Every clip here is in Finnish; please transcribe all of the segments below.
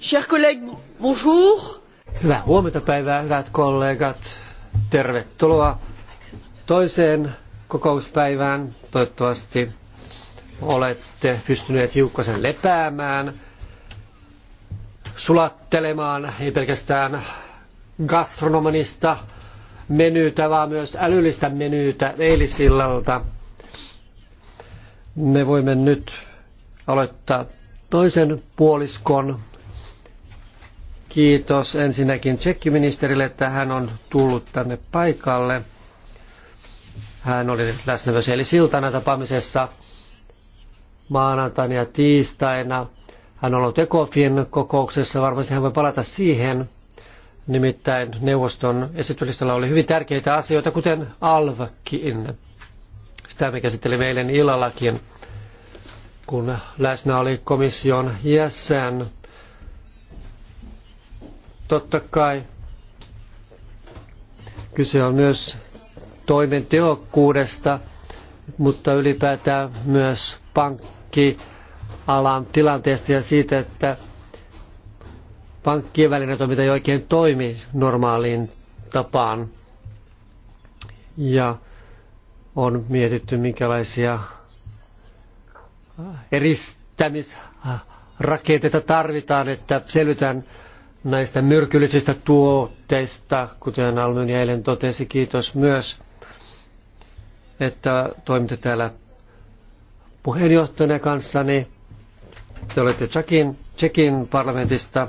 Chers collègues, bonjour. Hyvää huomenta päivää, hyvät kollegat. Tervetuloa toiseen kokouspäivään. Toivottavasti olette pystyneet hiukkasen lepäämään, sulattelemaan ei pelkästään gastronomanista menytä, vaan myös älyllistä menytä eilisillalta. Me voimme nyt aloittaa toisen puoliskon Kiitos ensinnäkin tsekkiministerille, että hän on tullut tänne paikalle. Hän oli läsnä myös eli siltana tapaamisessa maanantaina ja tiistaina. Hän on ollut ECOFIN kokouksessa, varmasti hän voi palata siihen. Nimittäin neuvoston esityslistalla oli hyvin tärkeitä asioita, kuten Alvakin. Sitä me käsittelimme eilen illallakin, kun läsnä oli komission jäsen Totta kai kyse on myös toimen tehokkuudesta, mutta ylipäätään myös pankkialan tilanteesta ja siitä, että pankkien välinen toiminta ei oikein toimi normaaliin tapaan. Ja on mietitty, minkälaisia eristämisrakenteita tarvitaan, että selvitään näistä myrkyllisistä tuotteista, kuten Almyni eilen totesi. Kiitos myös, että toimitte täällä puheenjohtajana kanssani. Te olette Tsekin, Tsekin parlamentista,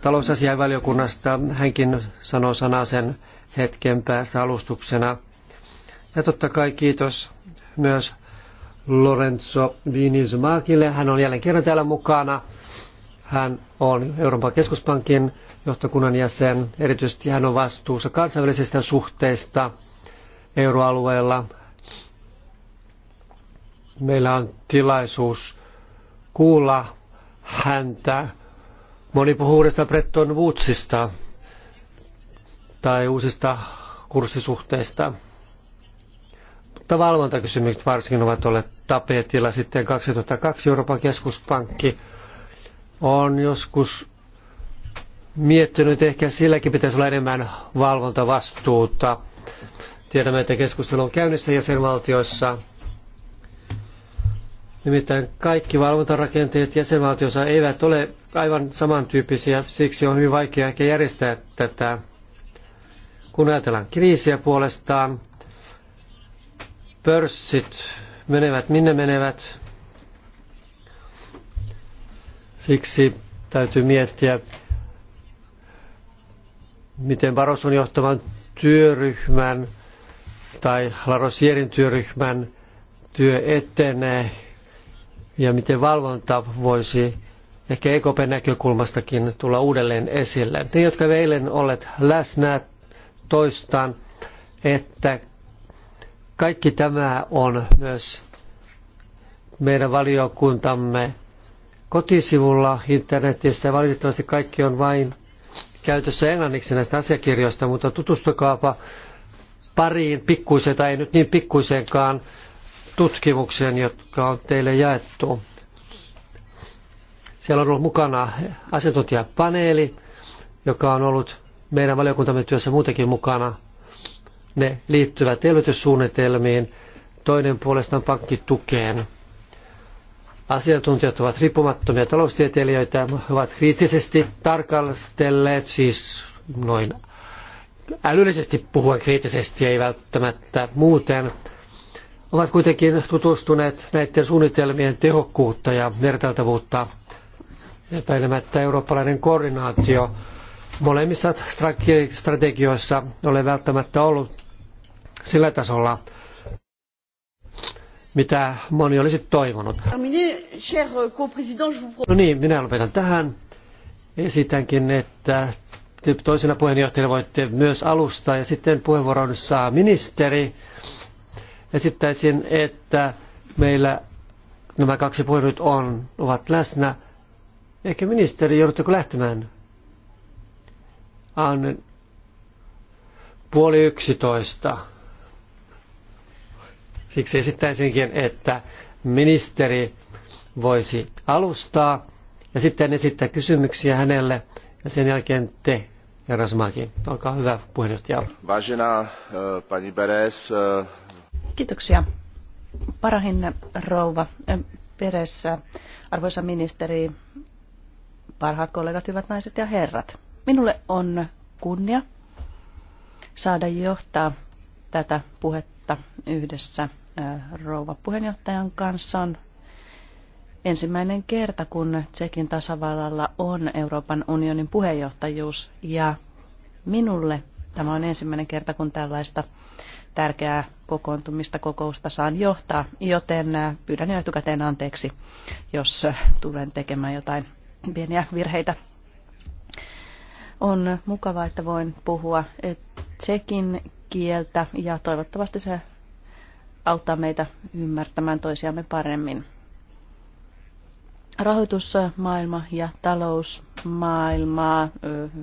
talousasiainvaliokunnasta. Hänkin sanoo sanaa sen hetken päästä alustuksena. Ja totta kai kiitos myös Lorenzo Vinismakille. Hän on jälleen kerran täällä mukana. Hän on Euroopan keskuspankin johtokunnan jäsen. Erityisesti hän on vastuussa kansainvälisistä suhteista euroalueella. Meillä on tilaisuus kuulla häntä. Moni puhuu uudesta Bretton Woodsista tai uusista kurssisuhteista. Mutta valvontakysymykset varsinkin ovat olleet tapetilla sitten 2002 Euroopan keskuspankki on joskus miettinyt, että ehkä silläkin pitäisi olla enemmän valvontavastuuta. Tiedämme, että keskustelu on käynnissä jäsenvaltioissa. Nimittäin kaikki valvontarakenteet jäsenvaltiossa eivät ole aivan samantyyppisiä, siksi on hyvin vaikea ehkä järjestää tätä. Kun ajatellaan kriisiä puolestaan, pörssit menevät minne menevät, Siksi täytyy miettiä, miten Baroson johtavan työryhmän tai Larosierin työryhmän työ etenee ja miten valvonta voisi ehkä EKPn näkökulmastakin tulla uudelleen esille. Ne, jotka eilen olet läsnä, toistan, että kaikki tämä on myös meidän valiokuntamme kotisivulla internetissä ja valitettavasti kaikki on vain käytössä englanniksi näistä asiakirjoista, mutta tutustukaapa pariin pikkuiseen tai ei nyt niin pikkuiseenkaan tutkimukseen, jotka on teille jaettu. Siellä on ollut mukana asiantuntijapaneeli, joka on ollut meidän valiokuntamme työssä muutenkin mukana. Ne liittyvät elvytyssuunnitelmiin, toinen puolestaan pankkitukeen. Asiantuntijat ovat riippumattomia taloustieteilijöitä, ovat kriittisesti tarkastelleet, siis noin älyllisesti puhua kriittisesti, ei välttämättä muuten, ovat kuitenkin tutustuneet näiden suunnitelmien tehokkuutta ja vertailtavuutta. Epäilemättä eurooppalainen koordinaatio molemmissa strategioissa ole välttämättä ollut sillä tasolla, mitä moni olisi toivonut. Euh, no niin, minä lopetan tähän. Esitänkin, että toisena puheenjohtajana voitte myös alustaa ja sitten puheenvuoron saa ministeri. Esittäisin, että meillä nämä kaksi puheenjohtajat on, ovat läsnä. Ehkä ministeri, joudutteko lähtemään? Annen puoli yksitoista. Siksi esittäisinkin, että ministeri voisi alustaa ja sitten esittää kysymyksiä hänelle ja sen jälkeen te, Jarasmaki. Olkaa hyvä puheenjohtaja. Vajina eh, pani Beres. Eh. Kiitoksia. Parahin rouva Peres, eh, arvoisa ministeri, parhaat kollegat, hyvät naiset ja herrat. Minulle on kunnia saada johtaa tätä puhetta yhdessä – rouva puheenjohtajan kanssa on ensimmäinen kerta, kun Tsekin tasavallalla on Euroopan unionin puheenjohtajuus ja minulle tämä on ensimmäinen kerta, kun tällaista tärkeää kokoontumista kokousta saan johtaa, joten pyydän jo etukäteen anteeksi, jos tulen tekemään jotain pieniä virheitä. On mukavaa, että voin puhua tsekin kieltä ja toivottavasti se auttaa meitä ymmärtämään toisiamme paremmin. Rahoitusmaailma ja talousmaailma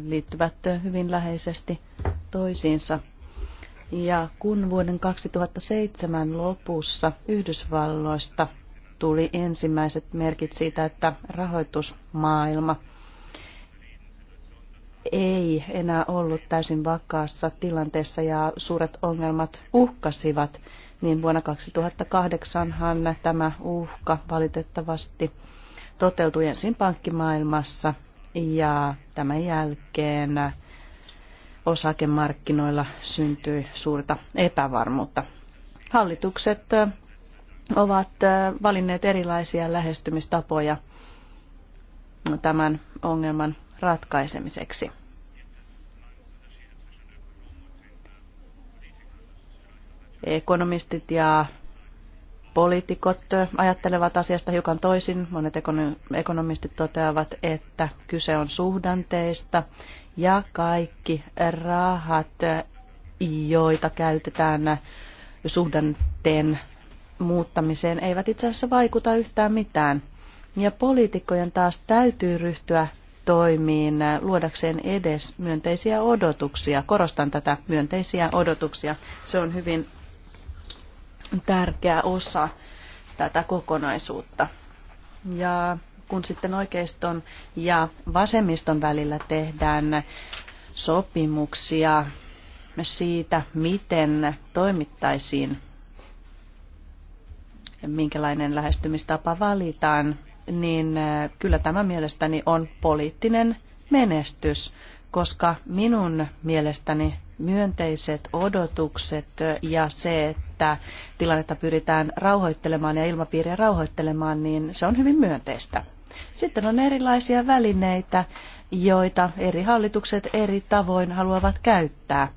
liittyvät hyvin läheisesti toisiinsa. Ja kun vuoden 2007 lopussa Yhdysvalloista tuli ensimmäiset merkit siitä, että rahoitusmaailma ei enää ollut täysin vakaassa tilanteessa ja suuret ongelmat uhkasivat niin vuonna 2008han tämä uhka valitettavasti toteutui ensin pankkimaailmassa ja tämän jälkeen osakemarkkinoilla syntyi suurta epävarmuutta. Hallitukset ovat valinneet erilaisia lähestymistapoja tämän ongelman ratkaisemiseksi. Ekonomistit ja poliitikot ajattelevat asiasta hiukan toisin. Monet ekonomistit toteavat, että kyse on suhdanteista ja kaikki rahat, joita käytetään suhdanteen muuttamiseen, eivät itse asiassa vaikuta yhtään mitään. Ja poliitikkojen taas täytyy ryhtyä toimiin luodakseen edes myönteisiä odotuksia. Korostan tätä myönteisiä odotuksia. Se on hyvin tärkeä osa tätä kokonaisuutta. Ja kun sitten oikeiston ja vasemmiston välillä tehdään sopimuksia siitä, miten toimittaisiin, minkälainen lähestymistapa valitaan, niin äh, kyllä tämä mielestäni on poliittinen menestys, koska minun mielestäni myönteiset odotukset ja se, että tilannetta pyritään rauhoittelemaan ja ilmapiiriä rauhoittelemaan, niin se on hyvin myönteistä. Sitten on erilaisia välineitä, joita eri hallitukset eri tavoin haluavat käyttää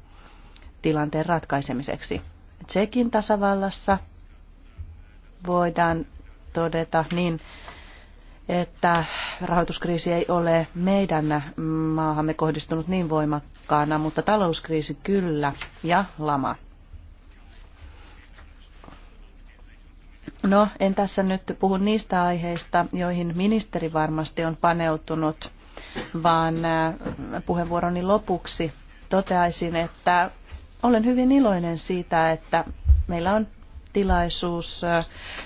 tilanteen ratkaisemiseksi. Tsekin tasavallassa voidaan todeta niin, että rahoituskriisi ei ole meidän maahamme kohdistunut niin voimakkaana, mutta talouskriisi kyllä ja lama. No, en tässä nyt puhu niistä aiheista, joihin ministeri varmasti on paneutunut, vaan äh, puheenvuoroni lopuksi toteaisin, että olen hyvin iloinen siitä, että meillä on tilaisuus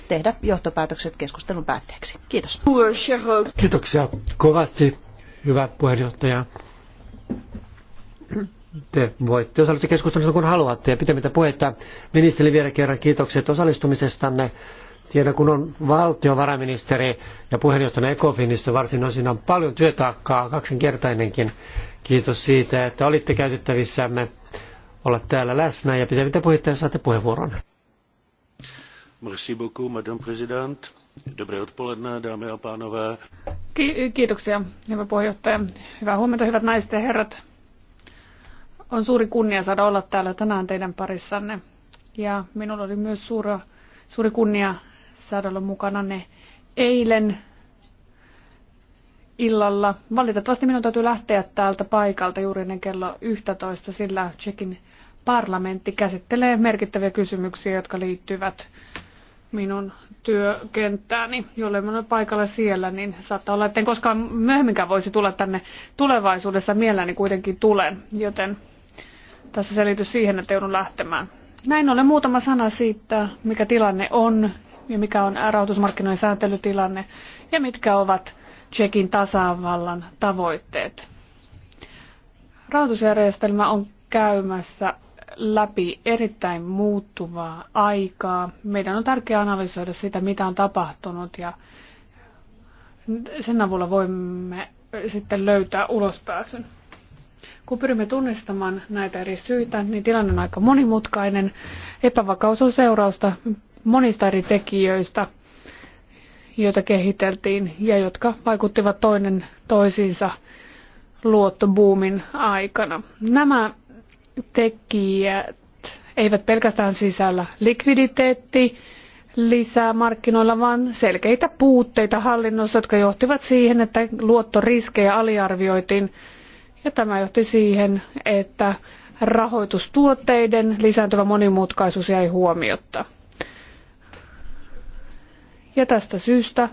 tehdä johtopäätökset keskustelun päätteeksi. Kiitos. Kiitoksia kovasti, hyvä puheenjohtaja. Te voitte osallistua keskustelusta kun haluatte ja pitemmittä puhetta. Ministeri vielä kerran kiitokset osallistumisestanne. Tiedän, kun on valtiovarainministeri ja puheenjohtajana Ecofinissa varsin osin on paljon työtaakkaa, kaksinkertainenkin. Kiitos siitä, että olitte käytettävissämme olla täällä läsnä ja pitemmittä puhetta, saatte puheenvuoron. Beaucoup, madame president. Dobré odpoledne, hyvä puheenjohtaja. Hyvää huomenta, hyvät naiset ja herrat. On suuri kunnia saada olla täällä tänään teidän parissanne. Ja minulla oli myös suura, suuri kunnia saada olla mukana ne eilen illalla. Valitettavasti minun täytyy lähteä täältä paikalta juuri ennen kello 11, sillä Tsekin parlamentti käsittelee merkittäviä kysymyksiä, jotka liittyvät minun työkenttääni, jolle mä olen paikalla siellä, niin saattaa olla, että en koskaan myöhemminkään voisi tulla tänne tulevaisuudessa. Mielelläni kuitenkin tulen, joten tässä selitys siihen, että joudun lähtemään. Näin ollen muutama sana siitä, mikä tilanne on ja mikä on rahoitusmarkkinoiden sääntelytilanne ja mitkä ovat Tsekin tasavallan tavoitteet. Rahoitusjärjestelmä on käymässä läpi erittäin muuttuvaa aikaa. Meidän on tärkeää analysoida sitä, mitä on tapahtunut ja sen avulla voimme sitten löytää ulospääsyn. Kun pyrimme tunnistamaan näitä eri syitä, niin tilanne on aika monimutkainen. Epävakaus on seurausta monista eri tekijöistä, joita kehiteltiin ja jotka vaikuttivat toinen toisiinsa luottobuumin aikana. Nämä tekijät eivät pelkästään sisällä likviditeetti lisää markkinoilla, vaan selkeitä puutteita hallinnossa, jotka johtivat siihen, että luottoriskejä aliarvioitiin. Ja tämä johti siihen, että rahoitustuotteiden lisääntyvä monimutkaisuus jäi huomiotta. Ja tästä syystä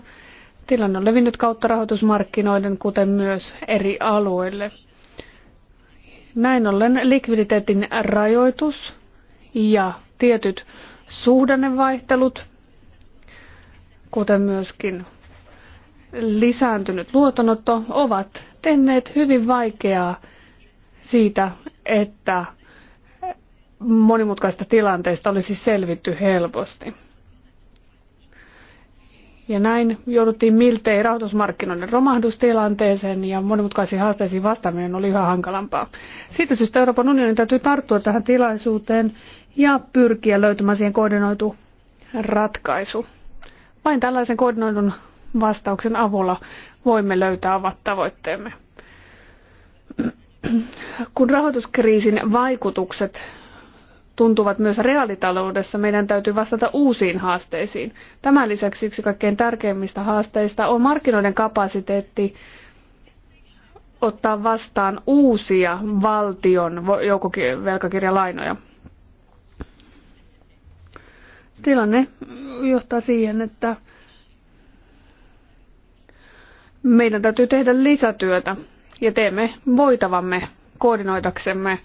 tilanne on levinnyt kautta rahoitusmarkkinoiden, kuten myös eri alueille. Näin ollen likviditeetin rajoitus ja tietyt suhdannevaihtelut, kuten myöskin lisääntynyt luotonotto, ovat tehneet hyvin vaikeaa siitä, että monimutkaista tilanteesta olisi selvitty helposti. Ja näin jouduttiin miltei rahoitusmarkkinoiden romahdustilanteeseen ja monimutkaisiin haasteisiin vastaaminen oli yhä hankalampaa. Siitä syystä Euroopan unionin täytyy tarttua tähän tilaisuuteen ja pyrkiä löytämään siihen koordinoitu ratkaisu. Vain tällaisen koordinoidun vastauksen avulla voimme löytää omat tavoitteemme. Kun rahoituskriisin vaikutukset tuntuvat myös reaalitaloudessa, meidän täytyy vastata uusiin haasteisiin. Tämän lisäksi yksi kaikkein tärkeimmistä haasteista on markkinoiden kapasiteetti ottaa vastaan uusia valtion joukkovelkakirjalainoja. Tilanne johtaa siihen, että meidän täytyy tehdä lisätyötä ja teemme voitavamme koordinoidaksemme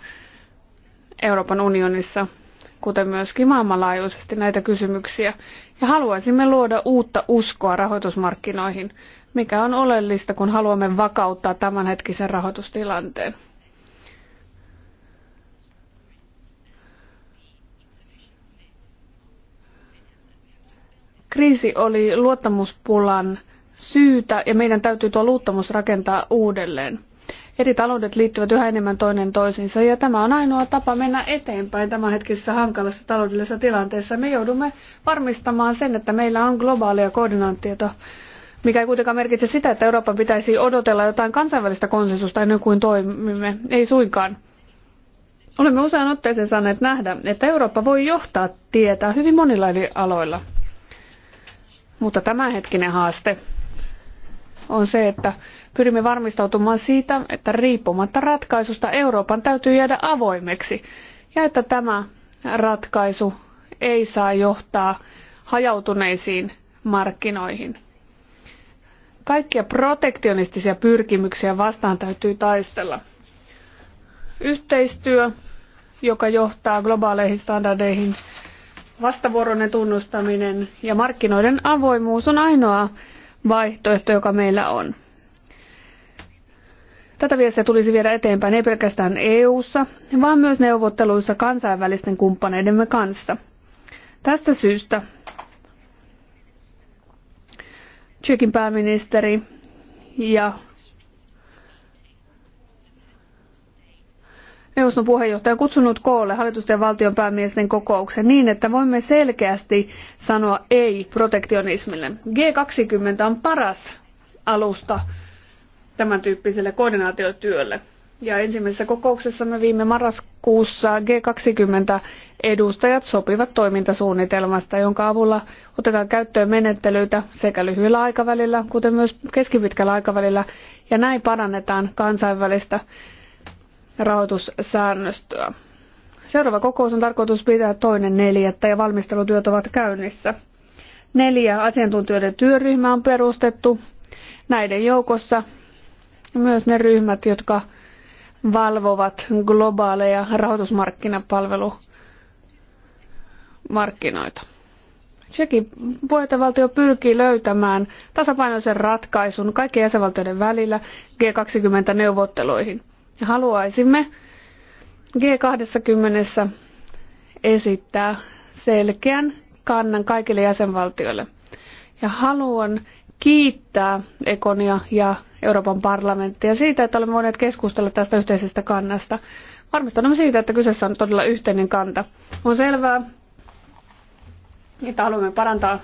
Euroopan unionissa, kuten myöskin maailmanlaajuisesti näitä kysymyksiä. Ja haluaisimme luoda uutta uskoa rahoitusmarkkinoihin, mikä on oleellista, kun haluamme vakauttaa tämänhetkisen rahoitustilanteen. kriisi oli luottamuspulan syytä ja meidän täytyy tuo luottamus rakentaa uudelleen. Eri taloudet liittyvät yhä enemmän toinen toisiinsa ja tämä on ainoa tapa mennä eteenpäin tämänhetkisessä hankalassa taloudellisessa tilanteessa. Me joudumme varmistamaan sen, että meillä on globaalia koordinaatiota, mikä ei kuitenkaan merkitse sitä, että Euroopan pitäisi odotella jotain kansainvälistä konsensusta ennen kuin toimimme. Ei suinkaan. Olemme usein otteeseen saaneet nähdä, että Eurooppa voi johtaa tietä hyvin monilla eri aloilla. Mutta tämänhetkinen haaste on se, että Pyrimme varmistautumaan siitä, että riippumatta ratkaisusta Euroopan täytyy jäädä avoimeksi ja että tämä ratkaisu ei saa johtaa hajautuneisiin markkinoihin. Kaikkia protektionistisia pyrkimyksiä vastaan täytyy taistella. Yhteistyö, joka johtaa globaaleihin standardeihin, vastavuoroinen tunnustaminen ja markkinoiden avoimuus on ainoa vaihtoehto, joka meillä on. Tätä viestiä tulisi viedä eteenpäin ei pelkästään EU-ssa, vaan myös neuvotteluissa kansainvälisten kumppaneidemme kanssa. Tästä syystä Tsekin pääministeri ja neuvoston puheenjohtaja on kutsunut koolle hallitusten ja valtion päämiesten kokouksen niin, että voimme selkeästi sanoa ei protektionismille. G20 on paras alusta tämän tyyppiselle koordinaatiotyölle. Ja ensimmäisessä kokouksessa me viime marraskuussa G20-edustajat sopivat toimintasuunnitelmasta, jonka avulla otetaan käyttöön menettelyitä sekä lyhyellä aikavälillä, kuten myös keskipitkällä aikavälillä, ja näin parannetaan kansainvälistä rahoitussäännöstöä. Seuraava kokous on tarkoitus pitää toinen neljättä ja valmistelutyöt ovat käynnissä. Neljä asiantuntijoiden työryhmää on perustettu. Näiden joukossa myös ne ryhmät, jotka valvovat globaaleja rahoitusmarkkinapalvelumarkkinoita. Tsekin puheenjohtajavaltio pyrkii löytämään tasapainoisen ratkaisun kaikkien jäsenvaltioiden välillä G20-neuvotteluihin. Haluaisimme G20 esittää selkeän kannan kaikille jäsenvaltioille. Ja haluan, kiittää Ekonia ja Euroopan parlamenttia siitä, että olemme voineet keskustella tästä yhteisestä kannasta. Varmistamme siitä, että kyseessä on todella yhteinen kanta. On selvää, että haluamme parantaa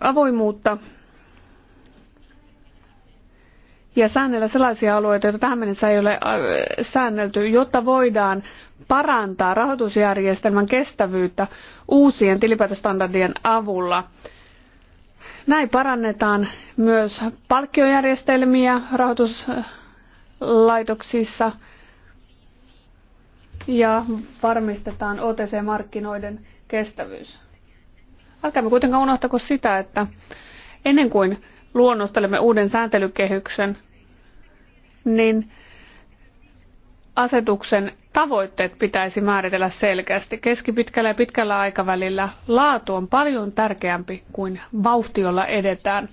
avoimuutta ja säännellä sellaisia alueita, joita tähän mennessä ei ole säännelty, jotta voidaan parantaa rahoitusjärjestelmän kestävyyttä uusien tilipäätöstandardien avulla – näin parannetaan myös palkkiojärjestelmiä rahoituslaitoksissa ja varmistetaan OTC-markkinoiden kestävyys. Älkäämme kuitenkaan unohtako sitä, että ennen kuin luonnostelemme uuden sääntelykehyksen, niin asetuksen tavoitteet pitäisi määritellä selkeästi keskipitkällä ja pitkällä aikavälillä. Laatu on paljon tärkeämpi kuin vauhti, jolla edetään.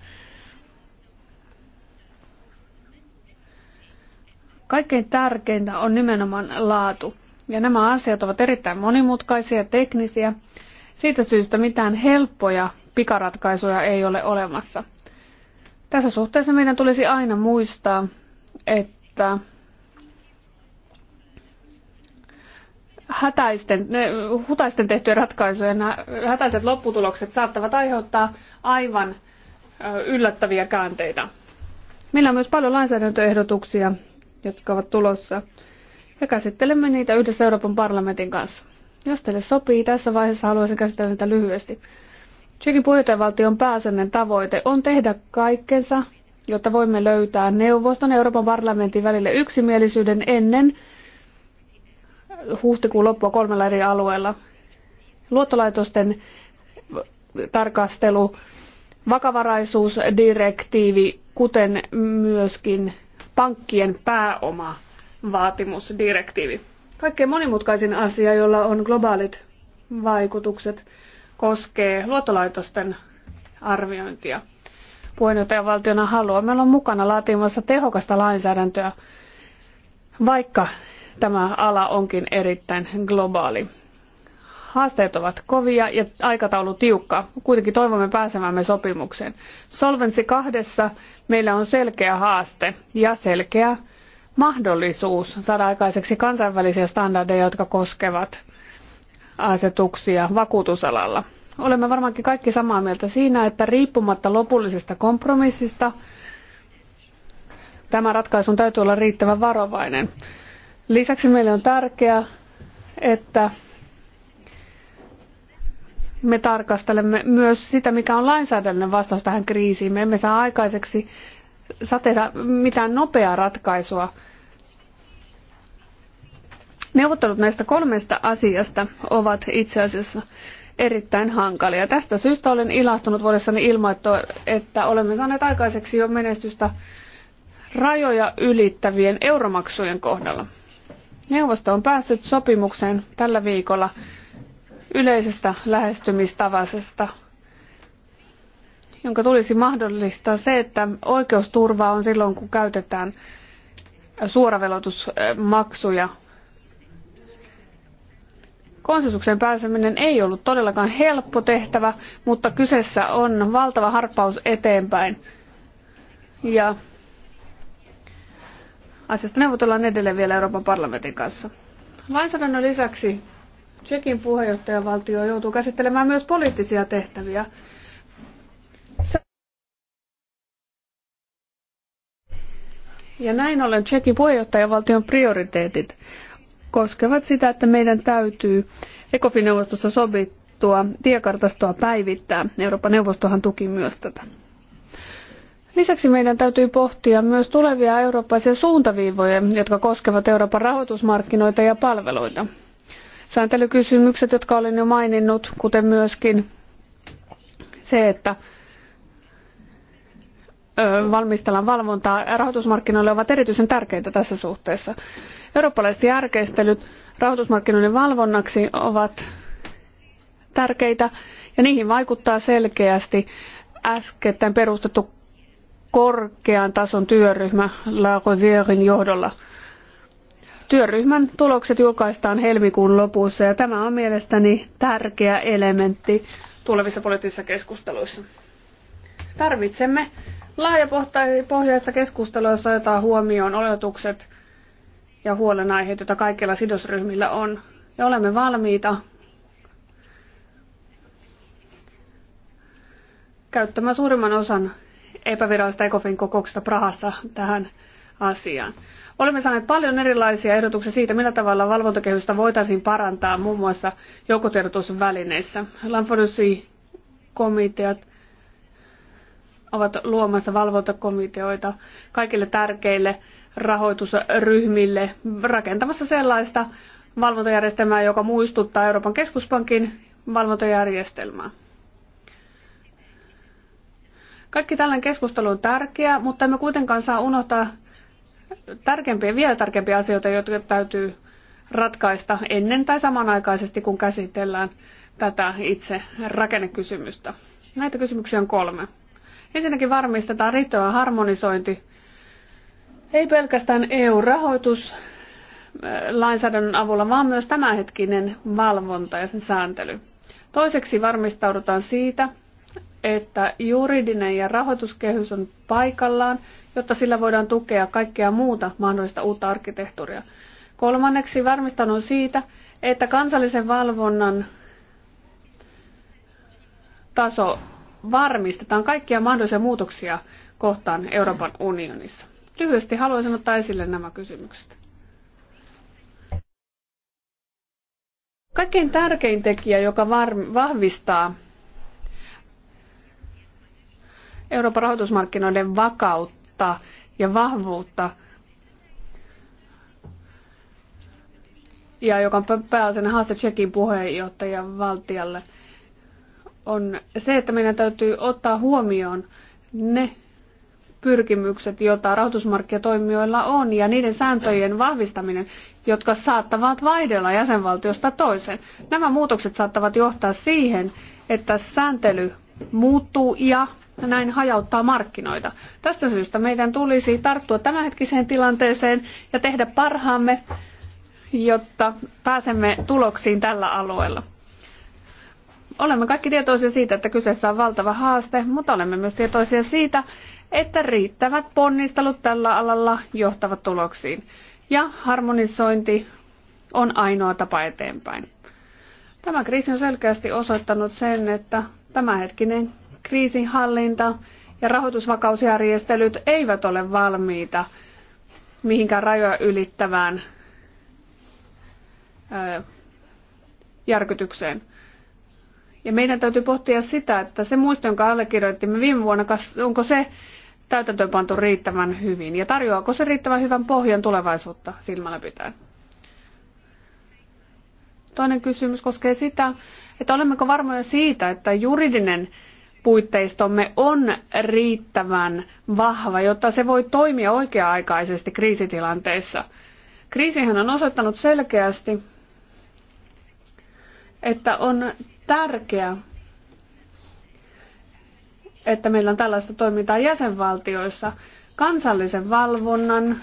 Kaikkein tärkeintä on nimenomaan laatu. Ja nämä asiat ovat erittäin monimutkaisia ja teknisiä. Siitä syystä mitään helppoja pikaratkaisuja ei ole olemassa. Tässä suhteessa meidän tulisi aina muistaa, että hätäisten, hutaisten tehtyjen ratkaisujen hätäiset lopputulokset saattavat aiheuttaa aivan yllättäviä käänteitä. Meillä on myös paljon lainsäädäntöehdotuksia, jotka ovat tulossa, ja käsittelemme niitä yhdessä Euroopan parlamentin kanssa. Jos teille sopii, tässä vaiheessa haluaisin käsitellä niitä lyhyesti. Tsekin puheenjohtajavaltion pääsennen tavoite on tehdä kaikkensa, jotta voimme löytää neuvoston Euroopan parlamentin välille yksimielisyyden ennen huhtikuun loppua kolmella eri alueella. Luottolaitosten tarkastelu, vakavaraisuusdirektiivi, kuten myöskin pankkien pääomavaatimusdirektiivi. Kaikkein monimutkaisin asia, jolla on globaalit vaikutukset, koskee luottolaitosten arviointia. Puheenjohtajavaltiona haluamme olla mukana laatimassa tehokasta lainsäädäntöä, vaikka tämä ala onkin erittäin globaali. Haasteet ovat kovia ja aikataulu tiukka. Kuitenkin toivomme pääsemämme sopimukseen. Solvensi kahdessa meillä on selkeä haaste ja selkeä mahdollisuus saada aikaiseksi kansainvälisiä standardeja, jotka koskevat asetuksia vakuutusalalla. Olemme varmaankin kaikki samaa mieltä siinä, että riippumatta lopullisesta kompromissista, tämä ratkaisun täytyy olla riittävän varovainen. Lisäksi meille on tärkeää, että me tarkastelemme myös sitä, mikä on lainsäädännön vastaus tähän kriisiin. Me emme saa aikaiseksi saa tehdä mitään nopeaa ratkaisua. Neuvottelut näistä kolmesta asiasta ovat itse asiassa erittäin hankalia. Tästä syystä olen ilahtunut vuodessani ilmoittaa, että olemme saaneet aikaiseksi jo menestystä rajoja ylittävien euromaksujen kohdalla. Neuvosto on päässyt sopimukseen tällä viikolla yleisestä lähestymistavasta, jonka tulisi mahdollistaa se, että oikeusturva on silloin, kun käytetään suoravelotusmaksuja. Konsensukseen pääseminen ei ollut todellakaan helppo tehtävä, mutta kyseessä on valtava harppaus eteenpäin. Ja Asiasta neuvotellaan edelleen vielä Euroopan parlamentin kanssa. Lainsäädännön lisäksi Tsekin puheenjohtajavaltio joutuu käsittelemään myös poliittisia tehtäviä. Ja näin ollen Tsekin puheenjohtajavaltion prioriteetit koskevat sitä, että meidän täytyy ECOFIN-neuvostossa sovittua tiekartastoa päivittää. Euroopan neuvostohan tuki myös tätä. Lisäksi meidän täytyy pohtia myös tulevia eurooppaisia suuntaviivoja, jotka koskevat Euroopan rahoitusmarkkinoita ja palveluita. Sääntelykysymykset, jotka olen jo maininnut, kuten myöskin se, että valmistellaan valvontaa rahoitusmarkkinoille ovat erityisen tärkeitä tässä suhteessa. Eurooppalaiset järkeistelyt rahoitusmarkkinoiden valvonnaksi ovat tärkeitä ja niihin vaikuttaa selkeästi äskettäin perustettu korkean tason työryhmä La Rosierin johdolla. Työryhmän tulokset julkaistaan helmikuun lopussa ja tämä on mielestäni tärkeä elementti tulevissa poliittisissa keskusteluissa. Tarvitsemme laajapohjaista keskustelua, jossa otetaan huomioon oletukset ja huolenaiheet, joita kaikilla sidosryhmillä on. Ja olemme valmiita käyttämään suurimman osan epävirallisesta ECOFIN kokouksesta Prahassa tähän asiaan. Olemme saaneet paljon erilaisia ehdotuksia siitä, millä tavalla valvontakehystä voitaisiin parantaa muun muassa joukkotiedotusvälineissä. Lamfadusi-komiteat ovat luomassa valvontakomiteoita kaikille tärkeille rahoitusryhmille rakentamassa sellaista valvontajärjestelmää, joka muistuttaa Euroopan keskuspankin valvontajärjestelmää. Kaikki tällainen keskustelu on tärkeä, mutta emme kuitenkaan saa unohtaa tärkeimpiä, vielä tärkeimpiä asioita, jotka täytyy ratkaista ennen tai samanaikaisesti, kun käsitellään tätä itse rakennekysymystä. Näitä kysymyksiä on kolme. Ensinnäkin varmistetaan riittävä harmonisointi, ei pelkästään EU-rahoitus äh, lainsäädännön avulla, vaan myös tämänhetkinen valvonta ja sen sääntely. Toiseksi varmistaudutaan siitä, että juridinen ja rahoituskehys on paikallaan, jotta sillä voidaan tukea kaikkea muuta mahdollista uutta arkkitehtuuria. Kolmanneksi varmistanut siitä, että kansallisen valvonnan taso varmistetaan kaikkia mahdollisia muutoksia kohtaan Euroopan unionissa. Lyhyesti haluaisin ottaa esille nämä kysymykset. Kaikkein tärkein tekijä, joka vahvistaa Euroopan rahoitusmarkkinoiden vakautta ja vahvuutta ja joka on pääasiassa haaste Tsekin puheenjohtajan valtialle, on se, että meidän täytyy ottaa huomioon ne pyrkimykset, joita rahoitusmarkkinatoimijoilla on, ja niiden sääntöjen vahvistaminen, jotka saattavat vaihdella jäsenvaltiosta toiseen. Nämä muutokset saattavat johtaa siihen, että sääntely muuttuu ja ja näin hajauttaa markkinoita. Tästä syystä meidän tulisi tarttua tämänhetkiseen tilanteeseen ja tehdä parhaamme, jotta pääsemme tuloksiin tällä alueella. Olemme kaikki tietoisia siitä, että kyseessä on valtava haaste, mutta olemme myös tietoisia siitä, että riittävät ponnistelut tällä alalla johtavat tuloksiin. Ja harmonisointi on ainoa tapa eteenpäin. Tämä kriisi on selkeästi osoittanut sen, että tämänhetkinen kriisinhallinta ja rahoitusvakausjärjestelyt eivät ole valmiita mihinkään rajoja ylittävään järkytykseen. Ja meidän täytyy pohtia sitä, että se muisto, jonka allekirjoitimme viime vuonna, onko se täytäntöönpantu riittävän hyvin ja tarjoaako se riittävän hyvän pohjan tulevaisuutta silmällä pitäen. Toinen kysymys koskee sitä, että olemmeko varmoja siitä, että juridinen puitteistomme on riittävän vahva, jotta se voi toimia oikea-aikaisesti kriisitilanteissa. Kriisihän on osoittanut selkeästi, että on tärkeää, että meillä on tällaista toimintaa jäsenvaltioissa kansallisen valvonnan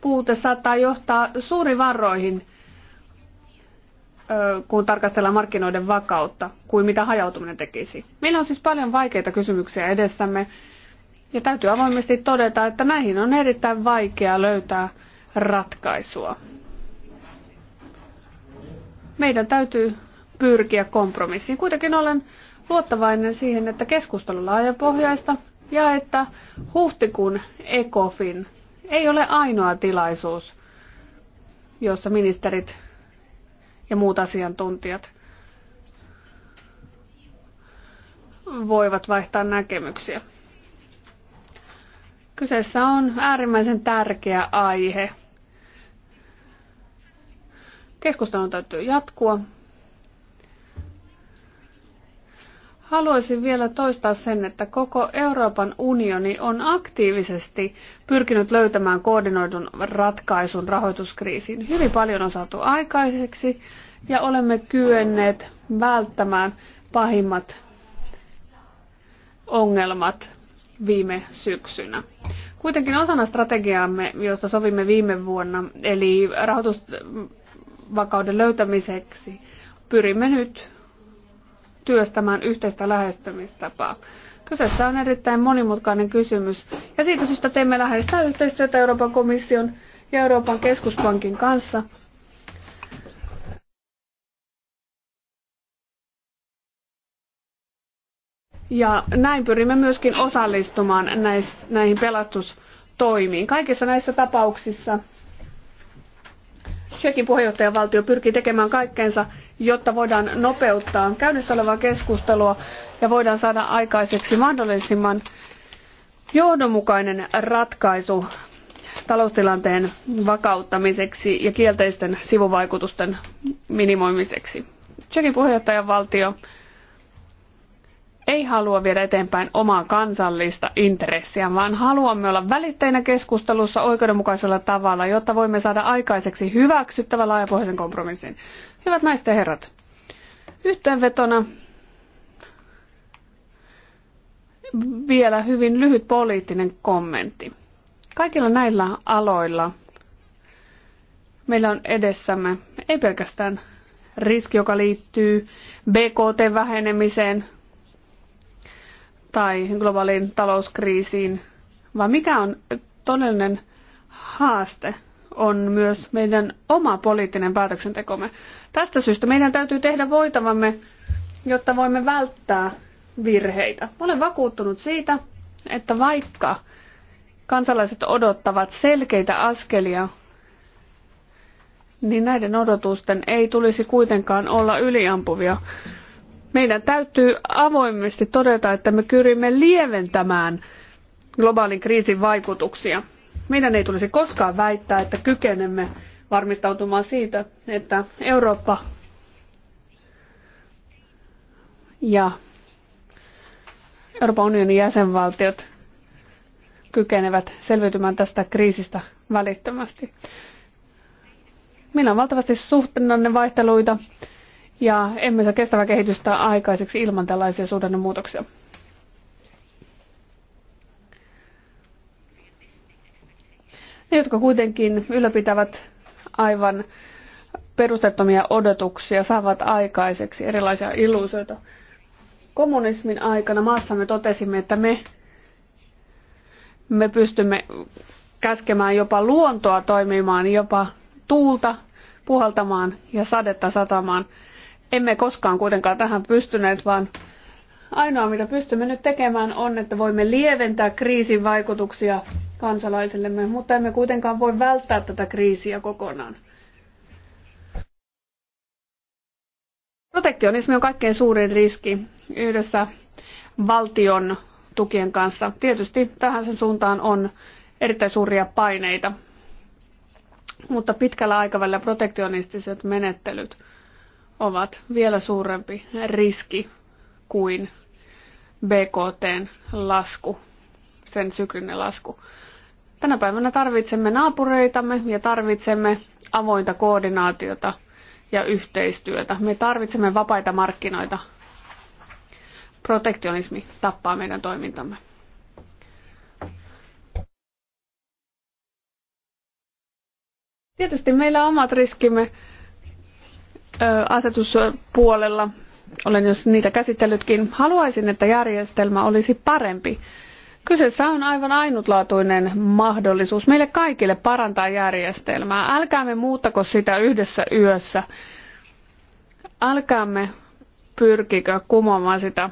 puute saattaa johtaa suuriin varroihin kun tarkastellaan markkinoiden vakautta, kuin mitä hajautuminen tekisi. Meillä on siis paljon vaikeita kysymyksiä edessämme, ja täytyy avoimesti todeta, että näihin on erittäin vaikea löytää ratkaisua. Meidän täytyy pyrkiä kompromissiin. Kuitenkin olen luottavainen siihen, että keskustelu laajapohjaista ja että huhtikuun ECOFIN ei ole ainoa tilaisuus, jossa ministerit ja muut asiantuntijat voivat vaihtaa näkemyksiä. Kyseessä on äärimmäisen tärkeä aihe. Keskustelun täytyy jatkua. Haluaisin vielä toistaa sen, että koko Euroopan unioni on aktiivisesti pyrkinyt löytämään koordinoidun ratkaisun rahoituskriisiin. Hyvin paljon on saatu aikaiseksi ja olemme kyenneet välttämään pahimmat ongelmat viime syksynä. Kuitenkin osana strategiaamme, josta sovimme viime vuonna, eli rahoitusvakauden löytämiseksi, pyrimme nyt työstämään yhteistä lähestymistapaa. Kyseessä on erittäin monimutkainen kysymys, ja siitä syystä teemme läheistä yhteistyötä Euroopan komission ja Euroopan keskuspankin kanssa. Ja näin pyrimme myöskin osallistumaan näihin pelastustoimiin. Kaikissa näissä tapauksissa Tsekin puheenjohtajavaltio pyrkii tekemään kaikkeensa, jotta voidaan nopeuttaa käynnissä olevaa keskustelua ja voidaan saada aikaiseksi mahdollisimman johdonmukainen ratkaisu taloustilanteen vakauttamiseksi ja kielteisten sivuvaikutusten minimoimiseksi. Tsekin puheenjohtajavaltio valtio ei halua viedä eteenpäin omaa kansallista intressiä, vaan haluamme olla välitteinä keskustelussa oikeudenmukaisella tavalla, jotta voimme saada aikaiseksi hyväksyttävän laajapohjaisen kompromissin. Hyvät naiset ja herrat, yhteenvetona vielä hyvin lyhyt poliittinen kommentti. Kaikilla näillä aloilla meillä on edessämme ei pelkästään riski, joka liittyy BKT-vähenemiseen, tai globaaliin talouskriisiin, vaan mikä on todellinen haaste on myös meidän oma poliittinen päätöksentekomme. Tästä syystä meidän täytyy tehdä voitavamme, jotta voimme välttää virheitä. Olen vakuuttunut siitä, että vaikka kansalaiset odottavat selkeitä askelia, niin näiden odotusten ei tulisi kuitenkaan olla yliampuvia. Meidän täytyy avoimesti todeta, että me pyrimme lieventämään globaalin kriisin vaikutuksia. Meidän ei tulisi koskaan väittää, että kykenemme varmistautumaan siitä, että Eurooppa ja Euroopan unionin jäsenvaltiot kykenevät selviytymään tästä kriisistä välittömästi. Meillä on valtavasti suhdannan vaihteluita ja emme saa kestävää kehitystä aikaiseksi ilman tällaisia suhdannemuutoksia. Ne, jotka kuitenkin ylläpitävät aivan perustettomia odotuksia, saavat aikaiseksi erilaisia illuusioita. Kommunismin aikana maassamme totesimme, että me, me pystymme käskemään jopa luontoa toimimaan, jopa tuulta puhaltamaan ja sadetta satamaan emme koskaan kuitenkaan tähän pystyneet, vaan ainoa mitä pystymme nyt tekemään on, että voimme lieventää kriisin vaikutuksia kansalaisillemme, mutta emme kuitenkaan voi välttää tätä kriisiä kokonaan. Protektionismi on kaikkein suurin riski yhdessä valtion tukien kanssa. Tietysti tähän sen suuntaan on erittäin suuria paineita, mutta pitkällä aikavälillä protektionistiset menettelyt – ovat vielä suurempi riski kuin BKTn lasku, sen syklinen lasku. Tänä päivänä tarvitsemme naapureitamme ja tarvitsemme avointa koordinaatiota ja yhteistyötä. Me tarvitsemme vapaita markkinoita. Protektionismi tappaa meidän toimintamme. Tietysti meillä on omat riskimme asetuspuolella, olen jo niitä käsitellytkin, haluaisin, että järjestelmä olisi parempi. Kyseessä on aivan ainutlaatuinen mahdollisuus meille kaikille parantaa järjestelmää. Älkäämme muuttako sitä yhdessä yössä. Älkäämme pyrkikö kumoamaan sitä.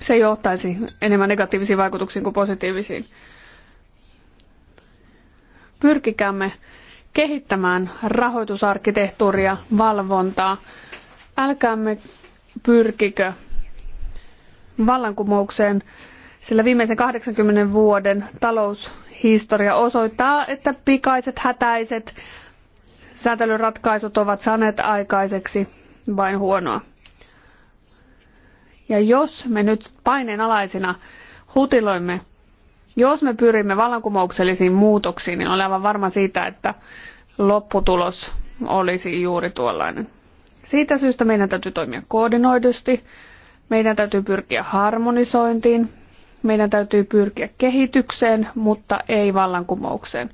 Se johtaisi enemmän negatiivisiin vaikutuksiin kuin positiivisiin. Pyrkikäämme kehittämään rahoitusarkkitehtuuria, valvontaa. Älkäämme pyrkikö vallankumoukseen, sillä viimeisen 80 vuoden taloushistoria osoittaa, että pikaiset hätäiset säätelyratkaisut ovat saaneet aikaiseksi vain huonoa. Ja jos me nyt paineen alaisina hutiloimme jos me pyrimme vallankumouksellisiin muutoksiin, niin olen aivan varma siitä, että lopputulos olisi juuri tuollainen. Siitä syystä meidän täytyy toimia koordinoidusti, meidän täytyy pyrkiä harmonisointiin, meidän täytyy pyrkiä kehitykseen, mutta ei vallankumoukseen.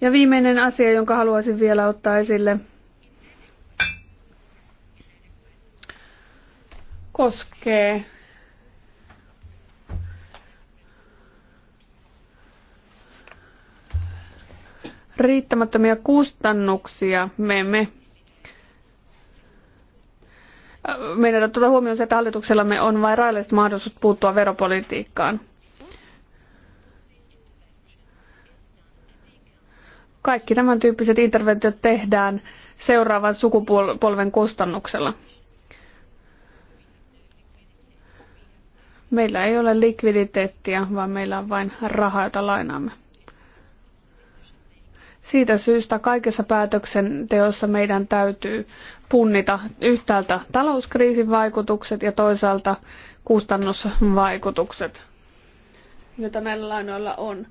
Ja viimeinen asia, jonka haluaisin vielä ottaa esille, koskee riittämättömiä kustannuksia. Me emme meidän on tuota huomioon se, että hallituksellamme on vain rajalliset mahdollisuudet puuttua veropolitiikkaan. Kaikki tämän tyyppiset interventiot tehdään seuraavan sukupolven kustannuksella. Meillä ei ole likviditeettiä, vaan meillä on vain rahaa, jota lainaamme. Siitä syystä kaikessa päätöksenteossa meidän täytyy punnita yhtäältä talouskriisin vaikutukset ja toisaalta kustannusvaikutukset, joita näillä lainoilla on.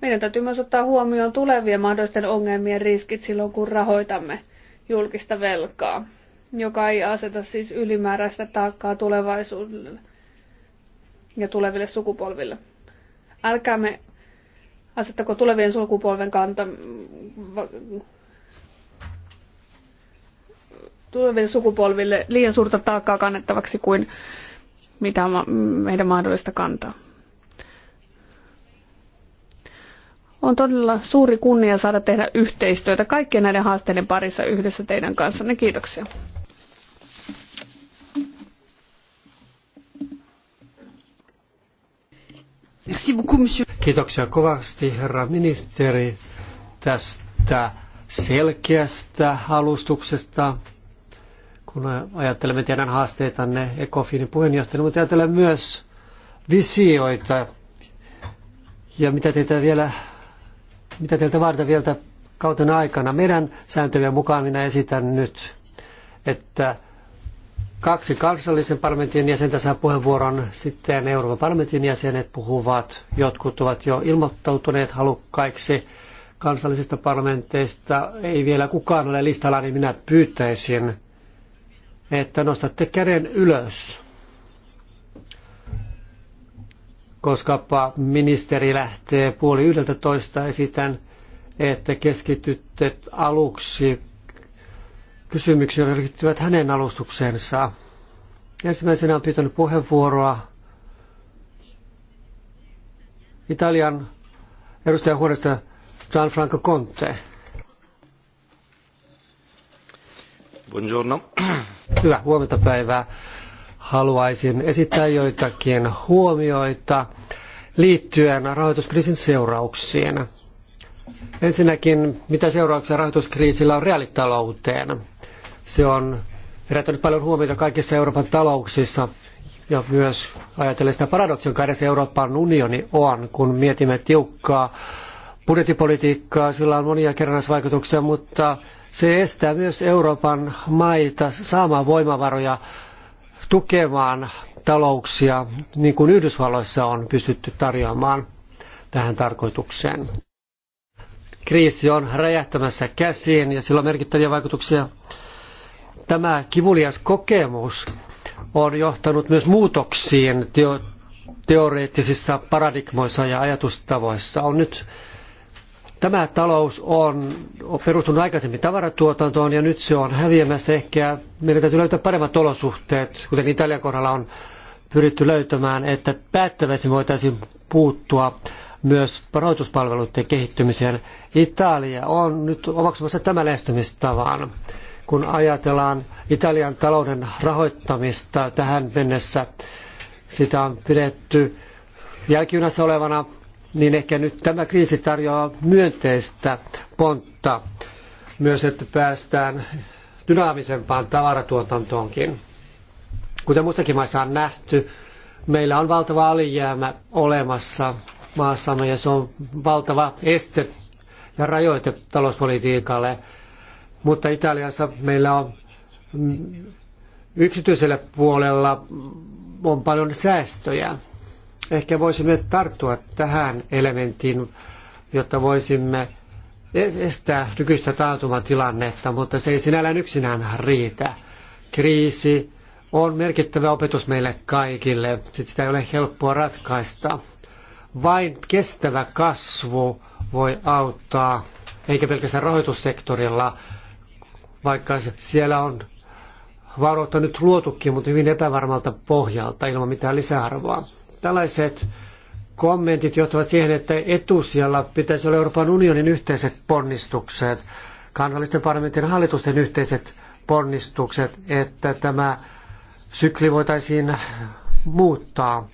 Meidän täytyy myös ottaa huomioon tulevien mahdollisten ongelmien riskit silloin, kun rahoitamme julkista velkaa, joka ei aseta siis ylimääräistä taakkaa tulevaisuudelle ja tuleville sukupolville. Älkäämme asettako tulevien sukupolven kanta, tuleville sukupolville liian suurta taakkaa kannettavaksi kuin mitä meidän mahdollista kantaa. On todella suuri kunnia saada tehdä yhteistyötä kaikkien näiden haasteiden parissa yhdessä teidän kanssanne. Kiitoksia. Kiitoksia kovasti, herra ministeri, tästä selkeästä alustuksesta. Kun ajattelemme teidän haasteitanne ECOFINin puheenjohtajana, mutta ajattelemme myös visioita ja mitä teitä vielä, mitä teiltä varten vielä kauten aikana. Meidän sääntöjen mukaan minä esitän nyt, että kaksi kansallisen parlamentin jäsentä saa puheenvuoron, sitten Euroopan parlamentin jäsenet puhuvat. Jotkut ovat jo ilmoittautuneet halukkaiksi kansallisista parlamenteista. Ei vielä kukaan ole listalla, niin minä pyytäisin, että nostatte käden ylös. Koska ministeri lähtee puoli yhdeltä toista, esitän, että keskitytte aluksi kysymyksiä, jotka liittyvät hänen alustukseensa. Ensimmäisenä on pitänyt puheenvuoroa Italian edustajahuoneesta Gianfranco Conte. Buongiorno. Hyvää huomenta päivää. Haluaisin esittää joitakin huomioita liittyen rahoituskriisin seurauksiin. Ensinnäkin, mitä seurauksia rahoituskriisillä on reaalitalouteen? Se on herättänyt paljon huomiota kaikissa Euroopan talouksissa ja myös ajatellen sitä paradoksia, jonka edessä Euroopan unioni on, kun mietimme tiukkaa budjettipolitiikkaa, sillä on monia kerrannaisvaikutuksia, mutta se estää myös Euroopan maita saamaan voimavaroja tukemaan talouksia, niin kuin Yhdysvalloissa on pystytty tarjoamaan tähän tarkoitukseen. Kriisi on räjähtämässä käsiin ja sillä on merkittäviä vaikutuksia Tämä kivulias kokemus on johtanut myös muutoksiin teo- teoreettisissa paradigmoissa ja ajatustavoissa. On nyt Tämä talous on perustunut aikaisemmin tavaratuotantoon ja nyt se on häviämässä ehkä. Meidän täytyy löytää paremmat olosuhteet, kuten Italian kohdalla on pyritty löytämään, että päättävästi voitaisiin puuttua myös rahoituspalveluiden kehittymiseen. Italia on nyt omaksumassa tämän lähestymistavan kun ajatellaan Italian talouden rahoittamista tähän mennessä, sitä on pidetty jälkijunassa olevana, niin ehkä nyt tämä kriisi tarjoaa myönteistä pontta myös, että päästään dynaamisempaan tavaratuotantoonkin. Kuten muissakin maissa on nähty, meillä on valtava alijäämä olemassa maassamme ja se on valtava este ja rajoite talouspolitiikalle – mutta Italiassa meillä on mm, yksityisellä puolella on paljon säästöjä. Ehkä voisimme tarttua tähän elementtiin, jotta voisimme e- estää nykyistä taantumatilannetta, mutta se ei sinällään yksinään riitä. Kriisi on merkittävä opetus meille kaikille, sit sitä ei ole helppoa ratkaista. Vain kestävä kasvu voi auttaa, eikä pelkästään rahoitussektorilla, vaikka siellä on varoittanut nyt luotukin, mutta hyvin epävarmalta pohjalta ilman mitään lisäarvoa. Tällaiset kommentit johtavat siihen, että etusijalla pitäisi olla Euroopan unionin yhteiset ponnistukset, kansallisten parlamentin hallitusten yhteiset ponnistukset, että tämä sykli voitaisiin muuttaa.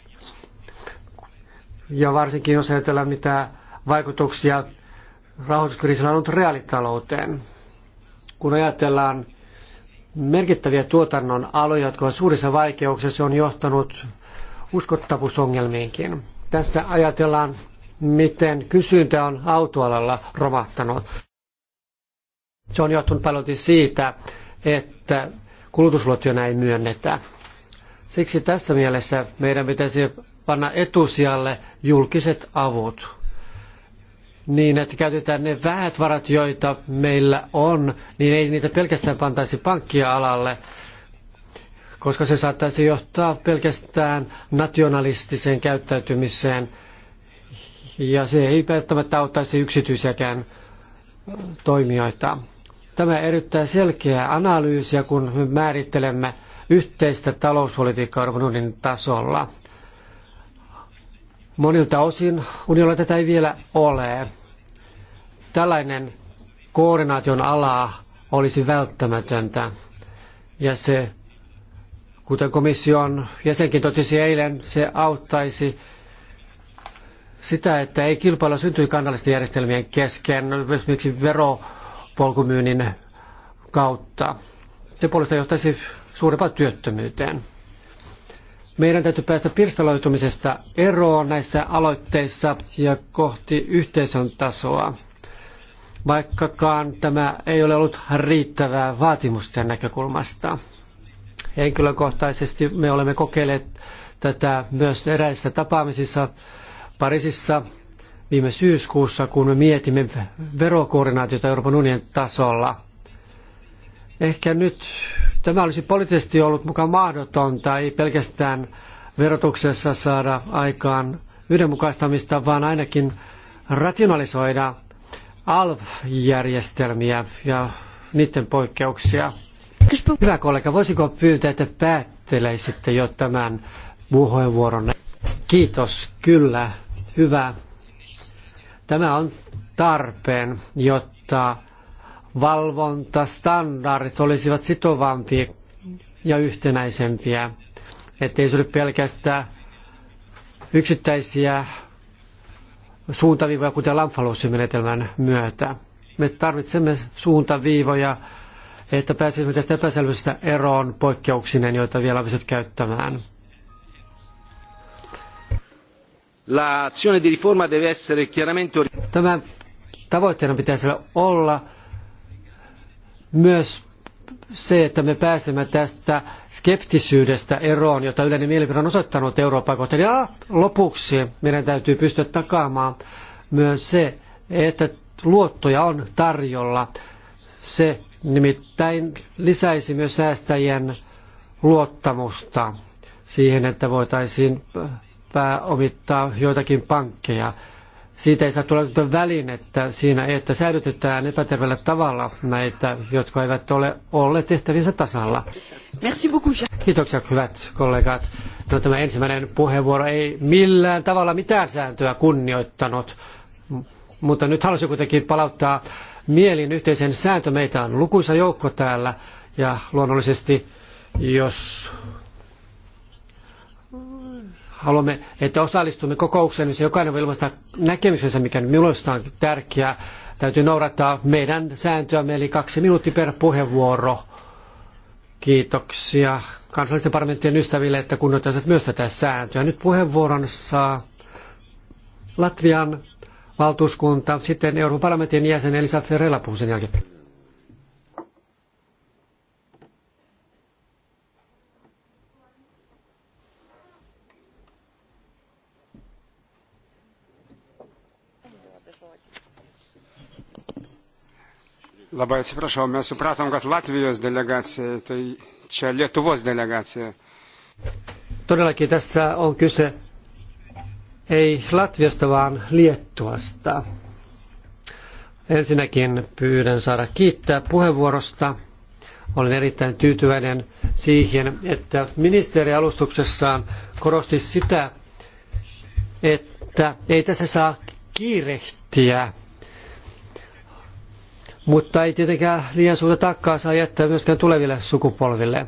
Ja varsinkin jos ajatellaan, mitä vaikutuksia rahoituskriisillä on ollut reaalitalouteen kun ajatellaan merkittäviä tuotannon aloja, jotka ovat suurissa vaikeuksissa, se on johtanut uskottavuusongelmiinkin. Tässä ajatellaan, miten kysyntä on autoalalla romahtanut. Se on johtunut paljon siitä, että kulutusluottoja näin myönnetä. Siksi tässä mielessä meidän pitäisi panna etusijalle julkiset avut niin, että käytetään ne vähät varat, joita meillä on, niin ei niitä pelkästään pantaisi pankkia alalle, koska se saattaisi johtaa pelkästään nationalistiseen käyttäytymiseen, ja se ei välttämättä auttaisi yksityisiäkään toimijoita. Tämä edellyttää selkeää analyysiä, kun me määrittelemme yhteistä talouspolitiikkaa Euroopan tasolla. Monilta osin unionilla tätä ei vielä ole. Tällainen koordinaation ala olisi välttämätöntä. Ja se, kuten komission jäsenkin totesi eilen, se auttaisi sitä, että ei kilpailu syntyi kannallisten järjestelmien kesken, esimerkiksi veropolkumyynnin kautta. Se puolestaan johtaisi suurempaan työttömyyteen. Meidän täytyy päästä pirstaloitumisesta eroon näissä aloitteissa ja kohti yhteisön tasoa, vaikkakaan tämä ei ole ollut riittävää vaatimusten näkökulmasta. Henkilökohtaisesti me olemme kokeilleet tätä myös eräissä tapaamisissa Pariisissa viime syyskuussa, kun me mietimme verokoordinaatiota Euroopan unionin tasolla. Ehkä nyt tämä olisi poliittisesti ollut mukaan mahdotonta, ei pelkästään verotuksessa saada aikaan yhdenmukaistamista, vaan ainakin rationalisoida ALV-järjestelmiä ja niiden poikkeuksia. Hyvä kollega, voisiko pyytää, että päätteleisitte jo tämän puheenvuoron? Kiitos, kyllä, hyvä. Tämä on tarpeen, jotta valvontastandardit olisivat sitovampia ja yhtenäisempiä, ettei se ole pelkästään yksittäisiä suuntaviivoja, kuten lamfalussimenetelmän myötä. Me tarvitsemme suuntaviivoja, että pääsisimme tästä epäselvyydestä eroon poikkeuksinen, joita vielä pystyt käyttämään. L'azione di riforma deve essere chiaramente... Tämän tavoitteena pitäisi olla myös se, että me pääsemme tästä skeptisyydestä eroon, jota yleinen mielipide on osoittanut Euroopan kohtaan. Ja lopuksi meidän täytyy pystyä takaamaan myös se, että luottoja on tarjolla. Se nimittäin lisäisi myös säästäjien luottamusta siihen, että voitaisiin pääomittaa joitakin pankkeja siitä ei saa tulla tuota välinettä siinä, että säilytetään epäterveellä tavalla näitä, jotka eivät ole olleet tehtävissä tasalla. Merci beaucoup. Kiitoksia hyvät kollegat. No, tämä ensimmäinen puheenvuoro ei millään tavalla mitään sääntöä kunnioittanut, mutta nyt halusin kuitenkin palauttaa mielin yhteisen sääntö. Meitä on lukuisa joukko täällä ja luonnollisesti, jos haluamme, että osallistumme kokoukseen, missä niin jokainen voi ilmaista näkemyksensä, mikä minusta on tärkeää. Täytyy noudattaa meidän sääntöämme, eli kaksi minuuttia per puheenvuoro. Kiitoksia kansallisten parlamenttien ystäville, että kunnioittaisit myös tätä sääntöä. Nyt puheenvuoron saa Latvian valtuuskunta, sitten Euroopan parlamentin jäsen Elisa Ferrella puhuu sen jälkeen. Labai atsiprašau, mes supratom, kad Latvijos delegacija, tai čia Lietuvos delegacija. Todellakin tässä on kyse ei Latviasta, vaan Liettuasta. Ensinnäkin pyydän saada kiittää puheenvuorosta. Olen erittäin tyytyväinen siihen, että ministeri alustuksessaan korosti sitä, että ei tässä saa kiirehtiä mutta ei tietenkään liian suurta takkaa saa jättää myöskään tuleville sukupolville.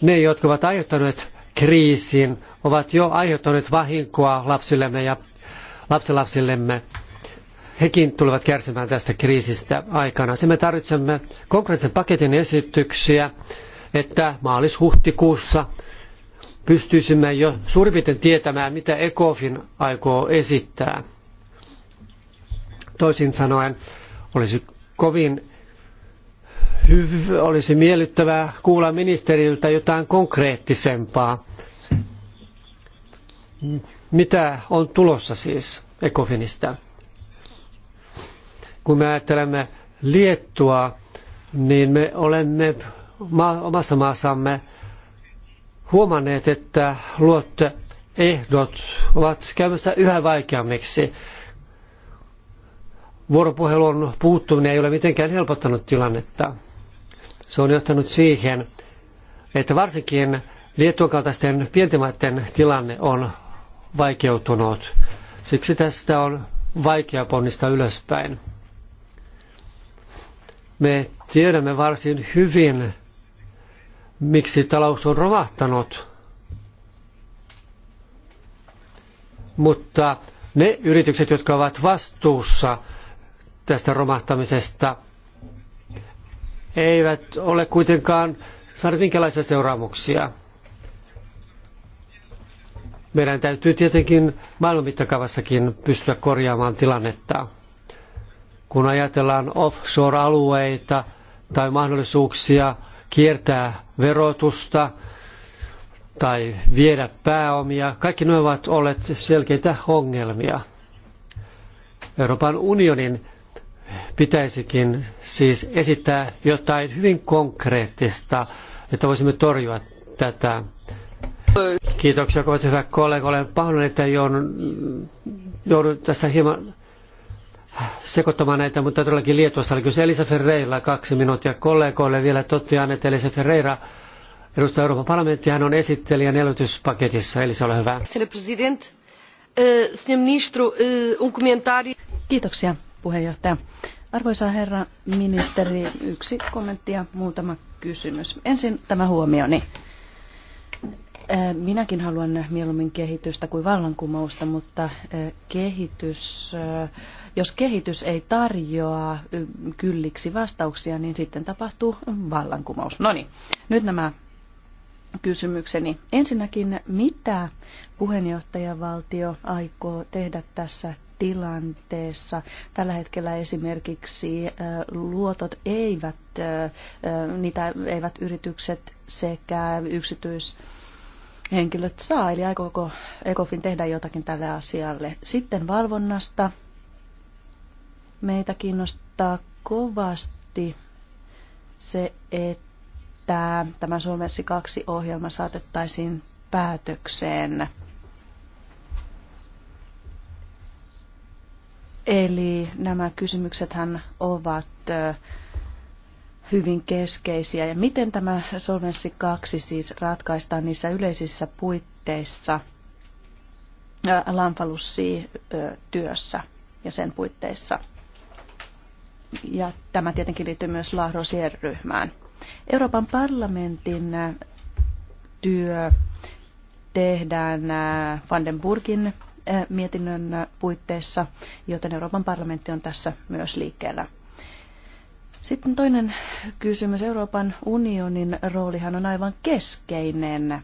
Ne, jotka ovat aiheuttaneet kriisin, ovat jo aiheuttaneet vahinkoa lapsillemme ja lapsenlapsillemme. Hekin tulevat kärsimään tästä kriisistä aikana. Se siis me tarvitsemme konkreettisen paketin esityksiä, että maalis-huhtikuussa pystyisimme jo suurin piirtein tietämään, mitä ECOFIN aikoo esittää. Toisin sanoen, olisi kovin hyvä, olisi miellyttävää kuulla ministeriltä jotain konkreettisempaa. Mitä on tulossa siis Ecofinista? Kun me ajattelemme Liettua, niin me olemme ma- omassa maassamme huomanneet, että luottoehdot ovat käymässä yhä vaikeammiksi vuoropuhelun puuttuminen ei ole mitenkään helpottanut tilannetta. Se on johtanut siihen, että varsinkin Liettuan kaltaisten pienten maiden tilanne on vaikeutunut. Siksi tästä on vaikea ponnistaa ylöspäin. Me tiedämme varsin hyvin, miksi talous on romahtanut. Mutta ne yritykset, jotka ovat vastuussa tästä romahtamisesta eivät ole kuitenkaan saaneet minkälaisia seuraamuksia. Meidän täytyy tietenkin maailman mittakaavassakin pystyä korjaamaan tilannetta. Kun ajatellaan offshore-alueita tai mahdollisuuksia kiertää verotusta tai viedä pääomia, kaikki ne ovat olleet selkeitä ongelmia. Euroopan unionin pitäisikin siis esittää jotain hyvin konkreettista, että voisimme torjua tätä. Kiitoksia kovasti hyvä kollega. Olen pahoillani, että joudun, tässä hieman sekoittamaan näitä, mutta todellakin Lietuossa oli kyse Elisa Ferreira kaksi minuuttia. Kollegoille vielä totean, että Elisa Ferreira edustaa Euroopan parlamenttia, hän on esittelijä elvytyspaketissa. Elisa, ole hyvä. Presidente, eh, Ministro, eh, un um Kiitoksia puheenjohtaja. Arvoisa herra ministeri, yksi kommentti ja muutama kysymys. Ensin tämä huomioni. Eh, minäkin haluan mieluummin kehitystä kuin vallankumousta, mutta eh, kehitys, eh, jos kehitys ei tarjoa kylliksi vastauksia, niin sitten tapahtuu vallankumous. No niin, nyt nämä kysymykseni. Ensinnäkin, mitä puheenjohtajavaltio aikoo tehdä tässä tilanteessa. Tällä hetkellä esimerkiksi luotot eivät, niitä eivät yritykset sekä yksityis henkilöt saa, eli aikooko ECOFIN tehdä jotakin tälle asialle. Sitten valvonnasta. Meitä kiinnostaa kovasti se, että tämä suomessi 2-ohjelma saatettaisiin päätökseen. Eli nämä kysymyksethän ovat hyvin keskeisiä. Ja miten tämä Solvenssi 2 siis ratkaistaan niissä yleisissä puitteissa Lamfalussi-työssä ja sen puitteissa? Ja tämä tietenkin liittyy myös Lahrosier-ryhmään. Euroopan parlamentin työ tehdään Vandenburgin Eh, mietinnön puitteissa, joten Euroopan parlamentti on tässä myös liikkeellä. Sitten toinen kysymys. Euroopan unionin roolihan on aivan keskeinen.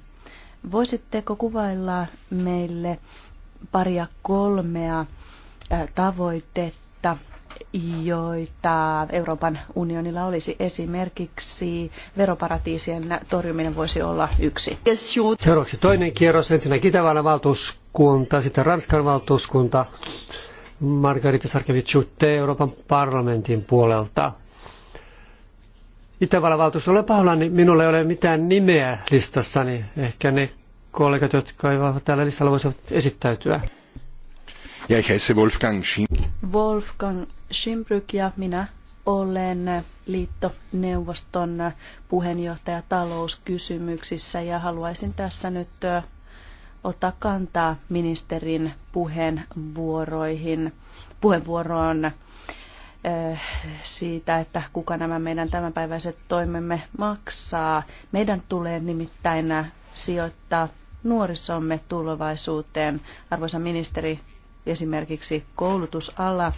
Voisitteko kuvailla meille paria kolmea eh, tavoitetta, joita Euroopan unionilla olisi. Esimerkiksi veroparatiisien torjuminen voisi olla yksi. Seuraavaksi toinen kierros. Ensinnäkin Itävallan valtuuskunta, sitten Ranskan valtuuskunta. Margarita Sarkevichutte Euroopan parlamentin puolelta. Itävallan valtuuskunta, ole pahoillani, minulla ei ole mitään nimeä listassani. Ehkä ne kollegat, jotka eivät täällä listalla voisivat esittäytyä. Ja Wolfgang Schink. Wolfgang Shimbruk ja minä olen liittoneuvoston puheenjohtaja talouskysymyksissä ja haluaisin tässä nyt ottaa kantaa ministerin puheenvuoroihin, puheenvuoroon siitä, että kuka nämä meidän tämänpäiväiset toimemme maksaa. Meidän tulee nimittäin sijoittaa nuorisomme tulevaisuuteen. Arvoisa ministeri, esimerkiksi koulutusala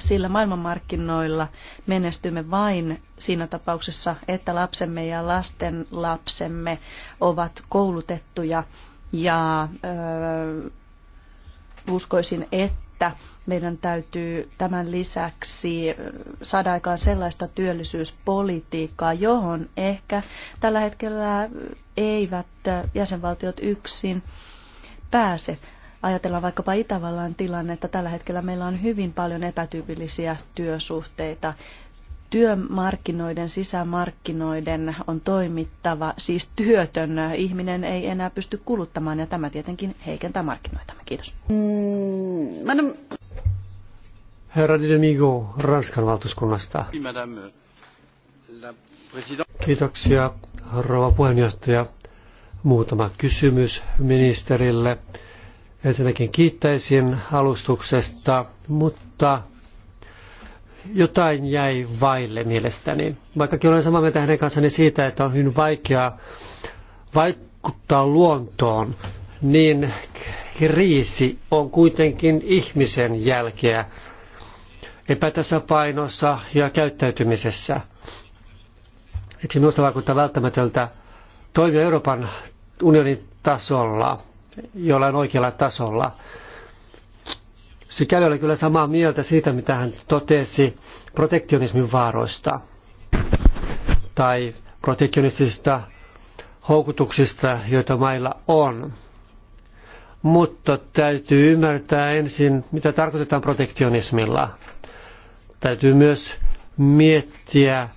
sillä maailmanmarkkinoilla menestymme vain siinä tapauksessa, että lapsemme ja lasten lapsemme ovat koulutettuja ja ö, uskoisin, että meidän täytyy tämän lisäksi saada aikaan sellaista työllisyyspolitiikkaa, johon ehkä tällä hetkellä eivät jäsenvaltiot yksin pääse. Ajatellaan vaikkapa Itävallan tilannetta. Tällä hetkellä meillä on hyvin paljon epätyypillisiä työsuhteita. Työmarkkinoiden, sisämarkkinoiden on toimittava, siis työtön ihminen ei enää pysty kuluttamaan ja tämä tietenkin heikentää markkinoitamme. Kiitos. Mm, madame... Herra Didemigo, Ranskan valtuuskunnasta. Kiitoksia, rouva puheenjohtaja. Muutama kysymys ministerille. Ensinnäkin kiittäisin alustuksesta, mutta jotain jäi vaille mielestäni. Vaikkakin olen samaa mieltä hänen kanssani siitä, että on hyvin vaikea vaikuttaa luontoon, niin kriisi on kuitenkin ihmisen jälkeä epätasapainossa ja käyttäytymisessä. Siksi minusta vaikuttaa välttämätöltä toimia Euroopan unionin tasolla jollain oikealla tasolla. Sikäli oli kyllä samaa mieltä siitä, mitä hän totesi protektionismin vaaroista tai protektionistisista houkutuksista, joita mailla on. Mutta täytyy ymmärtää ensin, mitä tarkoitetaan protektionismilla. Täytyy myös miettiä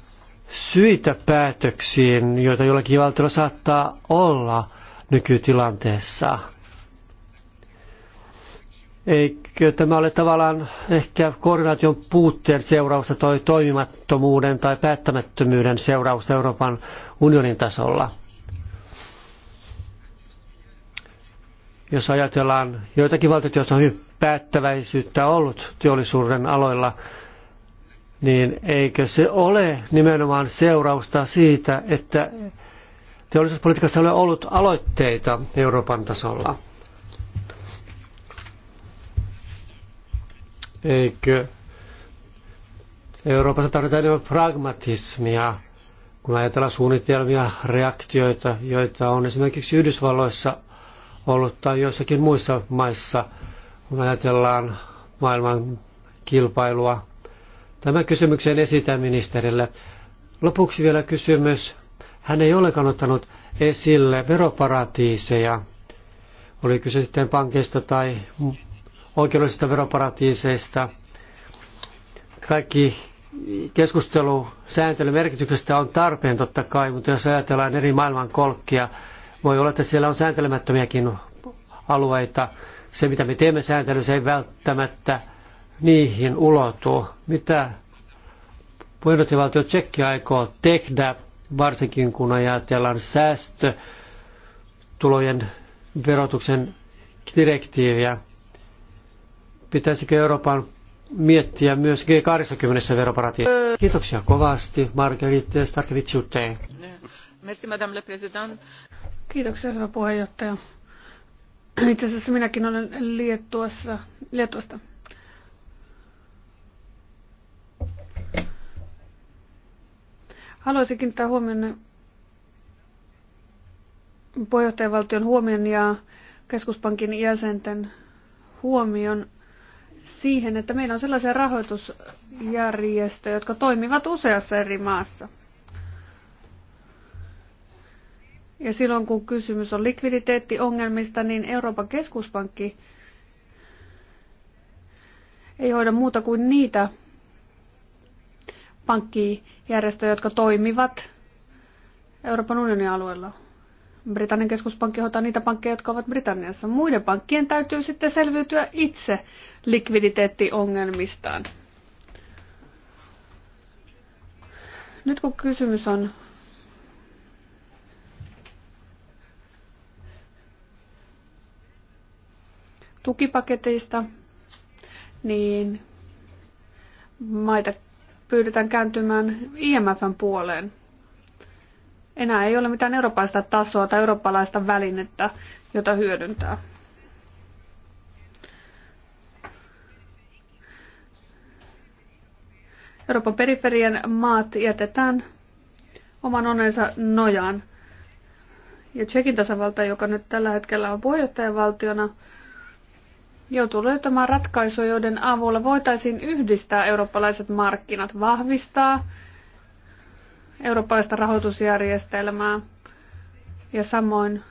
syitä päätöksiin, joita jollakin valtiolla saattaa olla – nykytilanteessa. Eikö tämä ole tavallaan ehkä koordinaation puutteen seurausta tai toimimattomuuden tai päättämättömyyden seurausta Euroopan unionin tasolla? Jos ajatellaan joitakin valtioita, joissa on hyvin päättäväisyyttä ollut teollisuuden aloilla, niin eikö se ole nimenomaan seurausta siitä, että teollisuuspolitiikassa ole ollut aloitteita Euroopan tasolla. Eikö Euroopassa tarvitaan enemmän pragmatismia, kun ajatellaan suunnitelmia, reaktioita, joita on esimerkiksi Yhdysvalloissa ollut tai joissakin muissa maissa, kun ajatellaan maailman kilpailua. Tämän kysymyksen esitän ministerille. Lopuksi vielä kysymys hän ei ollenkaan ottanut esille veroparatiiseja, oli kyse sitten pankeista tai oikeudellisista veroparatiiseista. Kaikki keskustelu sääntelyn merkityksestä on tarpeen totta kai, mutta jos ajatellaan eri kolkkia, voi olla, että siellä on sääntelemättömiäkin alueita. Se, mitä me teemme sääntelyssä, ei välttämättä niihin ulotu. Mitä puheenjohtajavaltio Tsekki aikoo tehdä varsinkin kun ajatellaan säästötulojen verotuksen direktiiviä. Pitäisikö Euroopan miettiä myös G20 veroparatiisi? Kiitoksia kovasti, Margarita Starkevitsiute. Merci, madame la présidente. Kiitoksia, herra puheenjohtaja. Itse asiassa minäkin olen Liettuassa, Liettuasta. Haluaisin kiinnittää huomioon puheenjohtajavaltion huomion ja keskuspankin jäsenten huomion siihen, että meillä on sellaisia rahoitusjärjestöjä, jotka toimivat useassa eri maassa. Ja silloin kun kysymys on likviditeettiongelmista, niin Euroopan keskuspankki ei hoida muuta kuin niitä pankkia järjestöjä, jotka toimivat Euroopan unionin alueella. Britannian keskuspankki hoitaa niitä pankkeja, jotka ovat Britanniassa. Muiden pankkien täytyy sitten selviytyä itse likviditeettiongelmistaan. Nyt kun kysymys on tukipaketeista, niin maita pyydetään kääntymään IMFn puoleen. Enää ei ole mitään eurooppalaista tasoa tai eurooppalaista välinettä, jota hyödyntää. Euroopan periferien maat jätetään oman onnensa nojaan. Ja Tsekin tasavalta, joka nyt tällä hetkellä on puheenjohtajavaltiona, valtiona, joutuu löytämään ratkaisuja, joiden avulla voitaisiin yhdistää eurooppalaiset markkinat, vahvistaa eurooppalaista rahoitusjärjestelmää ja samoin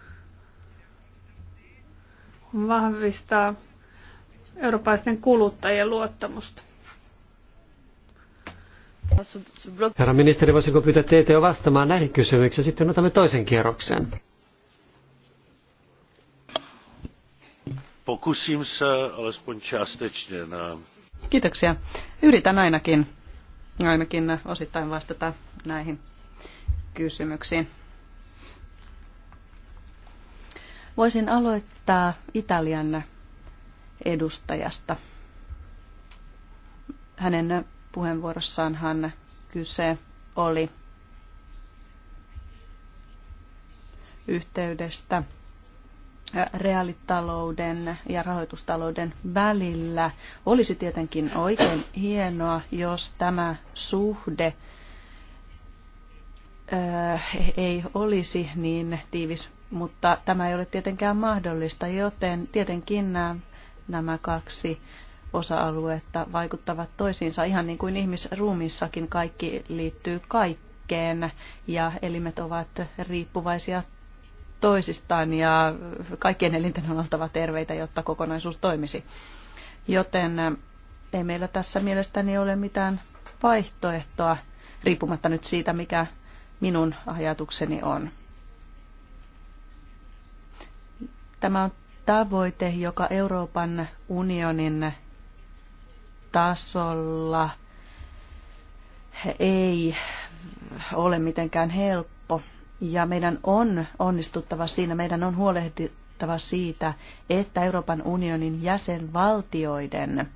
vahvistaa eurooppalaisten kuluttajien luottamusta. Herra ministeri, voisinko pyytää teitä jo vastaamaan näihin kysymyksiin? Sitten otamme toisen kierroksen. Pokusím se alespoň částečně na... Kiitoksia. Yritän ainakin, ainakin osittain vastata näihin kysymyksiin. Voisin aloittaa Italian edustajasta. Hänen hän kyse oli yhteydestä reaalitalouden ja rahoitustalouden välillä. Olisi tietenkin oikein hienoa, jos tämä suhde äh, ei olisi niin tiivis, mutta tämä ei ole tietenkään mahdollista, joten tietenkin nämä, nämä kaksi osa-aluetta vaikuttavat toisiinsa, ihan niin kuin ihmisruumissakin kaikki liittyy kaikkeen ja elimet ovat riippuvaisia toisistaan ja kaikkien elinten on oltava terveitä, jotta kokonaisuus toimisi. Joten ei meillä tässä mielestäni ole mitään vaihtoehtoa, riippumatta nyt siitä, mikä minun ajatukseni on. Tämä on tavoite, joka Euroopan unionin tasolla ei ole mitenkään helppo ja meidän on onnistuttava siinä, meidän on huolehdittava siitä, että Euroopan unionin jäsenvaltioiden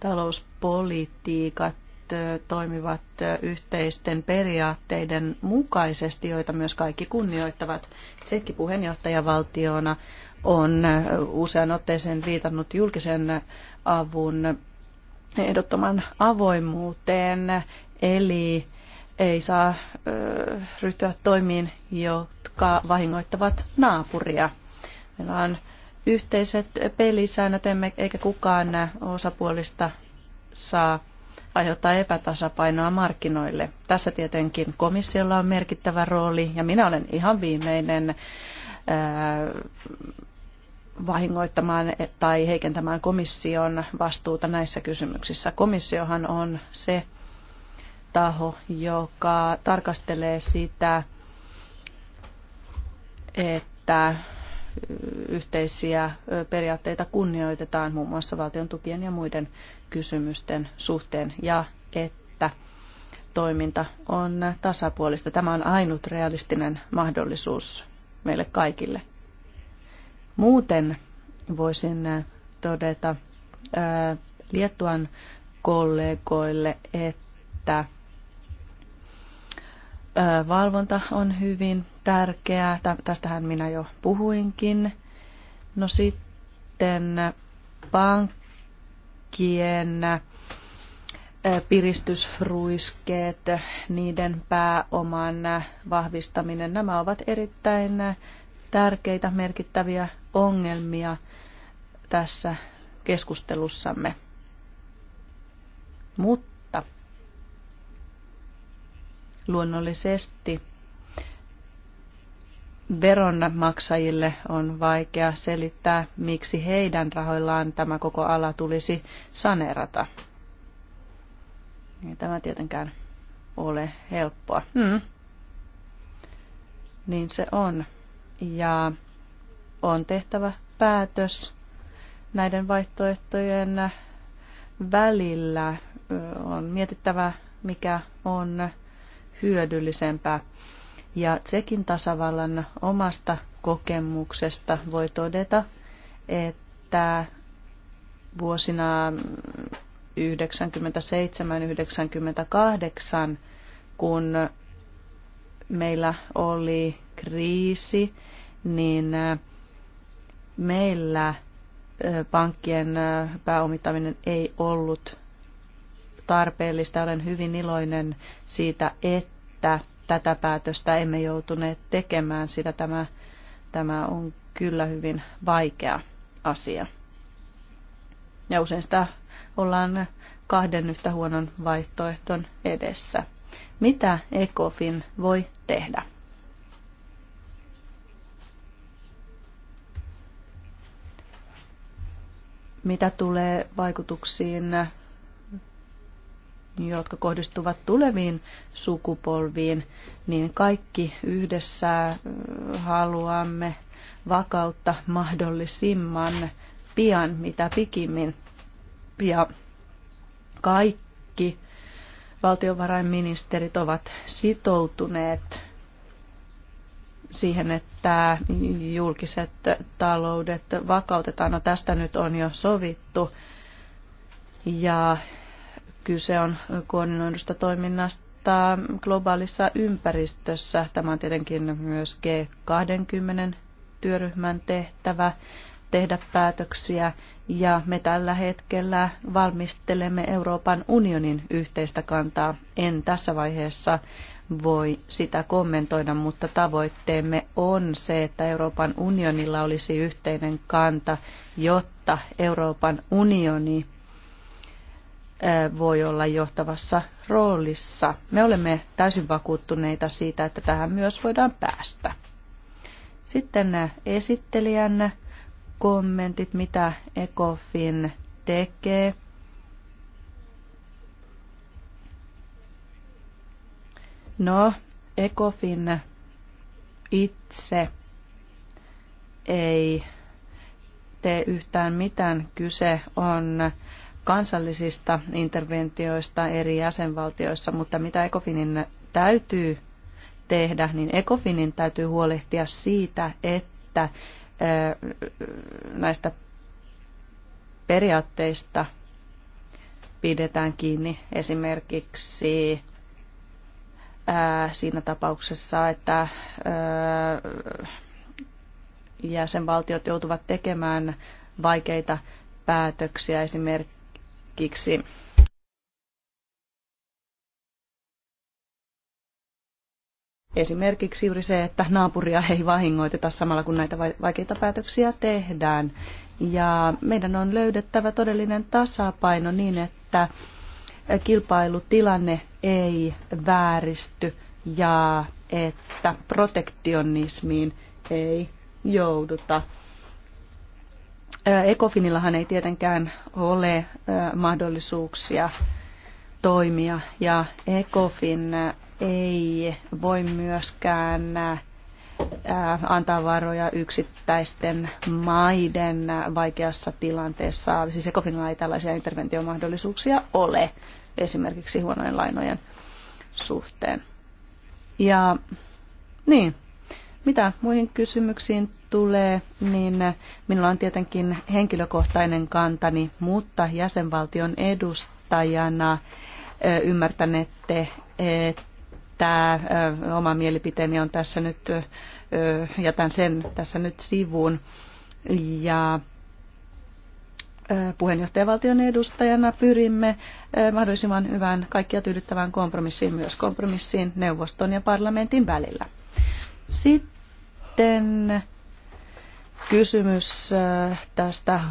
talouspolitiikat toimivat yhteisten periaatteiden mukaisesti, joita myös kaikki kunnioittavat. Tsekki puheenjohtajavaltiona on usean otteeseen viitannut julkisen avun ehdottoman avoimuuteen, eli ei saa ö, ryhtyä toimiin, jotka vahingoittavat naapuria. Meillä on yhteiset pelisäännöt, emme, eikä kukaan osapuolista saa aiheuttaa epätasapainoa markkinoille. Tässä tietenkin komissiolla on merkittävä rooli ja minä olen ihan viimeinen ö, vahingoittamaan tai heikentämään komission vastuuta näissä kysymyksissä. Komissiohan on se, taho, joka tarkastelee sitä, että yhteisiä periaatteita kunnioitetaan muun muassa valtion tukien ja muiden kysymysten suhteen ja että toiminta on tasapuolista. Tämä on ainut realistinen mahdollisuus meille kaikille. Muuten voisin todeta Liettuan kollegoille, että valvonta on hyvin tärkeää. Tästähän minä jo puhuinkin. No sitten pankkien piristysruiskeet, niiden pääoman vahvistaminen, nämä ovat erittäin tärkeitä, merkittäviä ongelmia tässä keskustelussamme. Mutta Luonnollisesti veronmaksajille on vaikea selittää, miksi heidän rahoillaan tämä koko ala tulisi saneerata. Ei tämä tietenkään ole helppoa. Hmm. Niin se on. Ja on tehtävä päätös näiden vaihtoehtojen välillä. On mietittävä, mikä on hyödyllisempää. Ja Tsekin tasavallan omasta kokemuksesta voi todeta, että vuosina 97-98, kun meillä oli kriisi, niin meillä pankkien pääomittaminen ei ollut tarpeellista. Olen hyvin iloinen siitä, että tätä päätöstä emme joutuneet tekemään, sillä tämä, tämä on kyllä hyvin vaikea asia. Ja usein sitä ollaan kahden yhtä huonon vaihtoehdon edessä. Mitä ECOFIN voi tehdä? Mitä tulee vaikutuksiin jotka kohdistuvat tuleviin sukupolviin, niin kaikki yhdessä haluamme vakautta mahdollisimman pian, mitä pikimmin. Ja kaikki valtiovarainministerit ovat sitoutuneet siihen, että julkiset taloudet vakautetaan. No tästä nyt on jo sovittu. Ja kyse on koordinoidusta toiminnasta globaalissa ympäristössä. Tämä on tietenkin myös G20 työryhmän tehtävä tehdä päätöksiä ja me tällä hetkellä valmistelemme Euroopan unionin yhteistä kantaa. En tässä vaiheessa voi sitä kommentoida, mutta tavoitteemme on se, että Euroopan unionilla olisi yhteinen kanta, jotta Euroopan unioni voi olla johtavassa roolissa. Me olemme täysin vakuuttuneita siitä, että tähän myös voidaan päästä. Sitten esittelijän kommentit, mitä ECOFIN tekee. No, ECOFIN itse ei tee yhtään mitään. Kyse on kansallisista interventioista eri jäsenvaltioissa, mutta mitä ECOFINin täytyy tehdä, niin ECOFINin täytyy huolehtia siitä, että näistä periaatteista pidetään kiinni esimerkiksi siinä tapauksessa, että jäsenvaltiot joutuvat tekemään vaikeita päätöksiä esimerkiksi esimerkiksi Esimerkiksi juuri se, että naapuria ei vahingoiteta samalla kun näitä vaikeita päätöksiä tehdään. Ja meidän on löydettävä todellinen tasapaino niin, että kilpailutilanne ei vääristy ja että protektionismiin ei jouduta. Ekofinillahan ei tietenkään ole mahdollisuuksia toimia ja Ekofin ei voi myöskään antaa varoja yksittäisten maiden vaikeassa tilanteessa. Siis Ekofinilla ei tällaisia interventiomahdollisuuksia ole esimerkiksi huonojen lainojen suhteen. Ja niin, mitä muihin kysymyksiin tulee, niin minulla on tietenkin henkilökohtainen kantani, mutta jäsenvaltion edustajana ymmärtänette, että oma mielipiteeni on tässä nyt, jätän sen tässä nyt sivuun. Ja puheenjohtajavaltion edustajana pyrimme mahdollisimman hyvään kaikkia tyydyttävään kompromissiin, myös kompromissiin neuvoston ja parlamentin välillä. Sitten kysymys äh, tästä äh,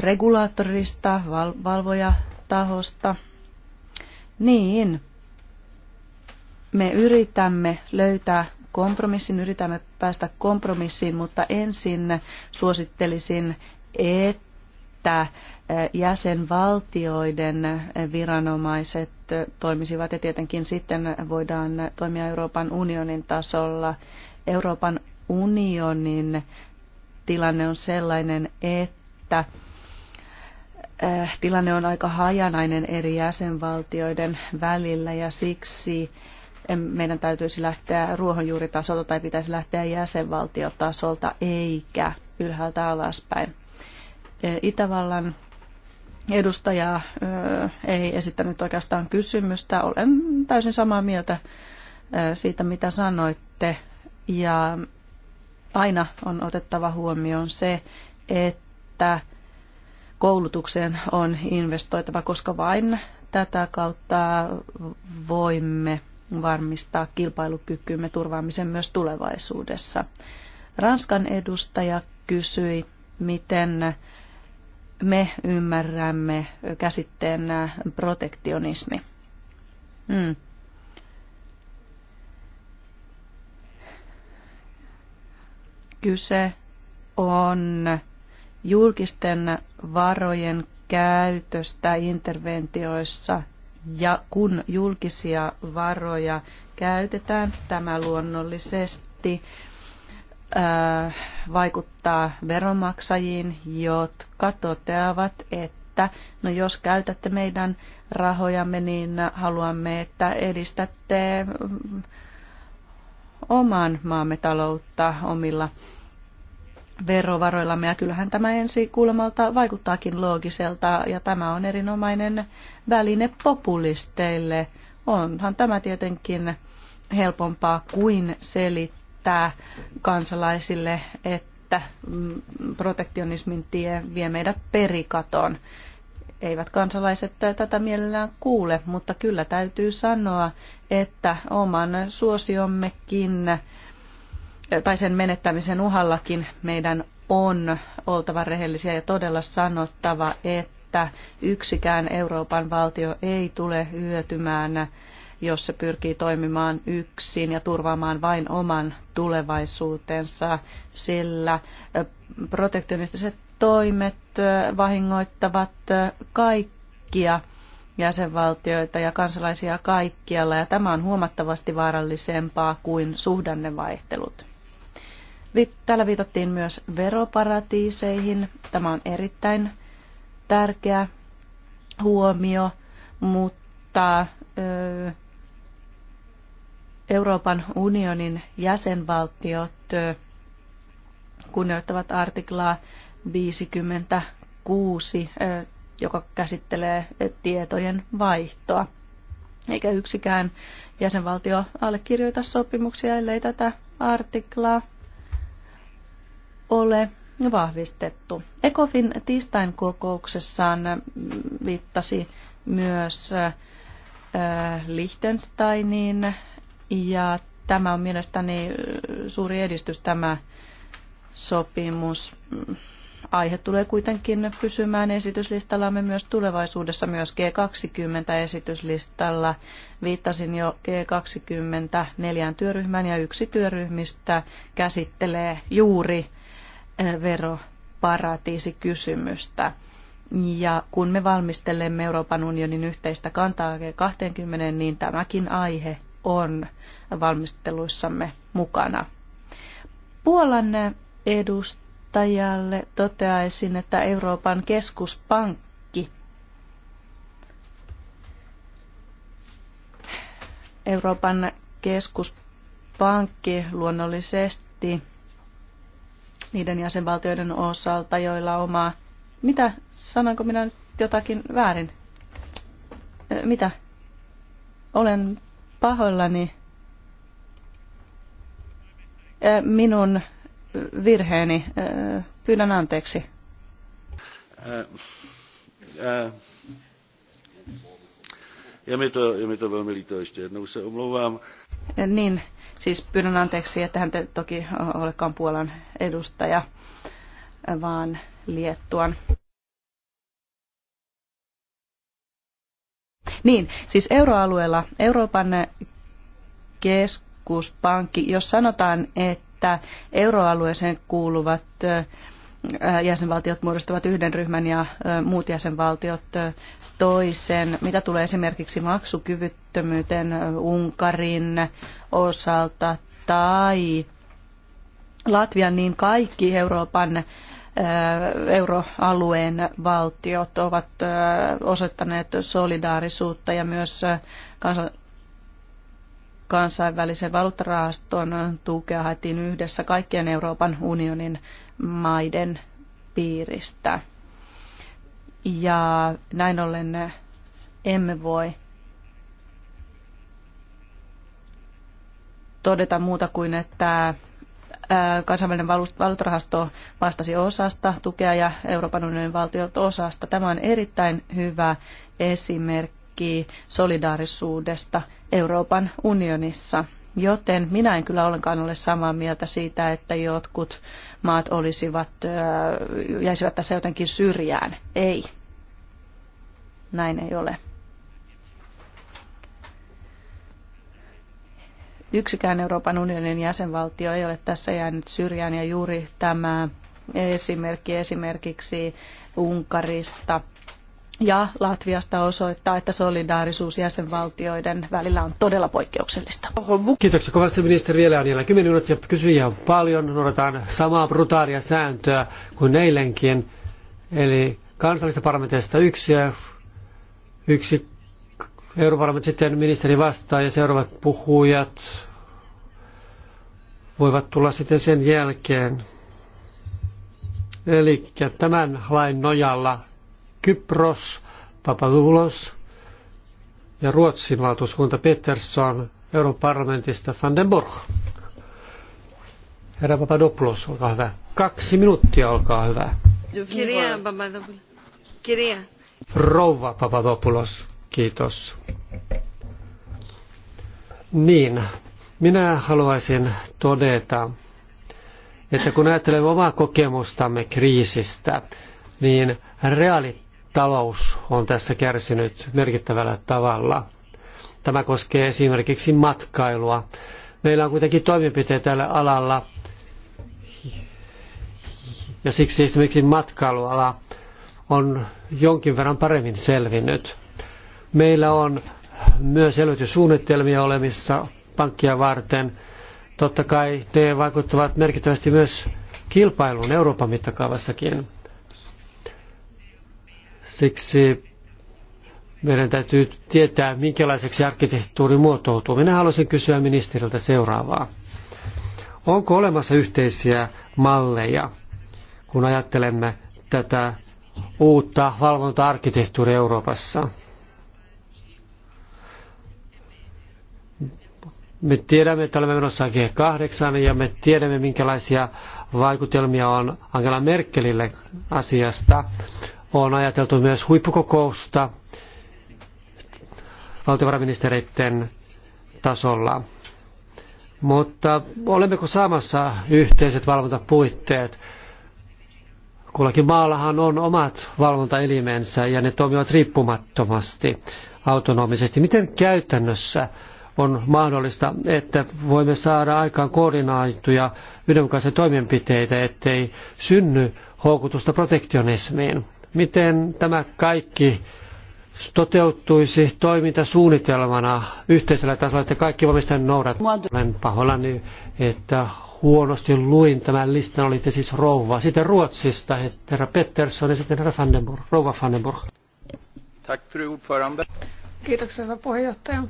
regulaattorista, valvojatahosta. Niin, me yritämme löytää kompromissin, yritämme päästä kompromissiin, mutta ensin suosittelisin, että että jäsenvaltioiden viranomaiset toimisivat ja tietenkin sitten voidaan toimia Euroopan unionin tasolla. Euroopan unionin tilanne on sellainen, että tilanne on aika hajanainen eri jäsenvaltioiden välillä ja siksi meidän täytyisi lähteä ruohonjuuritasolta tai pitäisi lähteä jäsenvaltiotasolta eikä ylhäältä alaspäin. Itävallan edustaja ei esittänyt oikeastaan kysymystä. Olen täysin samaa mieltä siitä, mitä sanoitte. Ja aina on otettava huomioon se, että koulutukseen on investoitava, koska vain tätä kautta voimme varmistaa kilpailukykymme turvaamisen myös tulevaisuudessa. Ranskan edustaja kysyi, miten me ymmärrämme käsitteen äh, protektionismi. Hmm. Kyse on julkisten varojen käytöstä interventioissa ja kun julkisia varoja käytetään, tämä luonnollisesti vaikuttaa veronmaksajiin, jotka toteavat, että no jos käytätte meidän rahojamme, niin haluamme, että edistätte oman maamme taloutta omilla verovaroillamme. Ja kyllähän tämä ensi kuulemalta vaikuttaakin loogiselta ja tämä on erinomainen väline populisteille. Onhan tämä tietenkin helpompaa kuin selittää näyttää kansalaisille, että mm, protektionismin tie vie meidät perikatoon. Eivät kansalaiset tätä mielellään kuule, mutta kyllä täytyy sanoa, että oman suosiommekin tai sen menettämisen uhallakin meidän on oltava rehellisiä ja todella sanottava, että yksikään Euroopan valtio ei tule hyötymään jos se pyrkii toimimaan yksin ja turvaamaan vain oman tulevaisuutensa, sillä protektionistiset toimet vahingoittavat kaikkia jäsenvaltioita ja kansalaisia kaikkialla, ja tämä on huomattavasti vaarallisempaa kuin suhdannevaihtelut. Täällä viitattiin myös veroparatiiseihin. Tämä on erittäin tärkeä huomio, mutta Euroopan unionin jäsenvaltiot kunnioittavat artiklaa 56, joka käsittelee tietojen vaihtoa. Eikä yksikään jäsenvaltio allekirjoita sopimuksia, ellei tätä artiklaa ole vahvistettu. ECOFIN tiistain kokouksessaan viittasi myös Liechtensteinin ja tämä on mielestäni äh, suuri edistys tämä sopimus. Aihe tulee kuitenkin pysymään esityslistallamme myös tulevaisuudessa, myös G20-esityslistalla. Viittasin jo G20 neljään työryhmään ja yksi työryhmistä käsittelee juuri äh, veroparatiisikysymystä. Ja kun me valmistelemme Euroopan unionin yhteistä kantaa G20, niin tämäkin aihe on valmisteluissamme mukana. Puolan edustajalle toteaisin, että Euroopan keskuspankki Euroopan keskuspankki luonnollisesti niiden jäsenvaltioiden osalta, joilla omaa... Mitä? Sanoinko minä nyt jotakin väärin? Mitä? Olen pahoillani. Eh, minun virheeni. Eh, pyydän anteeksi. Eh, to, to Niin, siis pyydän anteeksi, että hän toki olekaan Puolan edustaja, vaan Liettuan. Niin, siis euroalueella Euroopan keskuspankki, jos sanotaan, että euroalueeseen kuuluvat jäsenvaltiot muodostavat yhden ryhmän ja muut jäsenvaltiot toisen. Mitä tulee esimerkiksi maksukyvyttömyyteen Unkarin osalta tai Latvian, niin kaikki Euroopan euroalueen valtiot ovat osoittaneet solidaarisuutta ja myös kansainvälisen valuuttarahaston tukea haettiin yhdessä kaikkien Euroopan unionin maiden piiristä. Ja näin ollen emme voi todeta muuta kuin, että kansainvälinen valuuttarahasto vastasi osasta tukea ja Euroopan unionin valtiot osasta. Tämä on erittäin hyvä esimerkki solidaarisuudesta Euroopan unionissa. Joten minä en kyllä ollenkaan ole samaa mieltä siitä, että jotkut maat olisivat, jäisivät tässä jotenkin syrjään. Ei. Näin ei ole. Yksikään Euroopan unionin jäsenvaltio ei ole tässä jäänyt syrjään ja juuri tämä esimerkki esimerkiksi Unkarista ja Latviasta osoittaa, että solidaarisuus jäsenvaltioiden välillä on todella poikkeuksellista. Kiitoksia kovasti ministeri vielä on vielä 10 minuuttia. Kysyjiä on paljon, noudataan samaa brutaalia sääntöä kuin eilenkin. Eli kansallista parlamentista yksi ja yksi Europarlament sitten ministeri vastaa ja seuraavat puhujat voivat tulla sitten sen jälkeen. Eli tämän lain nojalla Kypros, Papadoulos ja Ruotsin valtuuskunta Peterson Euroopan parlamentista van den Borg. Herra Papadopoulos, olkaa hyvä. Kaksi minuuttia, olkaa hyvä. Kirja Papadopoulos. Kirja. Rouva Papadopoulos, kiitos. Niin, minä haluaisin todeta, että kun ajattelemme omaa kokemustamme kriisistä, niin reaalitalous on tässä kärsinyt merkittävällä tavalla. Tämä koskee esimerkiksi matkailua. Meillä on kuitenkin toimenpiteitä tällä alalla, ja siksi esimerkiksi matkailuala on jonkin verran paremmin selvinnyt. Meillä on myös elvytyssuunnitelmia olemissa pankkia varten. Totta kai ne vaikuttavat merkittävästi myös kilpailuun Euroopan mittakaavassakin. Siksi meidän täytyy tietää, minkälaiseksi arkkitehtuuri muotoutuu. Minä haluaisin kysyä ministeriltä seuraavaa. Onko olemassa yhteisiä malleja, kun ajattelemme tätä uutta valvonta-arkkitehtuuria Euroopassa? Me tiedämme, että olemme menossa G8 ja me tiedämme, minkälaisia vaikutelmia on Angela Merkelille asiasta. On ajateltu myös huippukokousta valtiovarainministereiden tasolla. Mutta olemmeko saamassa yhteiset valvontapuitteet? Kullakin maallahan on omat valvontaelimensä ja ne toimivat riippumattomasti, autonomisesti. Miten käytännössä on mahdollista, että voimme saada aikaan koordinaituja yhdenmukaisia toimenpiteitä, ettei synny houkutusta protektionismiin. Miten tämä kaikki toteutuisi toimintasuunnitelmana yhteisellä tasolla, että kaikki voimme sitä noudattaa. Olen pahoillani, että huonosti luin tämän listan, olitte siis rouva. Sitten Ruotsista, herra Pettersson ja sitten herra Vandenburg, rouva Vandenburg. Tack, fru ordförande. Kiitoksia, hyvä puheenjohtaja.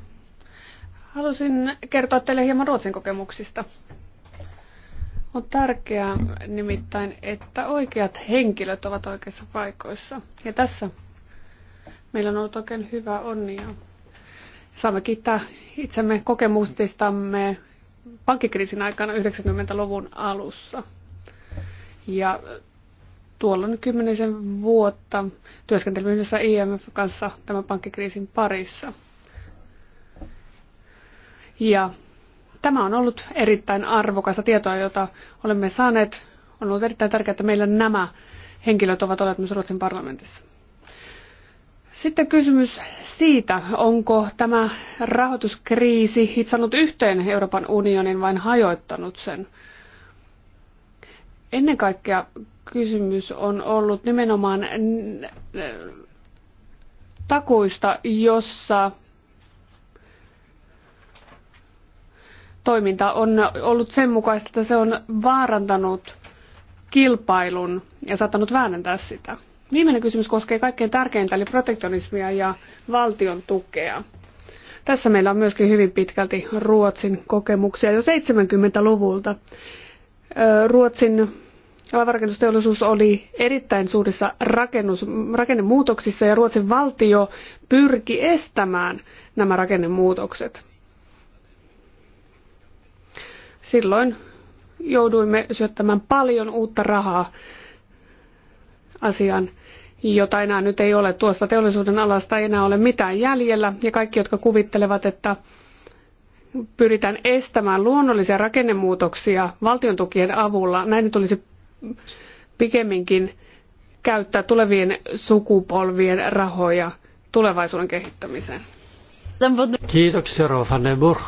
Halusin kertoa teille hieman Ruotsin kokemuksista. On tärkeää nimittäin, että oikeat henkilöt ovat oikeissa paikoissa. Ja tässä meillä on ollut oikein hyvä onnia. Saamme kiittää itsemme kokemustistamme pankkikriisin aikana 90-luvun alussa. Ja tuolloin kymmenisen vuotta työskentelimme yhdessä IMF kanssa tämän pankkikriisin parissa – ja tämä on ollut erittäin arvokasta tietoa, jota olemme saaneet. On ollut erittäin tärkeää, että meillä nämä henkilöt ovat olleet myös Ruotsin parlamentissa. Sitten kysymys siitä, onko tämä rahoituskriisi hitsannut yhteen Euroopan unionin vai hajoittanut sen. Ennen kaikkea kysymys on ollut nimenomaan takuista, jossa toiminta on ollut sen mukaista, että se on vaarantanut kilpailun ja saattanut väärentää sitä. Viimeinen kysymys koskee kaikkein tärkeintä, eli protektionismia ja valtion tukea. Tässä meillä on myöskin hyvin pitkälti Ruotsin kokemuksia jo 70-luvulta. Ruotsin laivanrakennusteollisuus oli erittäin suurissa rakennus, rakennemuutoksissa ja Ruotsin valtio pyrki estämään nämä rakennemuutokset. Silloin jouduimme syöttämään paljon uutta rahaa asiaan, jota enää nyt ei ole. Tuosta teollisuuden alasta ei enää ole mitään jäljellä. Ja kaikki, jotka kuvittelevat, että pyritään estämään luonnollisia rakennemuutoksia valtiontukien avulla, näin tulisi pikemminkin käyttää tulevien sukupolvien rahoja tulevaisuuden kehittämiseen. Kiitoksia, Rova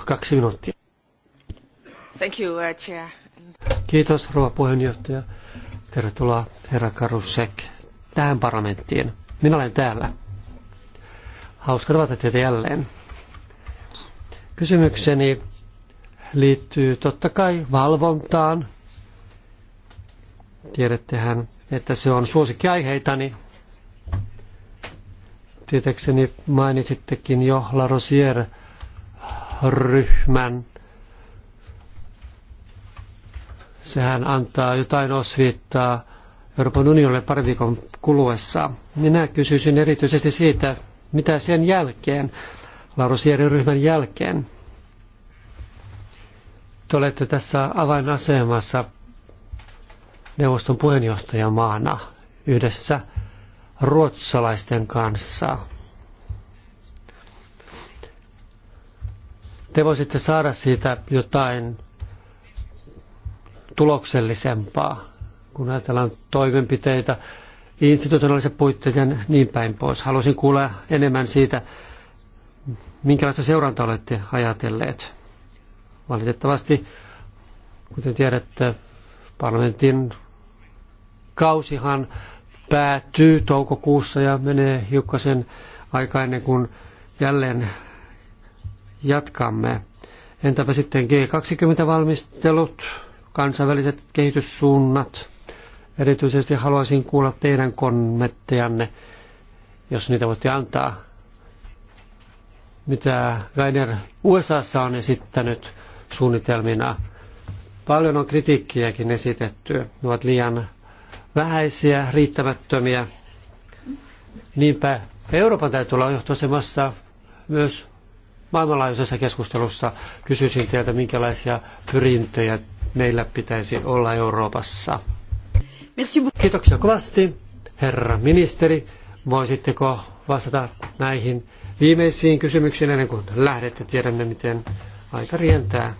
Kaksi minuuttia. Thank you, uh, chair. Kiitos, rouva puheenjohtaja. Tervetuloa, herra Karusek, tähän parlamenttiin. Minä olen täällä. Hauska tavata teitä jälleen. Kysymykseni liittyy totta kai valvontaan. Tiedättehän, että se on suosikkiaiheitani. Tietäkseni mainitsittekin jo La Rosier ryhmän Sehän antaa jotain osviittaa Euroopan unionille pari viikon kuluessa. Minä kysyisin erityisesti siitä, mitä sen jälkeen, Laurusjärjen ryhmän jälkeen. Te olette tässä avainasemassa neuvoston puheenjohtajamaana yhdessä ruotsalaisten kanssa. Te voisitte saada siitä jotain tuloksellisempaa, kun ajatellaan toimenpiteitä, institutionaaliset puitteet ja niin päin pois. Haluaisin kuulla enemmän siitä, minkälaista seurantaa olette ajatelleet. Valitettavasti, kuten tiedätte, parlamentin kausihan päättyy toukokuussa ja menee hiukkasen aika ennen kuin jälleen jatkamme. Entäpä sitten G20-valmistelut? kansainväliset kehityssuunnat. Erityisesti haluaisin kuulla teidän kommenttejanne, jos niitä voitte antaa. Mitä Rainer USAssa on esittänyt suunnitelmina. Paljon on kritiikkiäkin esitetty. Ne ovat liian vähäisiä, riittämättömiä. Niinpä Euroopan täytyy olla johtoasemassa myös maailmanlaajuisessa keskustelussa. Kysyisin teiltä, minkälaisia pyrintöjä meillä pitäisi olla Euroopassa. Kiitoksia kovasti, herra ministeri. Voisitteko vastata näihin viimeisiin kysymyksiin ennen kuin lähdette? Tiedämme, miten aika rientää.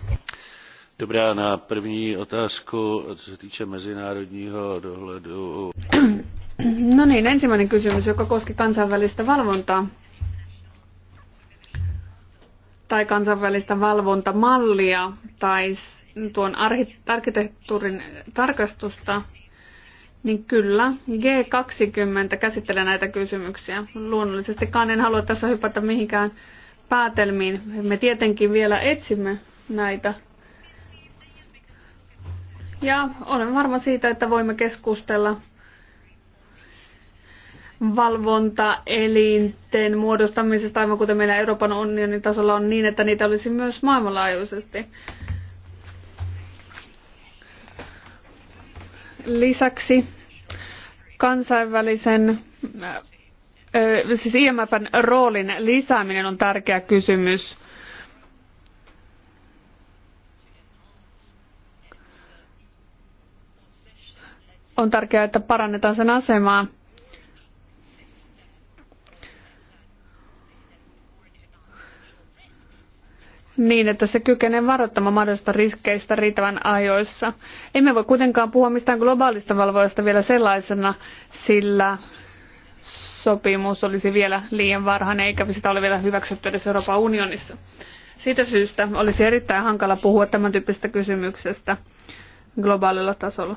Dobrá, na první otázku, co se týče mezinárodního dohledu. No niin, ensimmäinen kysymys, joka koski kansainvälistä valvontaa tai kansainvälistä valvontamallia tai tuon arkkitehtuurin tarkastusta, niin kyllä, G20 käsittelee näitä kysymyksiä. luonnollisesti en halua tässä hypätä mihinkään päätelmiin. Me tietenkin vielä etsimme näitä. Ja olen varma siitä, että voimme keskustella valvontaelinten muodostamisesta, aivan kuten meillä Euroopan unionin tasolla on niin, että niitä olisi myös maailmanlaajuisesti. Lisäksi kansainvälisen siis IMFn roolin lisääminen on tärkeä kysymys. On tärkeää, että parannetaan sen asemaa. niin, että se kykenee varoittamaan mahdollisista riskeistä riittävän ajoissa. Emme voi kuitenkaan puhua mistään globaalista valvoista vielä sellaisena, sillä sopimus olisi vielä liian varhainen eikä sitä ole vielä hyväksytty edes Euroopan unionissa. Siitä syystä olisi erittäin hankala puhua tämän tyyppisestä kysymyksestä globaalilla tasolla.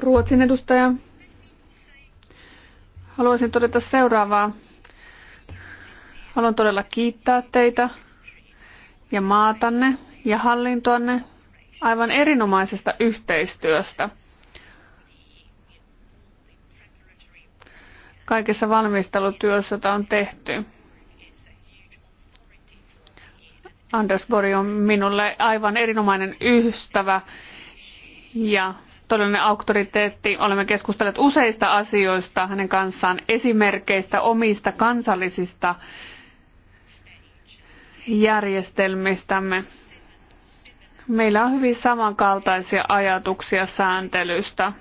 Ruotsin edustaja. Haluaisin todeta seuraavaa. Haluan todella kiittää teitä ja maatanne ja hallintoanne aivan erinomaisesta yhteistyöstä. Kaikessa valmistelutyössä, jota on tehty. Anders Bori on minulle aivan erinomainen ystävä ja todellinen auktoriteetti. Olemme keskustelleet useista asioista hänen kanssaan, esimerkkeistä omista kansallisista järjestelmistämme. Meillä on hyvin samankaltaisia ajatuksia sääntelystä,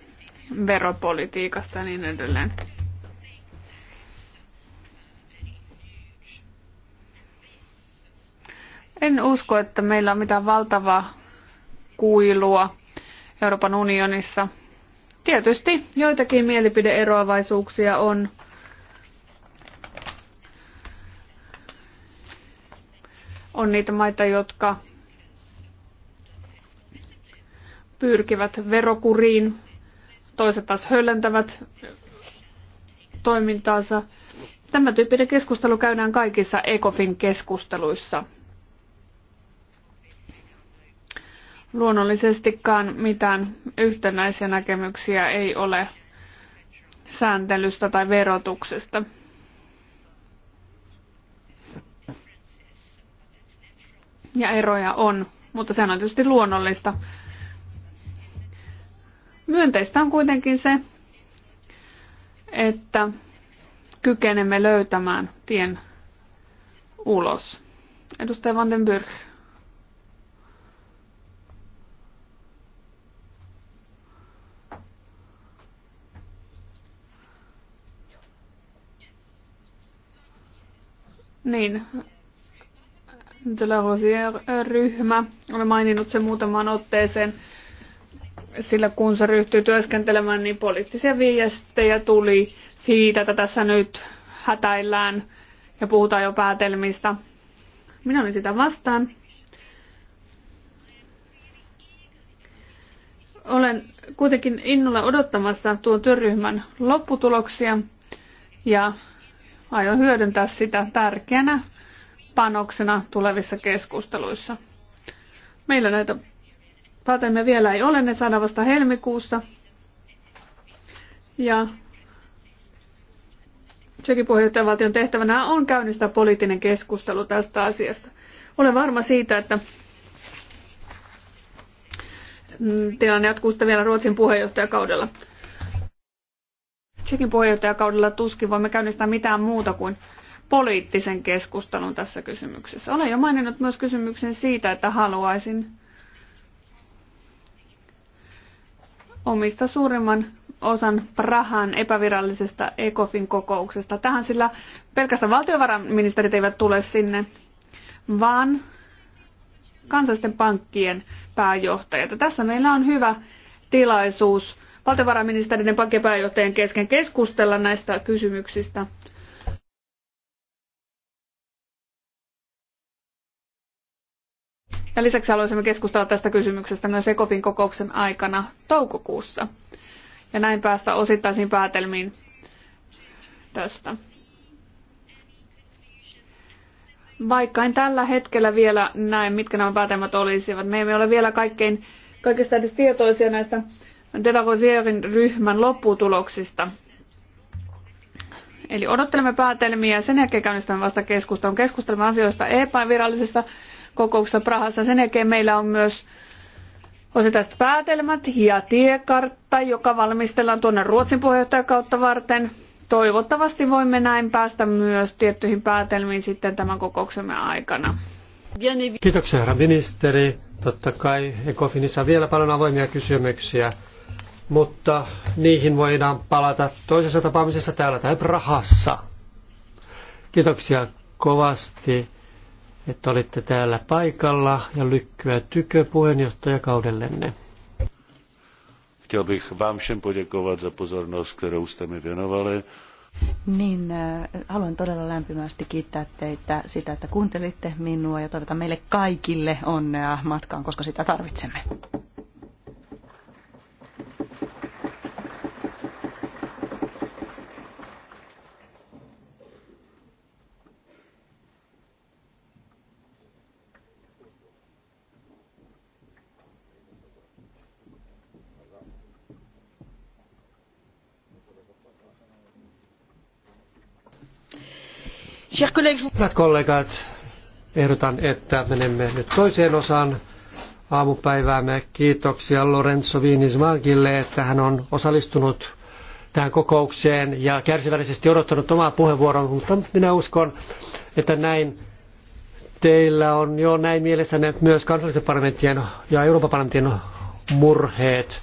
veropolitiikasta ja niin edelleen. En usko, että meillä on mitään valtavaa kuilua Euroopan unionissa. Tietysti joitakin mielipideeroavaisuuksia on, on niitä maita, jotka pyrkivät verokuriin, toiset taas höllentävät toimintaansa. Tämä tyyppinen keskustelu käydään kaikissa ECOFIN keskusteluissa. Luonnollisestikaan mitään yhtenäisiä näkemyksiä ei ole sääntelystä tai verotuksesta. ja eroja on, mutta se on tietysti luonnollista. Myönteistä on kuitenkin se, että kykenemme löytämään tien ulos. Edustaja Vandenburg. Niin, de la Rosier-ryhmä. Olen maininnut sen muutamaan otteeseen, sillä kun se ryhtyi työskentelemään, niin poliittisia viestejä tuli siitä, että tässä nyt hätäillään ja puhutaan jo päätelmistä. Minä olin sitä vastaan. Olen kuitenkin innolla odottamassa tuon työryhmän lopputuloksia ja aion hyödyntää sitä tärkeänä panoksena tulevissa keskusteluissa. Meillä näitä patemme vielä ei ole, ne saadaan vasta helmikuussa. Ja Tsekin puheenjohtajavaltion tehtävänä on käynnistää poliittinen keskustelu tästä asiasta. Olen varma siitä, että tilanne jatkuu sitten vielä Ruotsin puheenjohtajakaudella. Tsekin puheenjohtajakaudella tuskin voimme käynnistää mitään muuta kuin poliittisen keskustelun tässä kysymyksessä. Olen jo maininnut myös kysymyksen siitä, että haluaisin omista suurimman osan Prahan epävirallisesta ECOFin kokouksesta. Tähän sillä pelkästään valtiovarainministerit eivät tule sinne, vaan kansallisten pankkien pääjohtajat. Ja tässä meillä on hyvä tilaisuus valtiovarainministeriön pankkien pääjohtajien kesken keskustella näistä kysymyksistä Ja lisäksi haluaisimme keskustella tästä kysymyksestä myös ECOFIN kokouksen aikana toukokuussa. Ja näin päästä osittaisiin päätelmiin tästä. Vaikka en tällä hetkellä vielä näe, mitkä nämä päätelmät olisivat. Me emme ole vielä kaikkein, kaikista edes tietoisia näistä De ryhmän lopputuloksista. Eli odottelemme päätelmiä ja sen jälkeen käynnistämme vasta keskustelun. Keskustelemme asioista EPA-virallisessa kokouksessa Prahassa. Sen jälkeen meillä on myös osittaiset päätelmät ja tiekartta, joka valmistellaan tuonne Ruotsin puheenjohtajakautta varten. Toivottavasti voimme näin päästä myös tiettyihin päätelmiin sitten tämän kokouksemme aikana. Kiitoksia herra ministeri. Totta kai Ecofinissa on vielä paljon avoimia kysymyksiä, mutta niihin voidaan palata toisessa tapaamisessa täällä tai Prahassa. Kiitoksia kovasti että olitte täällä paikalla ja lykkyä tykö puheenjohtajakaudellenne. Chciałbym za mi věnovali. Niin, eh, haluan todella lämpimästi kiittää teitä sitä, että kuuntelitte minua ja toivotan meille kaikille onnea matkaan, koska sitä tarvitsemme. Hyvät kollegat, ehdotan, että menemme nyt toiseen osaan aamupäiväämme. Kiitoksia Lorenzo Viinismankille, että hän on osallistunut tähän kokoukseen ja kärsivällisesti odottanut omaa puheenvuoron, mutta minä uskon, että näin teillä on jo näin mielessänne myös kansallisten parlamenttien ja Euroopan parlamentin murheet,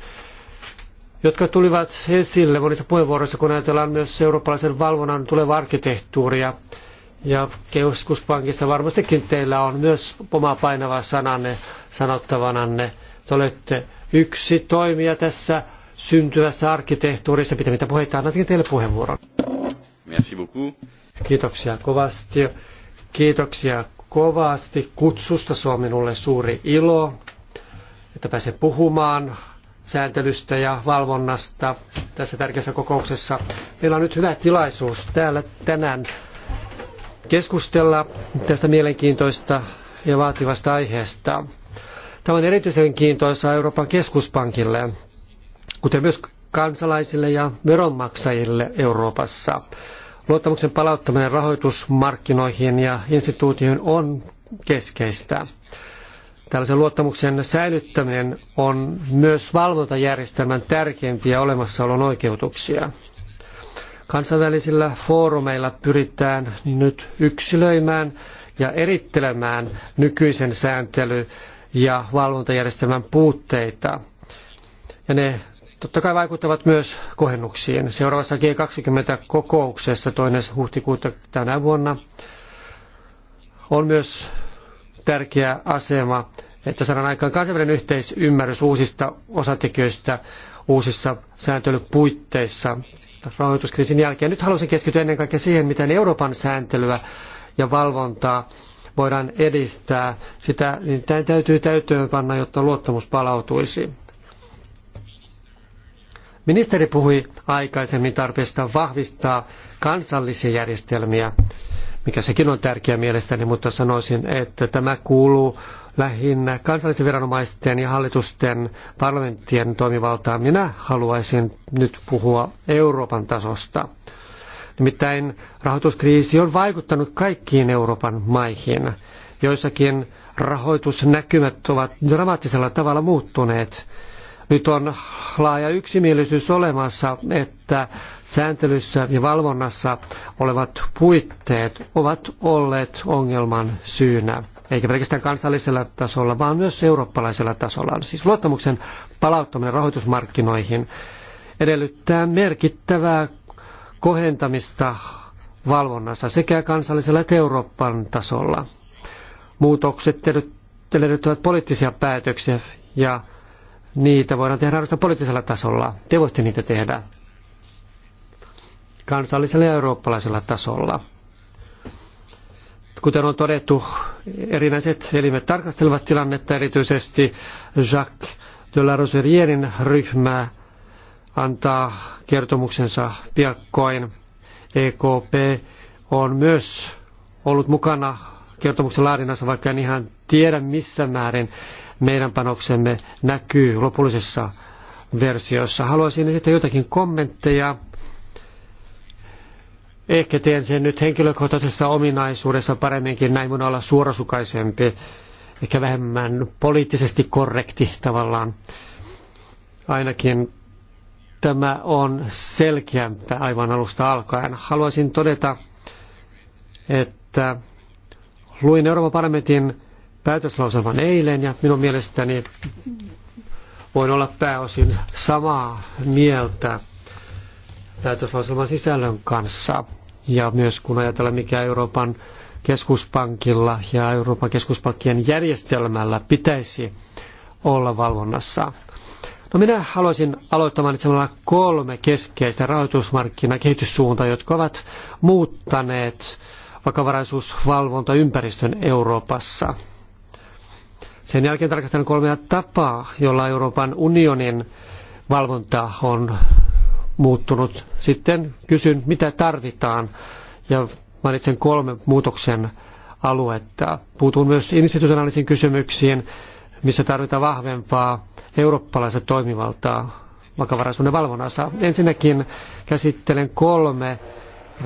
jotka tulivat esille monissa puheenvuoroissa, kun ajatellaan myös eurooppalaisen valvonnan tulevaa arkkitehtuuria. Ja keskuspankissa varmastikin teillä on myös oma painava sananne sanottavananne. Te olette yksi toimija tässä syntyvässä arkkitehtuurissa. mitä puheita annatkin teille puheenvuoron. Merci beaucoup. Kiitoksia kovasti. Kiitoksia kovasti kutsusta. Se on minulle suuri ilo, että pääsen puhumaan sääntelystä ja valvonnasta tässä tärkeässä kokouksessa. Meillä on nyt hyvä tilaisuus täällä tänään keskustella tästä mielenkiintoista ja vaativasta aiheesta. Tämä on erityisen kiintoisa Euroopan keskuspankille, kuten myös kansalaisille ja veronmaksajille Euroopassa. Luottamuksen palauttaminen rahoitusmarkkinoihin ja instituutioihin on keskeistä. Tällaisen luottamuksen säilyttäminen on myös valvontajärjestelmän tärkeimpiä olemassaolon oikeutuksia. Kansainvälisillä foorumeilla pyritään nyt yksilöimään ja erittelemään nykyisen sääntely- ja valvontajärjestelmän puutteita. Ja ne totta kai vaikuttavat myös kohennuksiin. Seuraavassa G20-kokouksessa toinen huhtikuuta tänä vuonna on myös tärkeä asema, että saadaan aikaan kansainvälinen yhteisymmärrys uusista osatekijöistä uusissa sääntelypuitteissa rahoituskriisin jälkeen. Nyt haluaisin keskittyä ennen kaikkea siihen, miten Euroopan sääntelyä ja valvontaa voidaan edistää. Sitä niin täytyy täytöön jotta luottamus palautuisi. Ministeri puhui aikaisemmin tarpeesta vahvistaa kansallisia järjestelmiä, mikä sekin on tärkeä mielestäni, mutta sanoisin, että tämä kuuluu lähinnä kansallisten viranomaisten ja hallitusten parlamenttien toimivaltaa. Minä haluaisin nyt puhua Euroopan tasosta. Nimittäin rahoituskriisi on vaikuttanut kaikkiin Euroopan maihin. Joissakin rahoitusnäkymät ovat dramaattisella tavalla muuttuneet. Nyt on laaja yksimielisyys olemassa, että sääntelyssä ja valvonnassa olevat puitteet ovat olleet ongelman syynä eikä pelkästään kansallisella tasolla, vaan myös eurooppalaisella tasolla. Siis luottamuksen palauttaminen rahoitusmarkkinoihin edellyttää merkittävää kohentamista valvonnassa sekä kansallisella että Euroopan tasolla. Muutokset edellyttävät poliittisia päätöksiä ja niitä voidaan tehdä ainoastaan poliittisella tasolla. Te voitte niitä tehdä kansallisella ja eurooppalaisella tasolla. Kuten on todettu, erinäiset elimet tarkastelevat tilannetta erityisesti Jacques de la ryhmä antaa kertomuksensa piakkoin. EKP on myös ollut mukana kertomuksen laadinnassa, vaikka en ihan tiedä missä määrin meidän panoksemme näkyy lopullisessa versiossa. Haluaisin esittää jotakin kommentteja Ehkä teen sen nyt henkilökohtaisessa ominaisuudessa paremminkin, näin mun olla suorasukaisempi, ehkä vähemmän poliittisesti korrekti tavallaan. Ainakin tämä on selkeämpää aivan alusta alkaen. Haluaisin todeta, että luin Euroopan parlamentin päätöslauselman eilen ja minun mielestäni voin olla pääosin samaa mieltä päätöslauselman sisällön kanssa. Ja myös kun ajatellaan, mikä Euroopan keskuspankilla ja Euroopan keskuspankkien järjestelmällä pitäisi olla valvonnassa. No minä haluaisin aloittaa mainitsemalla kolme keskeistä rahoitusmarkkinakehityssuuntaa, jotka ovat muuttaneet vakavaraisuusvalvontaympäristön Euroopassa. Sen jälkeen tarkastelen kolmea tapaa, jolla Euroopan unionin valvonta on muuttunut. Sitten kysyn, mitä tarvitaan, ja mainitsen kolme muutoksen aluetta. Puutun myös institutionaalisiin kysymyksiin, missä tarvitaan vahvempaa eurooppalaista toimivaltaa vakavaraisuuden valvonnassa. Ensinnäkin käsittelen kolme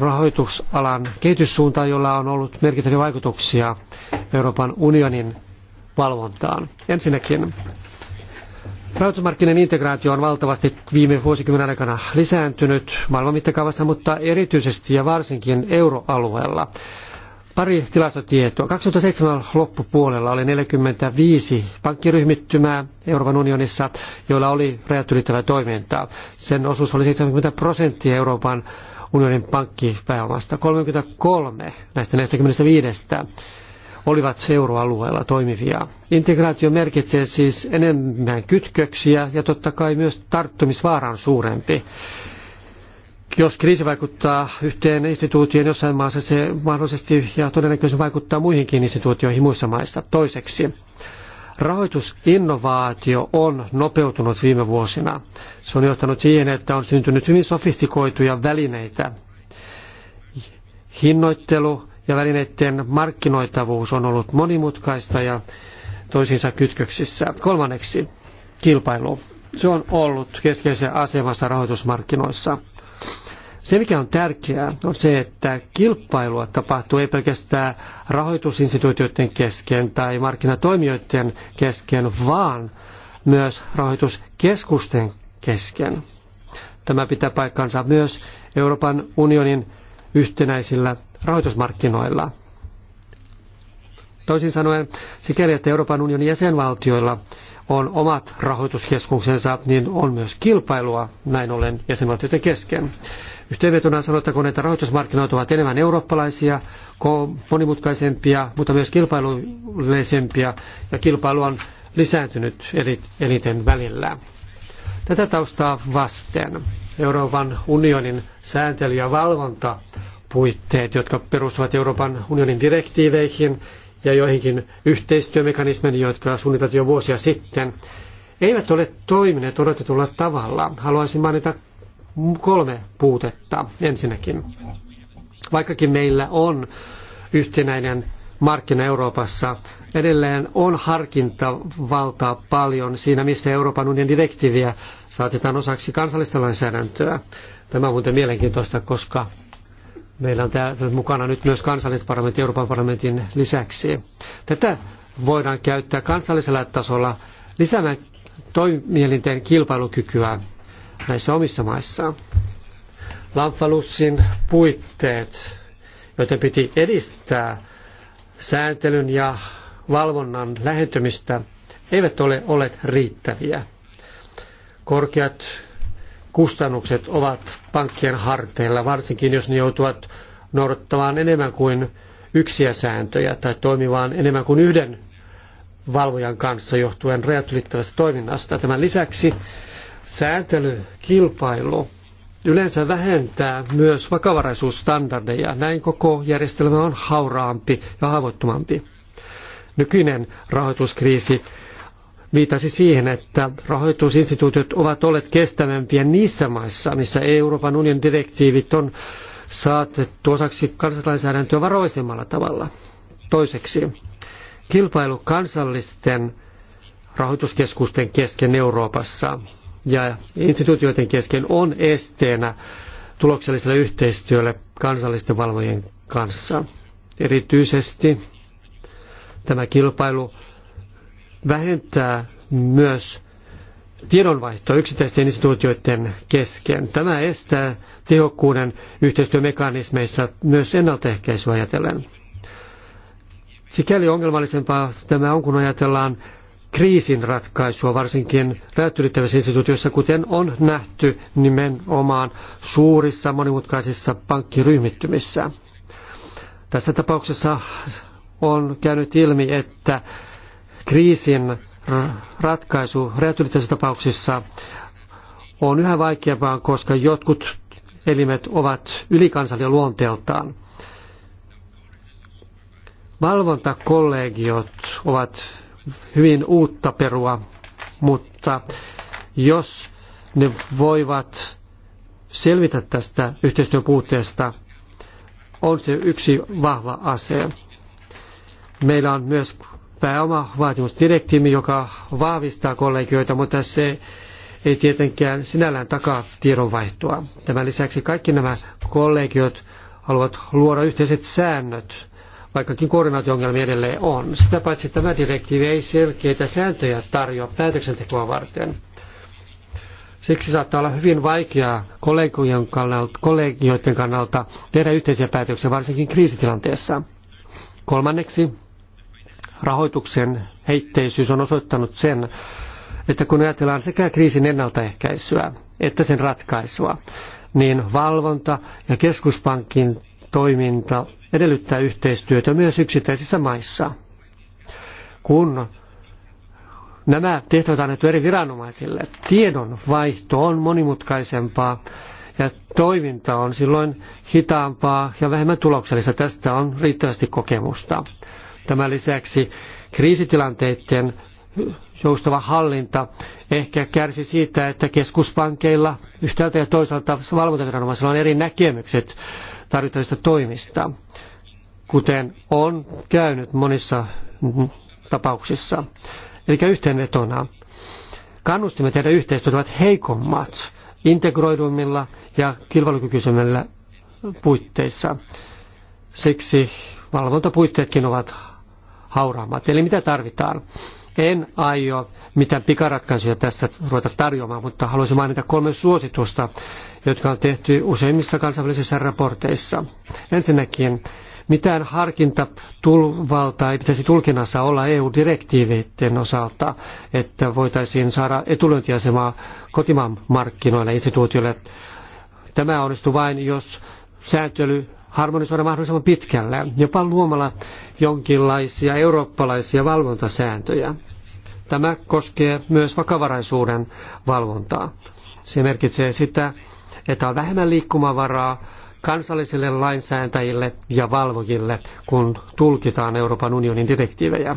rahoitusalan kehityssuuntaa, jolla on ollut merkittäviä vaikutuksia Euroopan unionin valvontaan. Ensinnäkin Rahoitusmarkkinoiden integraatio on valtavasti viime vuosikymmenen aikana lisääntynyt maailman mittakaavassa, mutta erityisesti ja varsinkin euroalueella. Pari tilastotietoa. 2007 loppupuolella oli 45 pankkiryhmittymää Euroopan unionissa, joilla oli rajat ylittävää toimintaa. Sen osuus oli 70 prosenttia Euroopan unionin pankkipääomasta. 33 näistä 45 olivat euroalueella toimivia. Integraatio merkitsee siis enemmän kytköksiä ja totta kai myös tarttumisvaara on suurempi. Jos kriisi vaikuttaa yhteen instituutioon jossain maassa, se mahdollisesti ja todennäköisesti vaikuttaa muihinkin instituutioihin muissa maissa. Toiseksi, Rahoitusinnovaatio on nopeutunut viime vuosina. Se on johtanut siihen, että on syntynyt hyvin sofistikoituja välineitä. Hinnoittelu ja välineiden markkinoitavuus on ollut monimutkaista ja toisiinsa kytköksissä. Kolmanneksi kilpailu. Se on ollut keskeisessä asemassa rahoitusmarkkinoissa. Se, mikä on tärkeää, on se, että kilpailua tapahtuu ei pelkästään rahoitusinstituutioiden kesken tai markkinatoimijoiden kesken, vaan myös rahoituskeskusten kesken. Tämä pitää paikkansa myös Euroopan unionin yhtenäisillä rahoitusmarkkinoilla. Toisin sanoen, sikäli että Euroopan unionin jäsenvaltioilla on omat rahoituskeskuksensa, niin on myös kilpailua näin ollen jäsenvaltioiden kesken. Yhteenvetona sanottakoon, että rahoitusmarkkinoita ovat enemmän eurooppalaisia, monimutkaisempia, mutta myös kilpailullisempia, ja kilpailu on lisääntynyt elinten välillä. Tätä taustaa vasten Euroopan unionin sääntely ja valvonta puitteet, jotka perustuvat Euroopan unionin direktiiveihin ja joihinkin yhteistyömekanismeihin, jotka suunniteltiin jo vuosia sitten, eivät ole toimineet odotetulla tavalla. Haluaisin mainita kolme puutetta ensinnäkin. Vaikkakin meillä on yhtenäinen markkina Euroopassa, edelleen on harkintavaltaa paljon siinä, missä Euroopan unionin direktiiviä saatetaan osaksi kansallista lainsäädäntöä. Tämä on muuten mielenkiintoista, koska Meillä on täällä mukana nyt myös kansalliset parlamentit Euroopan parlamentin lisäksi. Tätä voidaan käyttää kansallisella tasolla lisäämään toimielinten kilpailukykyä näissä omissa maissaan. Lamfalussin puitteet, joita piti edistää sääntelyn ja valvonnan lähentymistä, eivät ole olleet riittäviä. Korkeat kustannukset ovat pankkien harteilla, varsinkin jos ne joutuvat noudattamaan enemmän kuin yksiä sääntöjä tai toimimaan enemmän kuin yhden valvojan kanssa johtuen rajat ylittävästä toiminnasta. Tämän lisäksi sääntelykilpailu yleensä vähentää myös vakavaraisuusstandardeja. Näin koko järjestelmä on hauraampi ja haavoittumampi. Nykyinen rahoituskriisi viitasi siihen, että rahoitusinstituutiot ovat olleet kestävämpiä niissä maissa, missä Euroopan unionin direktiivit on saatettu osaksi kansalainsäädäntöä varoisemmalla tavalla. Toiseksi, kilpailu kansallisten rahoituskeskusten kesken Euroopassa ja instituutioiden kesken on esteenä tulokselliselle yhteistyölle kansallisten valvojien kanssa. Erityisesti tämä kilpailu vähentää myös tiedonvaihtoa yksittäisten instituutioiden kesken. Tämä estää tehokkuuden yhteistyömekanismeissa myös ennaltaehkäisyä ajatellen. Sikäli ongelmallisempaa tämä on, kun ajatellaan kriisin ratkaisua, varsinkin räättylittävissä instituutioissa, kuten on nähty nimenomaan suurissa monimutkaisissa pankkiryhmittymissä. Tässä tapauksessa on käynyt ilmi, että kriisin ratkaisu tapauksissa on yhä vaikeampaa, koska jotkut elimet ovat ylikansallia luonteeltaan. Valvontakollegiot ovat hyvin uutta perua, mutta jos ne voivat selvitä tästä yhteistyön puutteesta, on se yksi vahva ase. Meillä on myös pääomavaatimusdirektiivi, joka vahvistaa kollegioita, mutta se ei tietenkään sinällään takaa tiedonvaihtoa. Tämän lisäksi kaikki nämä kollegiot haluavat luoda yhteiset säännöt, vaikkakin koordinaationgelmia edelleen on. Sitä paitsi tämä direktiivi ei selkeitä sääntöjä tarjoa päätöksentekoa varten. Siksi saattaa olla hyvin vaikeaa kollegioiden kannalta, kollegioiden kannalta tehdä yhteisiä päätöksiä, varsinkin kriisitilanteessa. Kolmanneksi, rahoituksen heitteisyys on osoittanut sen, että kun ajatellaan sekä kriisin ennaltaehkäisyä että sen ratkaisua, niin valvonta ja keskuspankin toiminta edellyttää yhteistyötä myös yksittäisissä maissa. Kun nämä tehtävät annettu eri viranomaisille, tiedon vaihto on monimutkaisempaa ja toiminta on silloin hitaampaa ja vähemmän tuloksellista. Tästä on riittävästi kokemusta. Tämän lisäksi kriisitilanteiden joustava hallinta ehkä kärsi siitä, että keskuspankeilla yhtäältä ja toisaalta valvontaviranomaisilla on eri näkemykset tarvittavista toimista, kuten on käynyt monissa tapauksissa. Eli yhteenvetona kannustimet tehdä yhteistyötä ovat heikommat integroidummilla ja kilpailukykyisemmillä puitteissa. Siksi valvontapuitteetkin ovat hauraammat. Eli mitä tarvitaan? En aio mitään pikaratkaisuja tässä ruveta tarjoamaan, mutta haluaisin mainita kolme suositusta, jotka on tehty useimmissa kansainvälisissä raporteissa. Ensinnäkin mitään harkintatulvaltaa ei pitäisi tulkinnassa olla EU-direktiiveiden osalta, että voitaisiin saada etulyöntiasemaa kotimaan markkinoille instituutioille. Tämä onnistuu vain, jos sääntely harmonisoida mahdollisimman pitkällä, jopa luomalla jonkinlaisia eurooppalaisia valvontasääntöjä. Tämä koskee myös vakavaraisuuden valvontaa. Se merkitsee sitä, että on vähemmän liikkumavaraa kansallisille lainsääntäjille ja valvojille, kun tulkitaan Euroopan unionin direktiivejä.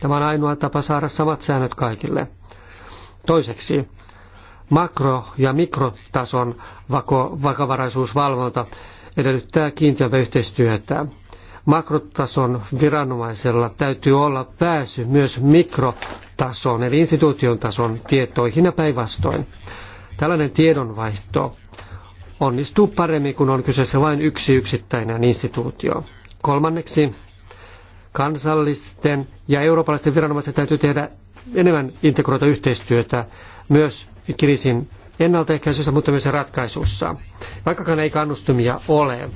Tämä on ainoa tapa saada samat säännöt kaikille. Toiseksi, makro- ja mikrotason vakavaraisuusvalvonta edellyttää kiinteältä yhteistyötä. Makrotason viranomaisella täytyy olla pääsy myös mikrotason eli instituution tason tietoihin ja päinvastoin. Tällainen tiedonvaihto onnistuu paremmin, kun on kyseessä vain yksi yksittäinen instituutio. Kolmanneksi, kansallisten ja eurooppalaisten viranomaisten täytyy tehdä enemmän integroita yhteistyötä myös kriisin ennaltaehkäisyssä, mutta myös ratkaisussa. Vaikkakaan ei kannustumia ole,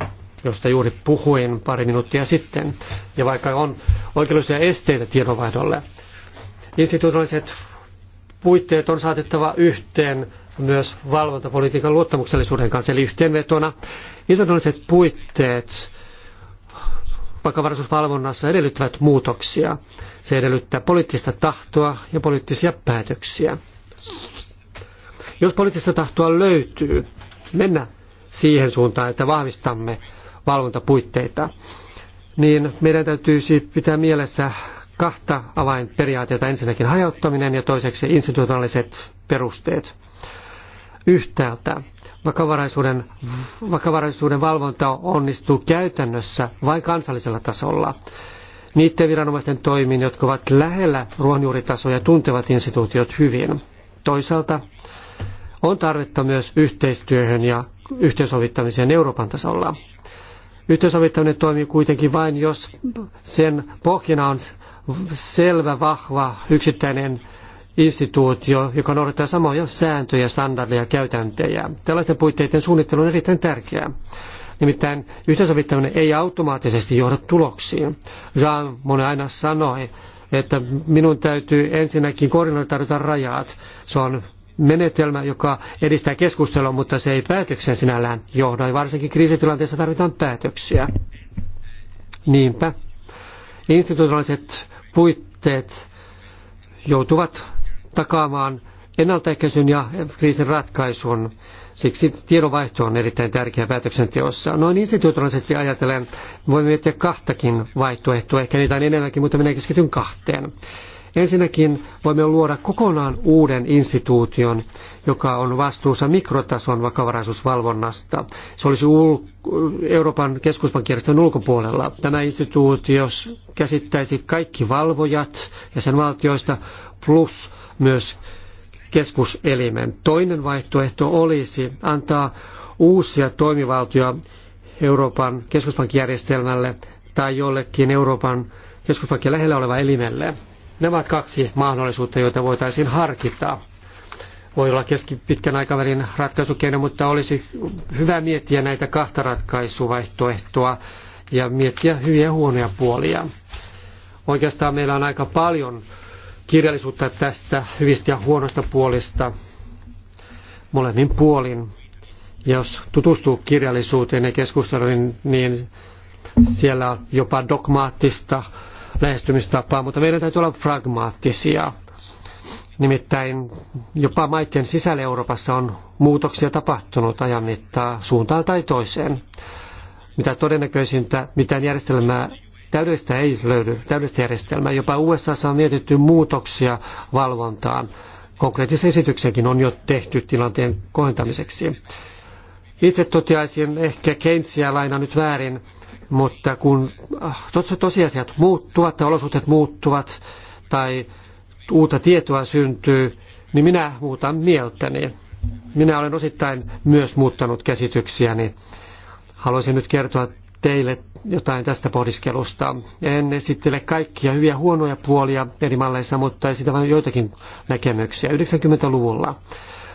josta juuri puhuin pari minuuttia sitten, ja vaikka on oikeudellisia esteitä tiedonvaihdolle, institutionaaliset puitteet on saatettava yhteen myös valvontapolitiikan luottamuksellisuuden kanssa. Eli yhteenvetona institutionaaliset puitteet vakavaraisuusvalvonnassa edellyttävät muutoksia. Se edellyttää poliittista tahtoa ja poliittisia päätöksiä. Jos poliittista tahtoa löytyy, mennä siihen suuntaan, että vahvistamme valvontapuitteita, niin meidän täytyisi pitää mielessä kahta avainperiaatetta. Ensinnäkin hajauttaminen ja toiseksi institutionaaliset perusteet. Yhtäältä vakavaraisuuden, vakavaraisuuden valvonta onnistuu käytännössä vain kansallisella tasolla. Niiden viranomaisten toimin, jotka ovat lähellä ruohonjuuritasoja, tuntevat instituutiot hyvin. Toisaalta on tarvetta myös yhteistyöhön ja yhteensovittamiseen Euroopan tasolla. Yhteensovittaminen toimii kuitenkin vain, jos sen pohjana on selvä, vahva, yksittäinen instituutio, joka noudattaa samoja sääntöjä, standardeja ja käytäntöjä. Tällaisten puitteiden suunnittelu on erittäin tärkeää. Nimittäin yhteensovittaminen ei automaattisesti johda tuloksiin. Jean Monnet aina sanoi, että minun täytyy ensinnäkin koordinoida rajat. Se on menetelmä, joka edistää keskustelua, mutta se ei päätöksen sinällään johda. Varsinkin kriisitilanteessa tarvitaan päätöksiä. Niinpä. Institutionaaliset puitteet joutuvat takaamaan ennaltaehkäisyn ja kriisin ratkaisun. Siksi tiedonvaihto on erittäin tärkeä päätöksenteossa. Noin institutionaalisesti ajatellen voimme miettiä kahtakin vaihtoehtoa, ehkä niitä on enemmänkin, mutta minä keskityn kahteen. Ensinnäkin voimme luoda kokonaan uuden instituution, joka on vastuussa mikrotason vakavaraisuusvalvonnasta. Se olisi Euroopan keskuspankkijärjestelmän ulkopuolella. Tämä instituutio käsittäisi kaikki valvojat ja sen valtioista plus myös keskuselimen. Toinen vaihtoehto olisi antaa uusia toimivaltoja Euroopan keskuspankkijärjestelmälle tai jollekin Euroopan keskuspankkia lähellä oleva elimelle. Nämä ovat kaksi mahdollisuutta, joita voitaisiin harkita. Voi olla keskipitkän aikavälin ratkaisukeino, mutta olisi hyvä miettiä näitä kahta ratkaisuvaihtoehtoa ja miettiä hyviä ja huonoja puolia. Oikeastaan meillä on aika paljon kirjallisuutta tästä hyvistä ja huonosta puolista molemmin puolin. Ja jos tutustuu kirjallisuuteen ja keskusteluun, niin siellä on jopa dogmaattista lähestymistapaa, mutta meidän täytyy olla pragmaattisia. Nimittäin jopa maiden sisällä Euroopassa on muutoksia tapahtunut ajan mittaan suuntaan tai toiseen. Mitä todennäköisintä, mitään järjestelmää täydellistä ei löydy, täydellistä järjestelmää. Jopa USA on mietitty muutoksia valvontaan. Konkreettisia esityksiäkin on jo tehty tilanteen kohentamiseksi. Itse toteaisin ehkä Keynesia laina nyt väärin, mutta kun ah, tosiasiat muuttuvat tai olosuhteet muuttuvat tai uutta tietoa syntyy, niin minä muutan mieltäni. Minä olen osittain myös muuttanut käsityksiäni. Haluaisin nyt kertoa teille jotain tästä pohdiskelusta. En esittele kaikkia hyviä huonoja puolia eri malleissa, mutta esitän vain joitakin näkemyksiä. 90-luvulla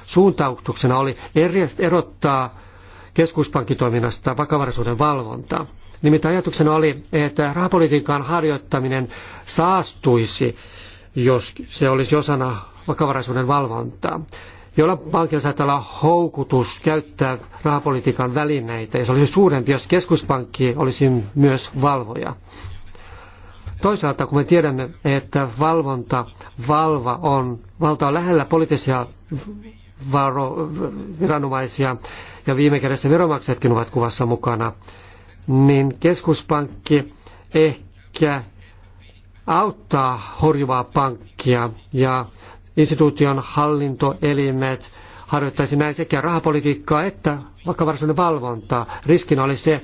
suuntautuksena oli erottaa keskuspankkitoiminnasta vakavaraisuuden valvonta. Nimittäin ajatuksena oli, että rahapolitiikan harjoittaminen saastuisi, jos se olisi osana vakavaraisuuden valvontaa. Jolla pankilla saattaa olla houkutus käyttää rahapolitiikan välineitä, ja se olisi suurempi, jos keskuspankki olisi myös valvoja. Toisaalta, kun me tiedämme, että valvonta, valva on, valta on lähellä poliittisia varo, viranomaisia, ja viime kädessä veromaksajatkin ovat kuvassa mukana, niin keskuspankki ehkä auttaa horjuvaa pankkia ja instituution hallintoelimet harjoittaisi näin sekä rahapolitiikkaa että vakavaraisuuden valvontaa. Riskinä oli se,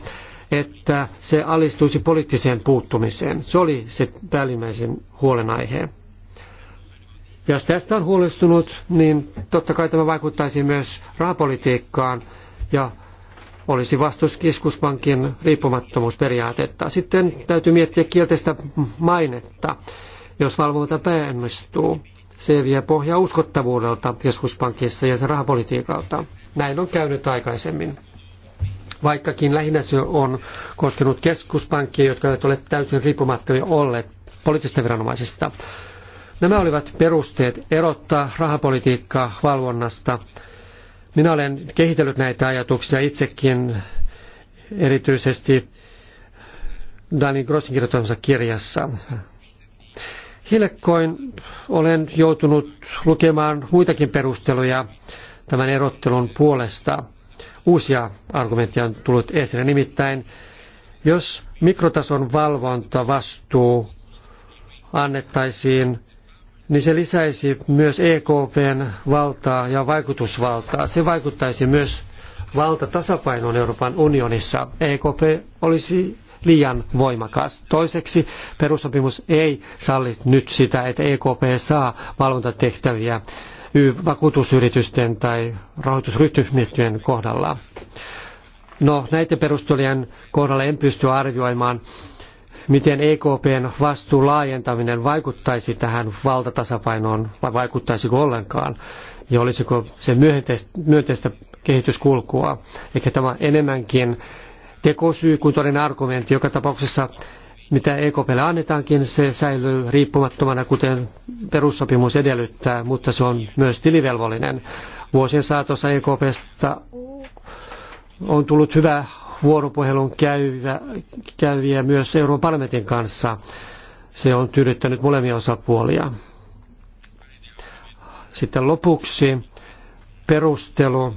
että se alistuisi poliittiseen puuttumiseen. Se oli se päällimmäisen huolenaihe. Jos tästä on huolestunut, niin totta kai tämä vaikuttaisi myös rahapolitiikkaan ja olisi keskuspankin riippumattomuusperiaatetta. Sitten täytyy miettiä kielteistä mainetta, jos valvonta pääonnistuu. Se vie pohjaa uskottavuudelta keskuspankissa ja sen rahapolitiikalta. Näin on käynyt aikaisemmin. Vaikkakin lähinnä se on koskenut keskuspankkia, jotka eivät ole täysin riippumattomia olleet poliittisista viranomaisista. Nämä olivat perusteet erottaa rahapolitiikkaa valvonnasta minä olen kehitellyt näitä ajatuksia itsekin erityisesti Daniel Grossin kirjoittamassa kirjassa. Hiljakkoin olen joutunut lukemaan muitakin perusteluja tämän erottelun puolesta. Uusia argumentteja on tullut esille. Nimittäin, jos mikrotason valvontavastuu annettaisiin niin se lisäisi myös EKPn valtaa ja vaikutusvaltaa. Se vaikuttaisi myös valtatasapainoon Euroopan unionissa. EKP olisi liian voimakas. Toiseksi perussopimus ei salli nyt sitä, että EKP saa valvontatehtäviä vakuutusyritysten tai rahoitusryhtymien kohdalla. No, näiden perustelujen kohdalla en pysty arvioimaan, miten EKPn vastuun laajentaminen vaikuttaisi tähän valtatasapainoon vai vaikuttaisiko ollenkaan ja olisiko se myönteistä kehityskulkua. Ehkä tämä on enemmänkin tekosyy kuin todellinen argumentti. Joka tapauksessa mitä EKPlle annetaankin, se säilyy riippumattomana, kuten perussopimus edellyttää, mutta se on myös tilivelvollinen. Vuosien saatossa EKPstä on tullut hyvä vuoropuhelun käyviä myös Euroopan parlamentin kanssa. Se on tyydyttänyt molemmia osapuolia. Sitten lopuksi perustelu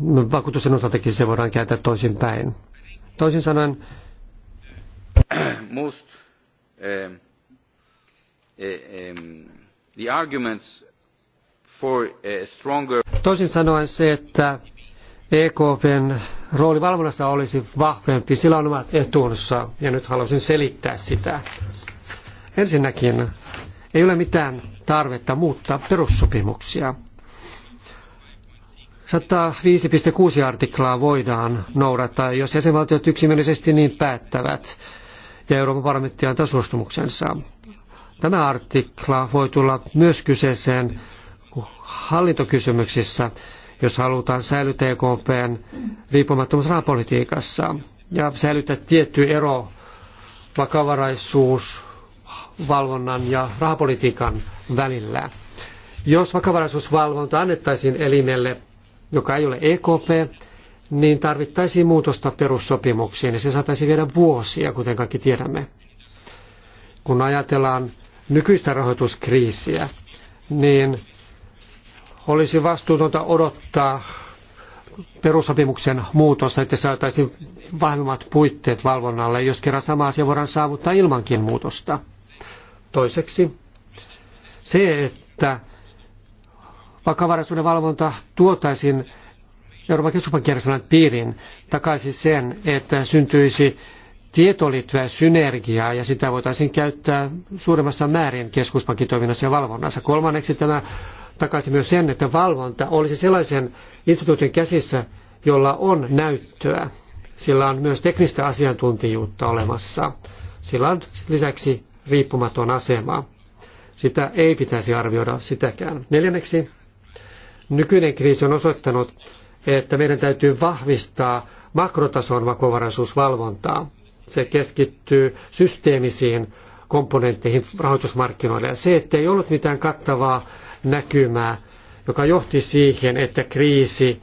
no, vakuutusten osaltakin se voidaan kääntää toisinpäin. Toisin sanoen, most, um, um, the arguments Toisin sanoen se, että EKPn rooli valvonnassa olisi vahvempi, sillä on omat etunsa, ja nyt haluaisin selittää sitä. Ensinnäkin ei ole mitään tarvetta muuttaa perussopimuksia. 105.6 artiklaa voidaan noudattaa, jos jäsenvaltiot yksimielisesti niin päättävät, ja Euroopan parlamentti antaa suostumuksensa. Tämä artikla voi tulla myös kyseeseen hallintokysymyksissä, jos halutaan säilyttää EKPn riippumattomuus rahapolitiikassa ja säilyttää tietty ero vakavaraisuus valvonnan ja rahapolitiikan välillä. Jos vakavaraisuusvalvonta annettaisiin elimelle, joka ei ole EKP, niin tarvittaisiin muutosta perussopimuksiin ja se saattaisi viedä vuosia, kuten kaikki tiedämme. Kun ajatellaan nykyistä rahoituskriisiä, niin olisi vastuutonta odottaa perusopimuksen muutosta, että saataisiin vahvemmat puitteet valvonnalle, jos kerran sama asia voidaan saavuttaa ilmankin muutosta. Toiseksi se, että vakavaraisuuden valvonta tuotaisiin Euroopan keskuspankkijärjestelmän piiriin takaisin sen, että syntyisi tietoon liittyvää synergiaa ja sitä voitaisiin käyttää suuremmassa määrin toiminnassa ja valvonnassa. Kolmanneksi tämä takaisin myös sen, että valvonta olisi sellaisen instituutin käsissä, jolla on näyttöä. Sillä on myös teknistä asiantuntijuutta olemassa. Sillä on lisäksi riippumaton asema. Sitä ei pitäisi arvioida sitäkään. Neljänneksi, nykyinen kriisi on osoittanut, että meidän täytyy vahvistaa makrotason vakavaraisuusvalvontaa. Se keskittyy systeemisiin komponentteihin rahoitusmarkkinoille. Ja se, ettei ollut mitään kattavaa näkymää, joka johti siihen, että kriisi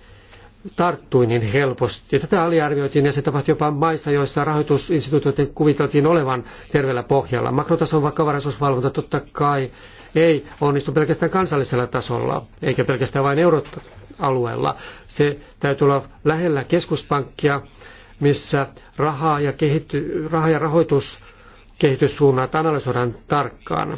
tarttui niin helposti. Tätä aliarvioitiin ja se tapahtui jopa maissa, joissa rahoitusinstituutioiden kuviteltiin olevan terveellä pohjalla. Makrotason vakavaraisuusvalvonta totta kai ei onnistu pelkästään kansallisella tasolla, eikä pelkästään vain euroalueella. Se täytyy olla lähellä keskuspankkia, missä rahaa ja, kehitty, raha ja rahoituskehityssuunnat analysoidaan tarkkaan.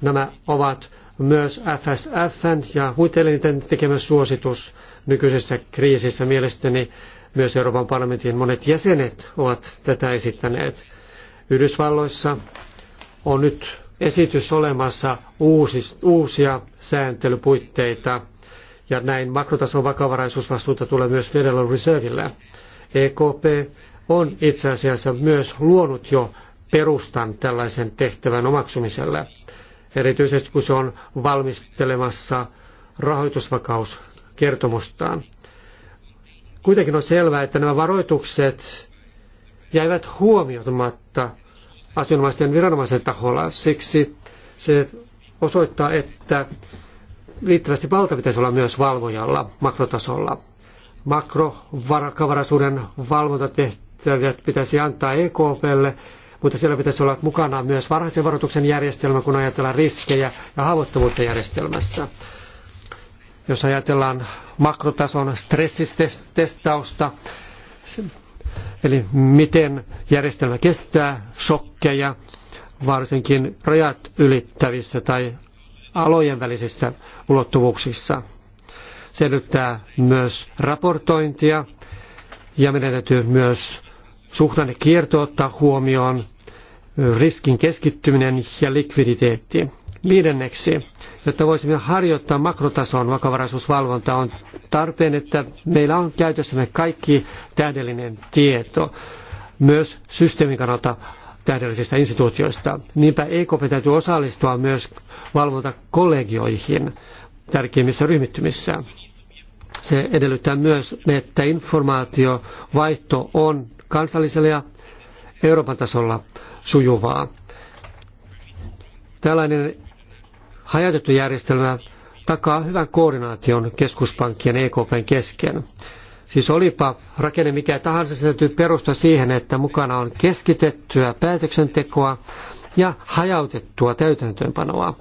Nämä ovat myös FSF ja huitelinten tekemä suositus nykyisessä kriisissä. Mielestäni myös Euroopan parlamentin monet jäsenet ovat tätä esittäneet. Yhdysvalloissa on nyt esitys olemassa uusis, uusia sääntelypuitteita ja näin makrotason vakavaraisuusvastuuta tulee myös Federal Reserville. EKP on itse asiassa myös luonut jo perustan tällaisen tehtävän omaksumiselle erityisesti kun se on valmistelemassa rahoitusvakauskertomustaan. Kuitenkin on selvää, että nämä varoitukset jäivät huomioimatta asianomaisten viranomaisen taholla. Siksi se osoittaa, että riittävästi valta pitäisi olla myös valvojalla makrotasolla. Makrovaraisuuden valvontatehtäviä pitäisi antaa EKPlle mutta siellä pitäisi olla mukana myös varhaisen varoituksen järjestelmä, kun ajatellaan riskejä ja haavoittuvuutta järjestelmässä. Jos ajatellaan makrotason stressitestausta, eli miten järjestelmä kestää shokkeja, varsinkin rajat ylittävissä tai alojen välisissä ulottuvuuksissa. Se edellyttää myös raportointia ja meidän täytyy myös suhdannekierto ottaa huomioon riskin keskittyminen ja likviditeetti. Viidenneksi, jotta voisimme harjoittaa makrotason vakavaraisuusvalvonta, on tarpeen, että meillä on käytössämme kaikki tähdellinen tieto, myös systeemin kannalta tähdellisistä instituutioista. Niinpä EKP täytyy osallistua myös valvontakollegioihin tärkeimmissä ryhmittymissä. Se edellyttää myös, että informaatiovaihto on kansallisella ja Euroopan tasolla sujuvaa. Tällainen hajautettu järjestelmä takaa hyvän koordinaation keskuspankkien EKPn kesken. Siis olipa rakenne mikä tahansa, se täytyy perustua siihen, että mukana on keskitettyä päätöksentekoa ja hajautettua täytäntöönpanoa.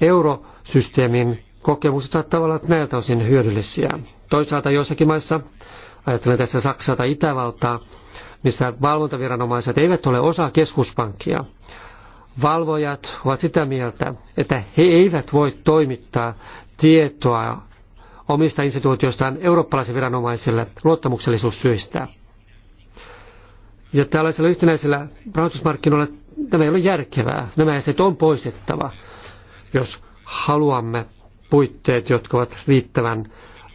Eurosysteemin kokemukset saattavat olla näiltä osin hyödyllisiä. Toisaalta joissakin maissa, ajattelen tässä Saksaa tai Itävaltaa, missä valvontaviranomaiset eivät ole osa keskuspankkia. Valvojat ovat sitä mieltä, että he eivät voi toimittaa tietoa omista instituutioistaan eurooppalaisille viranomaisille luottamuksellisuussyistä. Ja tällaisella yhtenäisellä rahoitusmarkkinoilla tämä ei ole järkevää. Nämä esteet on poistettava, jos haluamme puitteet, jotka ovat riittävän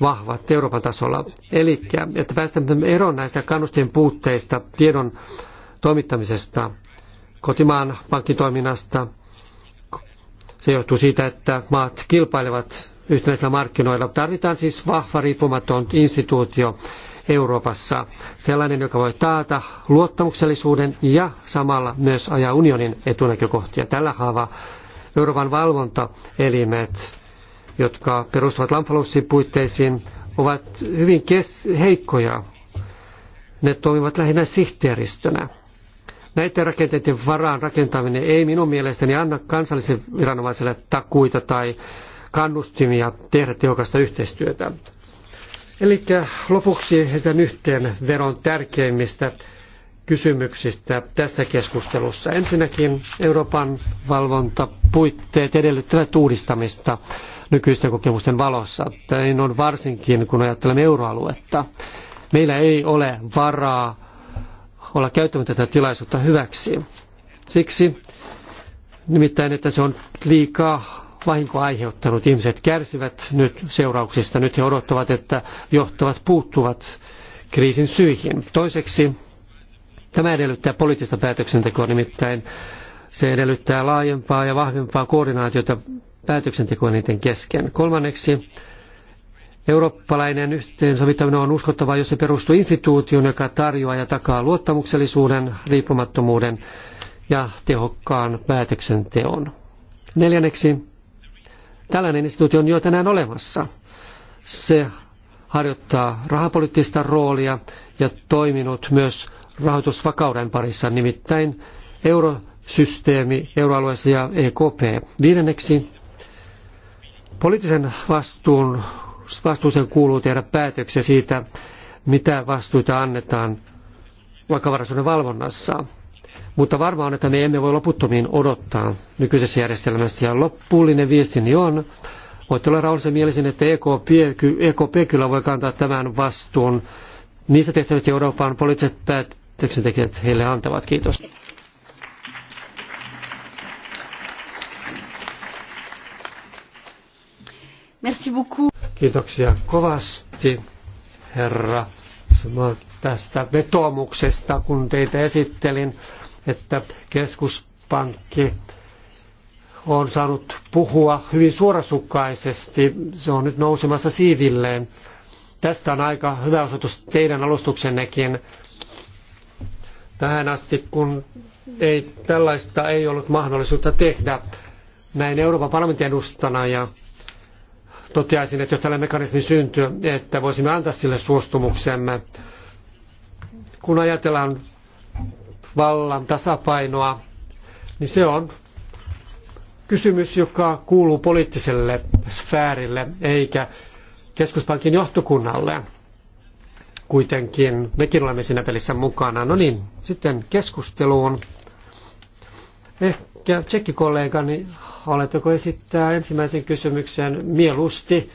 vahvat Euroopan tasolla. Eli että päästämme eroon näistä kannustien puutteista, tiedon toimittamisesta, kotimaan pankkitoiminnasta. Se johtuu siitä, että maat kilpailevat yhtenäisillä markkinoilla. Tarvitaan siis vahva riippumaton instituutio Euroopassa, sellainen, joka voi taata luottamuksellisuuden ja samalla myös ajaa unionin etunäkökohtia. Tällä haava Euroopan valvontaelimet jotka perustuvat Lamfalussin puitteisiin, ovat hyvin heikkoja. Ne toimivat lähinnä sihteeristönä. Näiden rakenteiden varaan rakentaminen ei minun mielestäni anna kansalliselle viranomaiselle takuita tai kannustimia tehdä tehokasta yhteistyötä. Eli lopuksi esitän yhteen veron tärkeimmistä kysymyksistä tästä keskustelussa. Ensinnäkin Euroopan valvontapuitteet edellyttävät uudistamista nykyisten kokemusten valossa. Näin on varsinkin, kun ajattelemme euroaluetta. Meillä ei ole varaa olla käyttämättä tätä tilaisuutta hyväksi. Siksi nimittäin, että se on liikaa vahinkoa aiheuttanut. Ihmiset kärsivät nyt seurauksista. Nyt he odottavat, että johtavat puuttuvat kriisin syihin. Toiseksi tämä edellyttää poliittista päätöksentekoa nimittäin. Se edellyttää laajempaa ja vahvempaa koordinaatiota päätöksentekoa niiden kesken. Kolmanneksi, eurooppalainen yhteensovittaminen on uskottava, jos se perustuu instituutioon, joka tarjoaa ja takaa luottamuksellisuuden, riippumattomuuden ja tehokkaan päätöksenteon. Neljänneksi, tällainen instituutio on jo tänään olemassa. Se harjoittaa rahapoliittista roolia ja toiminut myös rahoitusvakauden parissa, nimittäin eurosysteemi euroalueessa ja EKP. Viidenneksi Poliittisen vastuun, vastuuseen kuuluu tehdä päätöksiä siitä, mitä vastuita annetaan vakavaraisuuden valvonnassa. Mutta varmaan on, että me emme voi loputtomiin odottaa nykyisessä järjestelmässä. Ja loppuullinen viestini on, voitte olla rauhallisen mielisin, että EKP, EKP kyllä voi kantaa tämän vastuun niistä tehtävistä Euroopan poliittiset päätöksentekijät heille antavat. Kiitos. Merci beaucoup. Kiitoksia kovasti, herra, tästä vetoomuksesta, kun teitä esittelin, että keskuspankki on saanut puhua hyvin suorasukkaisesti. Se on nyt nousemassa siivilleen. Tästä on aika hyvä osoitus teidän alustuksennekin. Tähän asti, kun ei, tällaista ei ollut mahdollisuutta tehdä näin Euroopan parlamentin edustana ja toteaisin, että jos tällainen mekanismi syntyy, että voisimme antaa sille suostumuksemme. Kun ajatellaan vallan tasapainoa, niin se on kysymys, joka kuuluu poliittiselle sfäärille eikä keskuspankin johtokunnalle. Kuitenkin mekin olemme siinä pelissä mukana. No niin, sitten keskusteluun. Ehkä Ehkä tsekkikollegani, haluatteko esittää ensimmäisen kysymyksen mieluusti?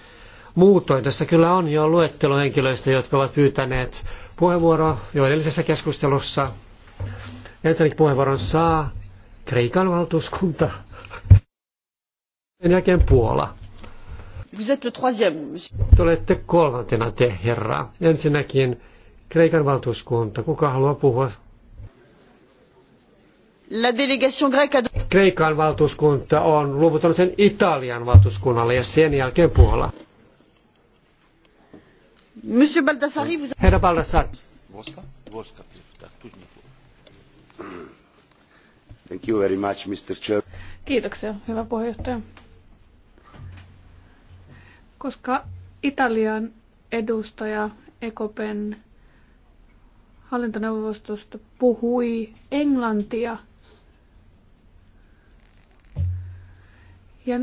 Muutoin tässä kyllä on jo luettelo henkilöistä, jotka ovat pyytäneet puheenvuoroa jo edellisessä keskustelussa. Ensinnäkin puheenvuoron saa Kreikan valtuuskunta. Sen jälkeen Puola. Vous êtes le troisième, monsieur. Te olette kolmantena te, herra. Ensinnäkin Kreikan valtuuskunta. Kuka haluaa puhua La délégation grecque a... Kreikan valtuuskunta on luovuttanut sen Italian valtuuskunnalle ja sen jälkeen Puola. Monsieur Baldassari, vous... Herra Baldassari. Voska? Voska. Thank you very much, Mr. Chair. Kiitoksia, hyvä puheenjohtaja. Koska Italian edustaja EKOPEN hallintoneuvostosta puhui englantia – Ja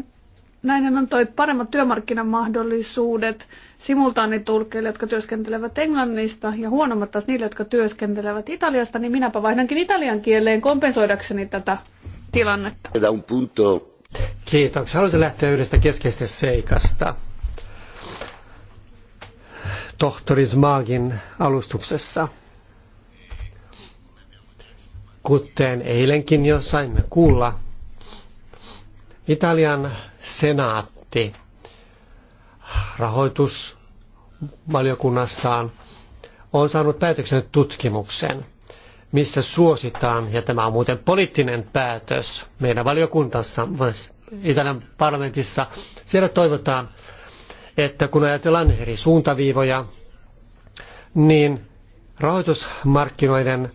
näin on toi paremmat työmarkkinamahdollisuudet simultaanitulkeille, jotka työskentelevät Englannista, ja huonommat taas niille, jotka työskentelevät Italiasta, niin minäpä vaihdankin italian kieleen kompensoidakseni tätä tilannetta. Kiitoksia. Haluaisin lähteä yhdestä keskeisestä seikasta. Tohtori Smagin alustuksessa. Kuten eilenkin jo saimme kuulla, Italian senaatti rahoitusvaliokunnassaan on saanut päätöksen tutkimuksen, missä suositaan, ja tämä on muuten poliittinen päätös meidän valiokuntassa, Italian parlamentissa, siellä toivotaan, että kun ajatellaan eri suuntaviivoja, niin rahoitusmarkkinoiden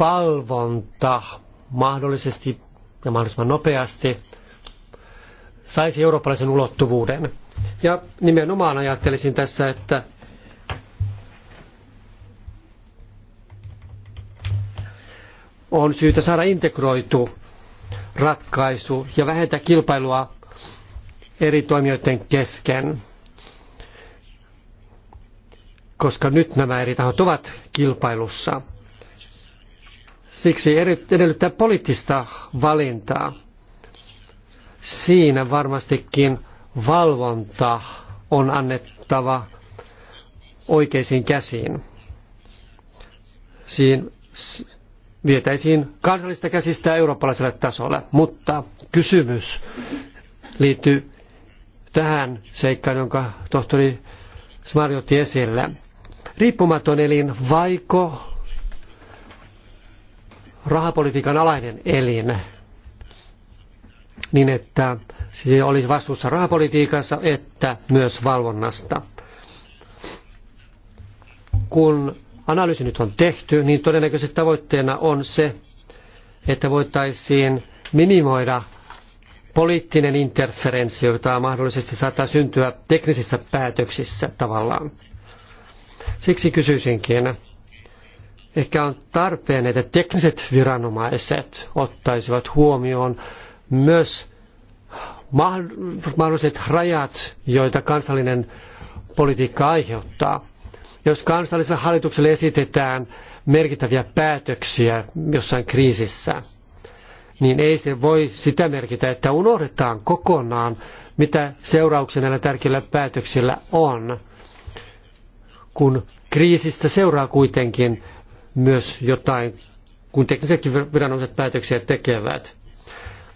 valvonta mahdollisesti ja mahdollisimman nopeasti – saisi eurooppalaisen ulottuvuuden. Ja nimenomaan ajattelisin tässä, että on syytä saada integroitu ratkaisu ja vähentää kilpailua eri toimijoiden kesken, koska nyt nämä eri tahot ovat kilpailussa. Siksi edellyttää poliittista valintaa siinä varmastikin valvonta on annettava oikeisiin käsiin. siin vietäisiin kansallista käsistä eurooppalaiselle tasolle, mutta kysymys liittyy tähän seikkaan, jonka tohtori Smari otti esille. Riippumaton elin vaiko rahapolitiikan alainen elin niin että se olisi vastuussa rahapolitiikassa että myös valvonnasta. Kun analyysi nyt on tehty, niin todennäköisesti tavoitteena on se, että voitaisiin minimoida poliittinen interferenssi, jota mahdollisesti saattaa syntyä teknisissä päätöksissä tavallaan. Siksi kysyisinkin, ehkä on tarpeen, että tekniset viranomaiset ottaisivat huomioon myös mahdolliset rajat, joita kansallinen politiikka aiheuttaa. Jos kansalliselle hallitukselle esitetään merkittäviä päätöksiä jossain kriisissä, niin ei se voi sitä merkitä, että unohdetaan kokonaan, mitä seurauksia näillä tärkeillä päätöksillä on, kun kriisistä seuraa kuitenkin myös jotain, kun tekniset viranomaiset päätöksiä tekevät.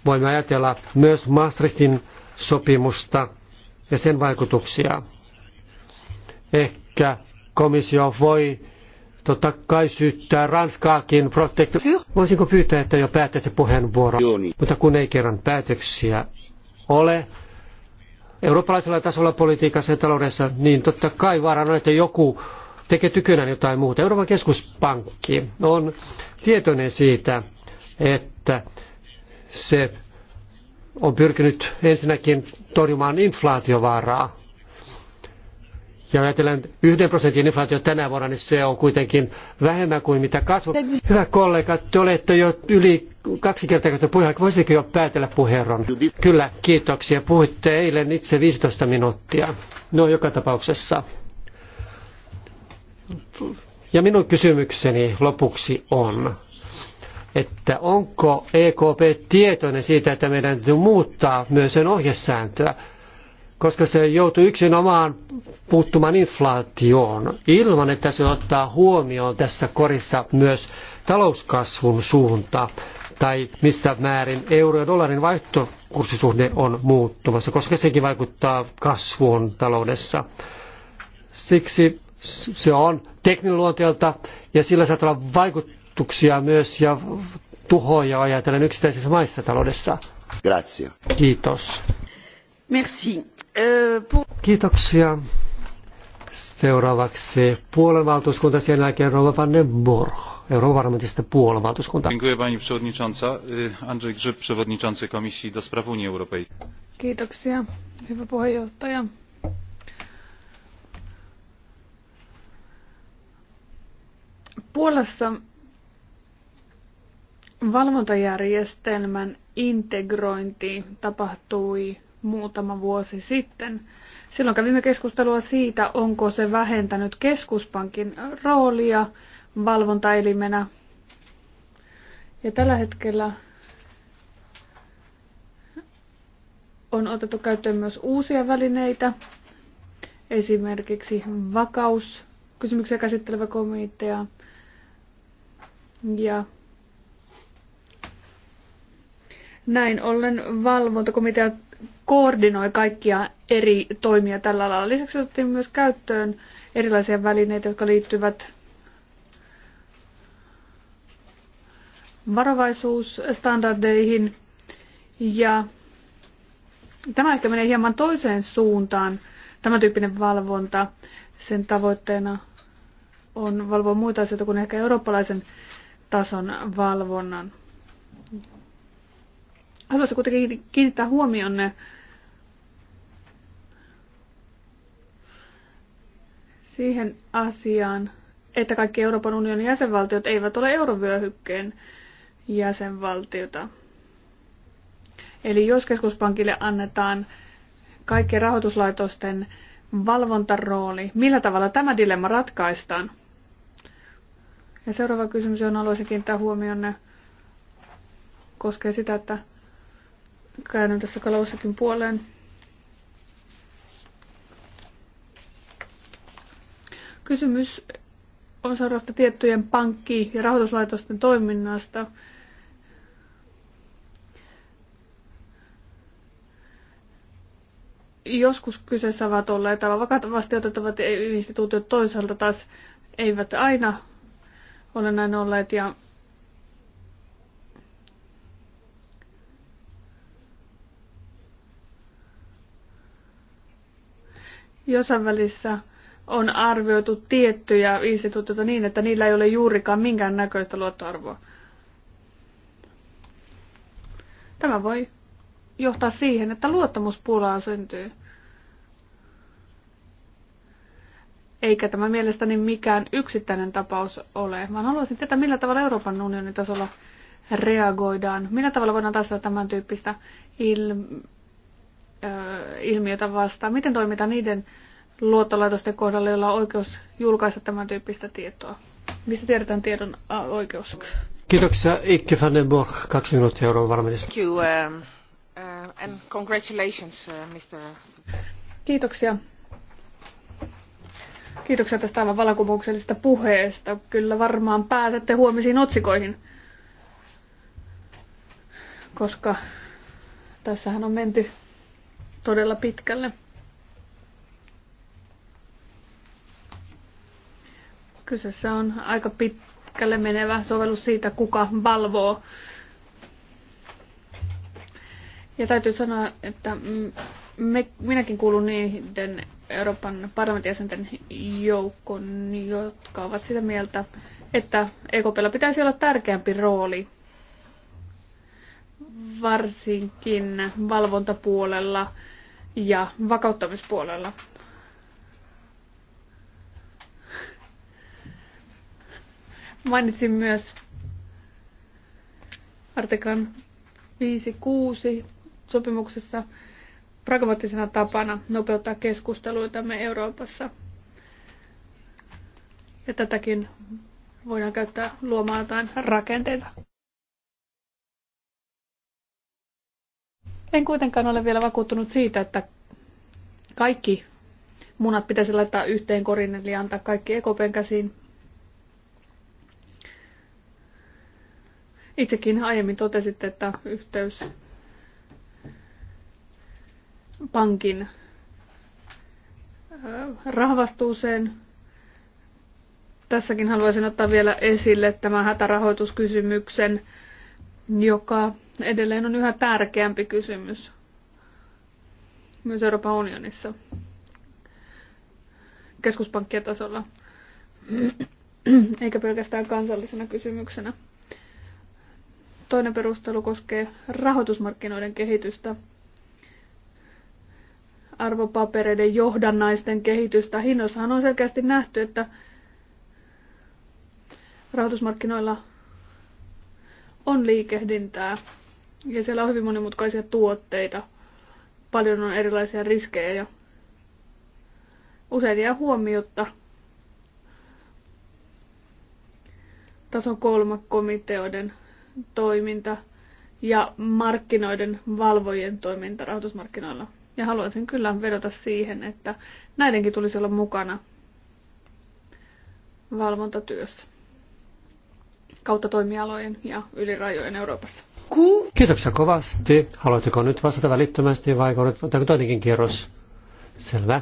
Voimme ajatella myös Maastrichtin sopimusta ja sen vaikutuksia. Ehkä komissio voi totta kai syyttää Ranskaakin protekti... Voisinko pyytää, että jo päättäisitte puheenvuoron? Niin. Mutta kun ei kerran päätöksiä ole eurooppalaisella tasolla politiikassa ja taloudessa, niin totta kai vaarana on, että joku tekee tykönään jotain muuta. Euroopan keskuspankki on tietoinen siitä, että se on pyrkinyt ensinnäkin torjumaan inflaatiovaaraa. Ja ajatellen yhden prosentin inflaatio tänä vuonna, niin se on kuitenkin vähemmän kuin mitä kasvu. Hyvä kollega, te olette jo yli kaksi kertaa käyttänyt puheenjohtaja. Voisitko jo päätellä puheenvuoron? Kyllä, kiitoksia. Puhuitte eilen itse 15 minuuttia. No, joka tapauksessa. Ja minun kysymykseni lopuksi on, että onko EKP tietoinen siitä, että meidän täytyy muuttaa myös sen ohjesääntöä, koska se joutuu yksinomaan puuttumaan inflaatioon ilman, että se ottaa huomioon tässä korissa myös talouskasvun suunta tai missä määrin euro- ja dollarin vaihtokurssisuhde on muuttumassa, koska sekin vaikuttaa kasvuun taloudessa. Siksi se on tekniluonteelta ja sillä saattaa olla vaikuttaa vaikutuksia myös ja tuhoja ajatellen yksittäisissä maissa taloudessa. Grazie. Kiitos. Merci. Euh, Kiitoksia. Seuraavaksi Puolen valtuuskunta, sen jälkeen Rova van den Borg, Euroopan parlamentista Puolen valtuuskunta. Kiitoksia, hyvä puheenjohtaja. Puolassa valvontajärjestelmän integrointi tapahtui muutama vuosi sitten. Silloin kävimme keskustelua siitä, onko se vähentänyt keskuspankin roolia valvontaelimenä. Ja tällä hetkellä on otettu käyttöön myös uusia välineitä, esimerkiksi vakauskysymyksiä käsittelevä komitea ja Näin ollen valvontakomitea koordinoi kaikkia eri toimia tällä alalla. Lisäksi otettiin myös käyttöön erilaisia välineitä, jotka liittyvät varovaisuusstandardeihin. Ja tämä ehkä menee hieman toiseen suuntaan, tämä tyyppinen valvonta. Sen tavoitteena on valvoa muita asioita kuin ehkä eurooppalaisen tason valvonnan. Haluaisin kuitenkin kiinnittää ne siihen asiaan, että kaikki Euroopan unionin jäsenvaltiot eivät ole eurovyöhykkeen jäsenvaltiota. Eli jos keskuspankille annetaan kaikkien rahoituslaitosten valvontarooli, millä tavalla tämä dilemma ratkaistaan? Ja seuraava kysymys, johon haluaisin kiinnittää huomionne, koskee sitä, että Käännän tässä kalausikin puoleen. Kysymys on seuraavasta tiettyjen pankki- ja rahoituslaitosten toiminnasta. Joskus kyseessä ovat olleet vakavasti otettavat instituutiot toisaalta taas eivät aina ole näin olleet ja Jossain välissä on arvioitu tiettyjä instituutioita niin, että niillä ei ole juurikaan minkään näköistä luottoarvoa. Tämä voi johtaa siihen, että luottamuspulaa syntyy. Eikä tämä mielestäni mikään yksittäinen tapaus ole, vaan haluaisin tietää, millä tavalla Euroopan unionin tasolla reagoidaan, millä tavalla voidaan taas tämän tyyppistä il- Äh, ilmiötä vastaan? Miten toimitaan niiden luottolaitosten kohdalla, joilla on oikeus julkaista tämän tyyppistä tietoa? Mistä tiedetään tiedon äh, oikeus? Kiitoksia Ikke van den Borg. Kaksi minuuttia euroa varmasti. Thank you, um, uh, and congratulations, uh, Mr. Kiitoksia. Kiitoksia tästä aivan vallankumouksellisesta puheesta. Kyllä varmaan päätätte huomisiin otsikoihin, koska tässähän on menty todella pitkälle. Kyseessä on aika pitkälle menevä sovellus siitä, kuka valvoo. Ja täytyy sanoa, että me, minäkin kuulun niiden Euroopan parlamentin jäsenten joukkoon, jotka ovat sitä mieltä, että EKPlla pitäisi olla tärkeämpi rooli varsinkin valvontapuolella ja vakauttamispuolella. Mainitsin myös artikan 5.6 sopimuksessa pragmaattisena tapana nopeuttaa keskusteluita me Euroopassa. Ja tätäkin voidaan käyttää luomaan jotain rakenteita. En kuitenkaan ole vielä vakuuttunut siitä, että kaikki munat pitäisi laittaa yhteen korin, eli antaa kaikki ekopen käsiin. Itsekin aiemmin totesitte, että yhteys pankin rahvastuuseen. Tässäkin haluaisin ottaa vielä esille tämän hätärahoituskysymyksen, joka edelleen on yhä tärkeämpi kysymys myös Euroopan unionissa keskuspankkien tasolla, eikä pelkästään kansallisena kysymyksenä. Toinen perustelu koskee rahoitusmarkkinoiden kehitystä, arvopapereiden johdannaisten kehitystä. Hinnoissahan on selkeästi nähty, että rahoitusmarkkinoilla on liikehdintää ja siellä on hyvin monimutkaisia tuotteita. Paljon on erilaisia riskejä ja usein jää huomiota taso kolma komiteoiden toiminta ja markkinoiden valvojien toiminta rahoitusmarkkinoilla. Ja haluaisin kyllä vedota siihen, että näidenkin tulisi olla mukana valvontatyössä kautta toimialojen ja ylirajojen Euroopassa beaucoup. Kiitoksia kovasti. Haluatteko nyt vastata välittömästi vai otetaanko toinenkin kierros? Selvä.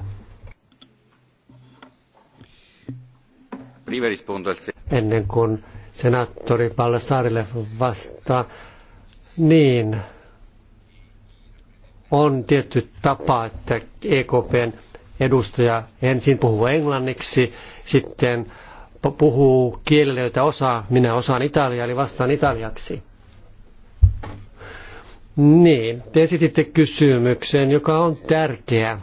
Ennen kuin senaattori Palle Saarille vastaa, niin on tietty tapa, että EKPn edustaja ensin puhuu englanniksi, sitten puhuu kielellä, jota osaa. Minä osaan italiaa, eli vastaan italiaksi. Niin, te esititte kysymyksen, joka on tärkeä.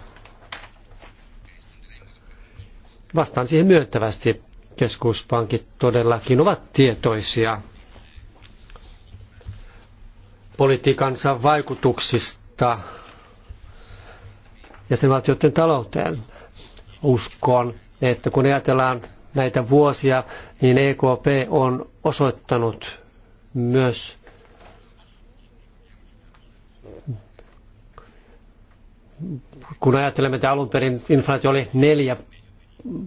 Vastaan siihen myöntävästi. Keskuspankit todellakin ovat tietoisia politiikansa vaikutuksista jäsenvaltioiden talouteen. Uskon, että kun ajatellaan näitä vuosia, niin EKP on osoittanut myös kun ajattelemme, että alun perin inflaatio oli 4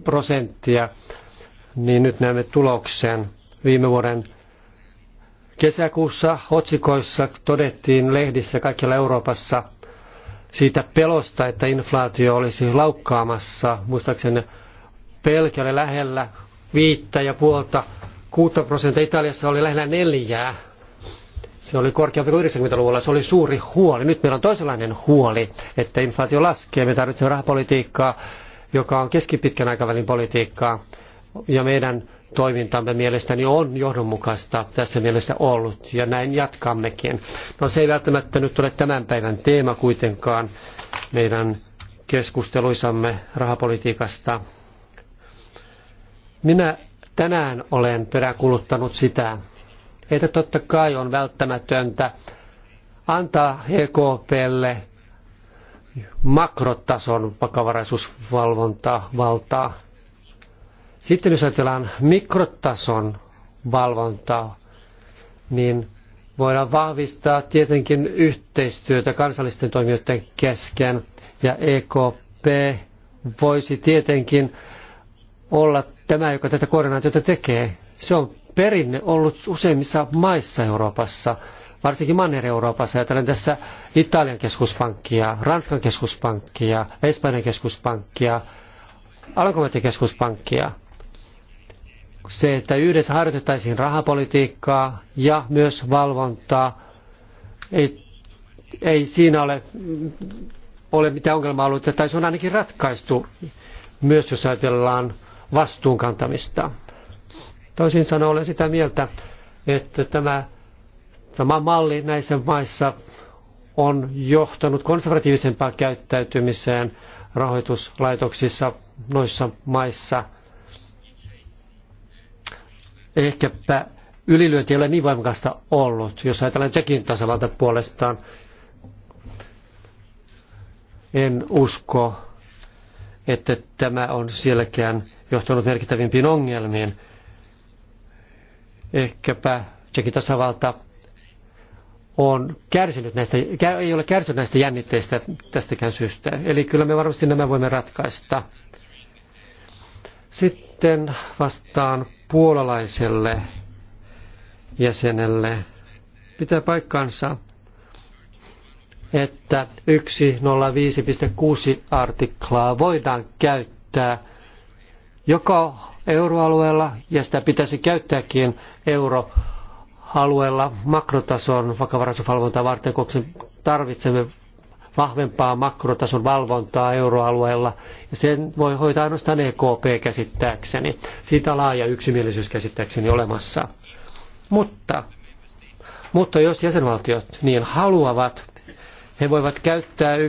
prosenttia, niin nyt näemme tuloksen. Viime vuoden kesäkuussa otsikoissa todettiin lehdissä kaikkialla Euroopassa siitä pelosta, että inflaatio olisi laukkaamassa, muistaakseni pelkälle lähellä viittä ja puolta, kuutta prosenttia, Italiassa oli lähellä neljää se oli korkeampi kuin 90-luvulla, se oli suuri huoli. Nyt meillä on toisenlainen huoli, että inflaatio laskee. Me tarvitsemme rahapolitiikkaa, joka on keskipitkän aikavälin politiikkaa. Ja meidän toimintamme mielestäni on johdonmukaista tässä mielessä ollut, ja näin jatkammekin. No se ei välttämättä nyt ole tämän päivän teema kuitenkaan meidän keskusteluissamme rahapolitiikasta. Minä tänään olen peräkuluttanut sitä, että totta kai on välttämätöntä antaa EKPlle makrotason vakavaraisuusvalvontaa valtaa. Sitten jos ajatellaan mikrotason valvontaa, niin voidaan vahvistaa tietenkin yhteistyötä kansallisten toimijoiden kesken. Ja EKP voisi tietenkin olla tämä, joka tätä koordinaatiota tekee. Se on perinne ollut useimmissa maissa Euroopassa, varsinkin Manner-Euroopassa. Ajatellen tässä Italian keskuspankkia, Ranskan keskuspankkia, Espanjan keskuspankkia, Alankomaiden keskuspankkia. Se, että yhdessä harjoitettaisiin rahapolitiikkaa ja myös valvontaa, ei, ei siinä ole, ole mitään ongelmaa, ollut, tai se on ainakin ratkaistu, myös jos ajatellaan vastuunkantamista. Toisin sanoen olen sitä mieltä, että tämä sama malli näissä maissa on johtanut konservatiivisempaan käyttäytymiseen rahoituslaitoksissa noissa maissa. Ehkäpä ylilyönti ei ole niin voimakasta ollut, jos ajatellaan Tsekin tasavalta puolestaan. En usko, että tämä on sielläkään johtanut merkittävimpiin ongelmiin ehkäpä Tsekin tasavalta on kärsinyt näistä, ei ole kärsinyt näistä jännitteistä tästäkään syystä. Eli kyllä me varmasti nämä voimme ratkaista. Sitten vastaan puolalaiselle jäsenelle. Pitää paikkansa, että 105.6 artiklaa voidaan käyttää joko euroalueella ja sitä pitäisi käyttääkin euroalueella makrotason vakavaraisuusvalvontaa varten, koska tarvitsemme vahvempaa makrotason valvontaa euroalueella. Ja sen voi hoitaa ainoastaan EKP käsittääkseni. Siitä on laaja yksimielisyys käsittääkseni olemassa. Mutta, mutta jos jäsenvaltiot niin haluavat, he voivat käyttää 105.6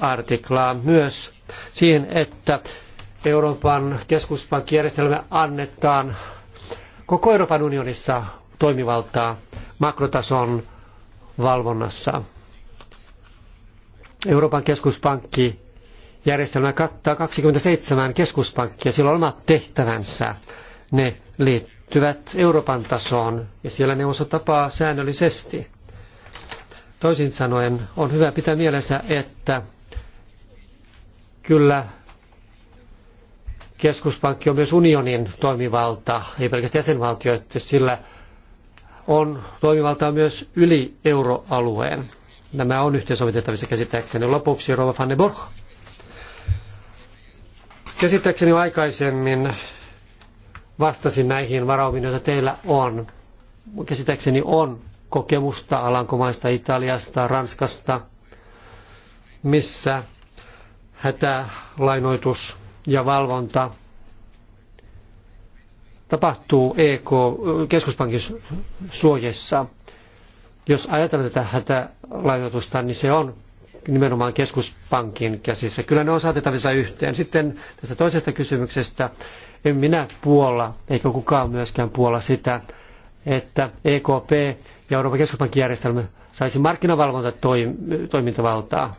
artiklaa myös siihen, että Euroopan keskuspankkijärjestelmä annetaan koko Euroopan unionissa toimivaltaa makrotason valvonnassa. Euroopan keskuspankki järjestelmä kattaa 27 keskuspankkia, sillä on omat tehtävänsä. Ne liittyvät Euroopan tasoon ja siellä neuvosto tapaa säännöllisesti. Toisin sanoen on hyvä pitää mielessä, että kyllä keskuspankki on myös unionin toimivalta, ei pelkästään jäsenvaltioita, sillä on toimivaltaa myös yli euroalueen. Nämä on yhteensovitettavissa käsittääkseni. Lopuksi Rova van de Käsittääkseni aikaisemmin vastasin näihin varaumiin, joita teillä on. Käsittääkseni on kokemusta Alankomaista, Italiasta, Ranskasta, missä hätälainoitus ja valvonta tapahtuu EK keskuspankin suojessa. Jos ajatellaan tätä hätälaitotusta, niin se on nimenomaan keskuspankin käsissä. Kyllä ne on saatettavissa yhteen. Sitten tästä toisesta kysymyksestä en minä puolla, eikä kukaan myöskään puolla sitä, että EKP ja Euroopan keskuspankkijärjestelmä saisi markkinavalvontatoimintavaltaa.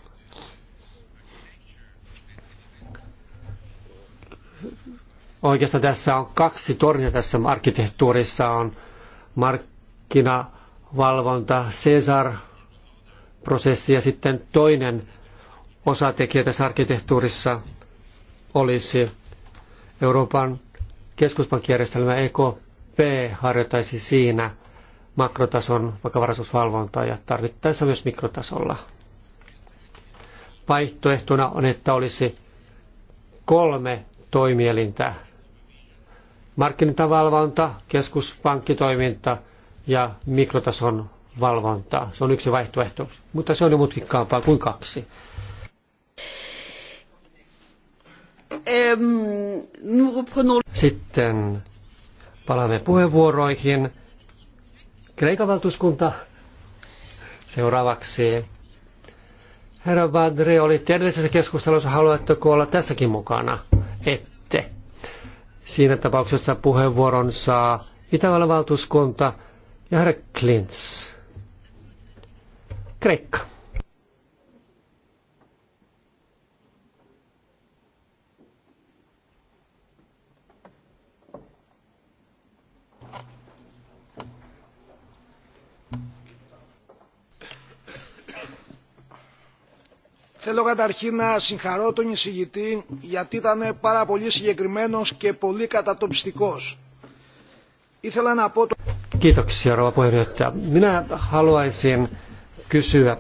Oikeastaan tässä on kaksi tornia tässä arkkitehtuurissa. On markkinavalvonta, Cesar-prosessi ja sitten toinen osatekijä tässä arkkitehtuurissa olisi Euroopan keskuspankkijärjestelmä EKP harjoittaisi siinä makrotason vakavaraisuusvalvontaa ja tarvittaessa myös mikrotasolla. Vaihtoehtona on, että olisi kolme toimielintä markkinavalvonta, keskuspankkitoiminta ja mikrotason valvontaa. Se on yksi vaihtoehto, mutta se on jo mutkikkaampaa kuin kaksi. Ähm, Sitten palaamme puheenvuoroihin. Kreikan valtuuskunta seuraavaksi. Herra Badri, oli edellisessä keskustelussa, haluatteko olla tässäkin mukana? Siinä tapauksessa puheenvuoron saa Itävallan valtuuskunta ja herra Klintz. Kreikka. Θέλω καταρχήν να συγχαρώ τον εισηγητή γιατί ήταν πάρα πολύ συγκεκριμένος και πολύ κατατοπιστικός. Ήθελα να πω... Το... Kiitoksia, rouva puheenjohtaja. Minä haluaisin kysyä.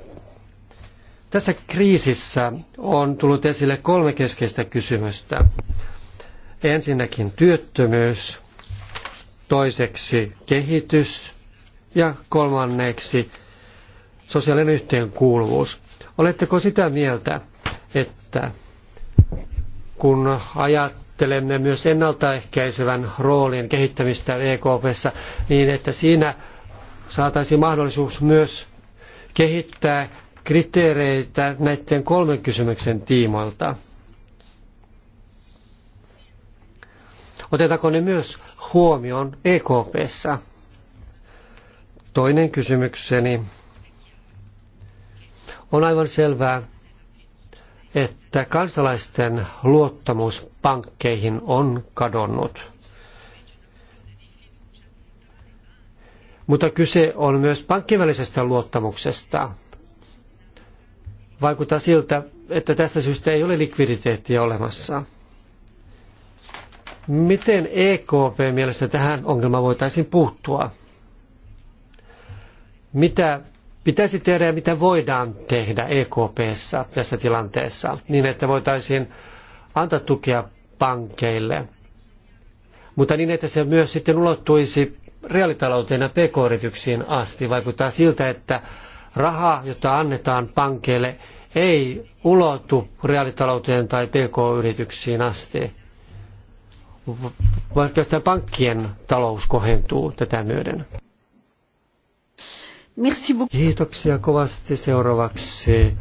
Tässä kriisissä on tullut esille kolme keskeistä kysymystä. Ensinnäkin työttömyys, toiseksi kehitys ja kolmanneksi sosiaalinen yhteenkuuluvuus. Oletteko sitä mieltä, että kun ajattelemme myös ennaltaehkäisevän roolin kehittämistä EKPssä, niin että siinä saataisiin mahdollisuus myös kehittää kriteereitä näiden kolmen kysymyksen tiimoilta. Otetaanko ne myös huomioon EKPssä? Toinen kysymykseni on aivan selvää, että kansalaisten luottamus pankkeihin on kadonnut. Mutta kyse on myös pankkivälisestä luottamuksesta. Vaikuttaa siltä, että tästä syystä ei ole likviditeettiä olemassa. Miten EKP mielestä tähän ongelmaan voitaisiin puuttua? Mitä pitäisi tehdä ja mitä voidaan tehdä EKPssä tässä tilanteessa, niin että voitaisiin antaa tukea pankeille, mutta niin, että se myös sitten ulottuisi reaalitalouteen ja pk-yrityksiin asti. Vaikuttaa siltä, että raha, jota annetaan pankeille, ei ulotu reaalitalouteen tai pk-yrityksiin asti. Vaikka pankkien talous kohentuu tätä myöden. Merci beaucoup. Kiitoksia kovasti. Seuraavaksi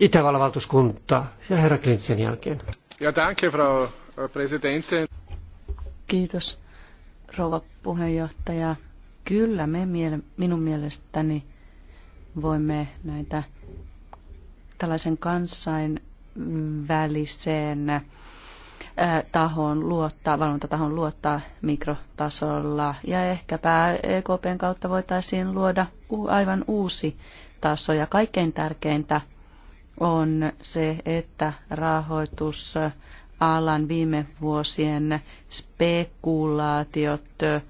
Itävallan valtuuskunta ja herra Klintsen jälkeen. Ja danke, Frau Präsidentin. Kiitos, rouva puheenjohtaja. Kyllä me minun mielestäni voimme näitä tällaisen kansainväliseen tahon luottaa, valvontatahon luottaa mikrotasolla. Ja ehkäpä EKPn kautta voitaisiin luoda aivan uusi taso. Ja kaikkein tärkeintä on se, että rahoitusalan viime vuosien spekulaatiot e,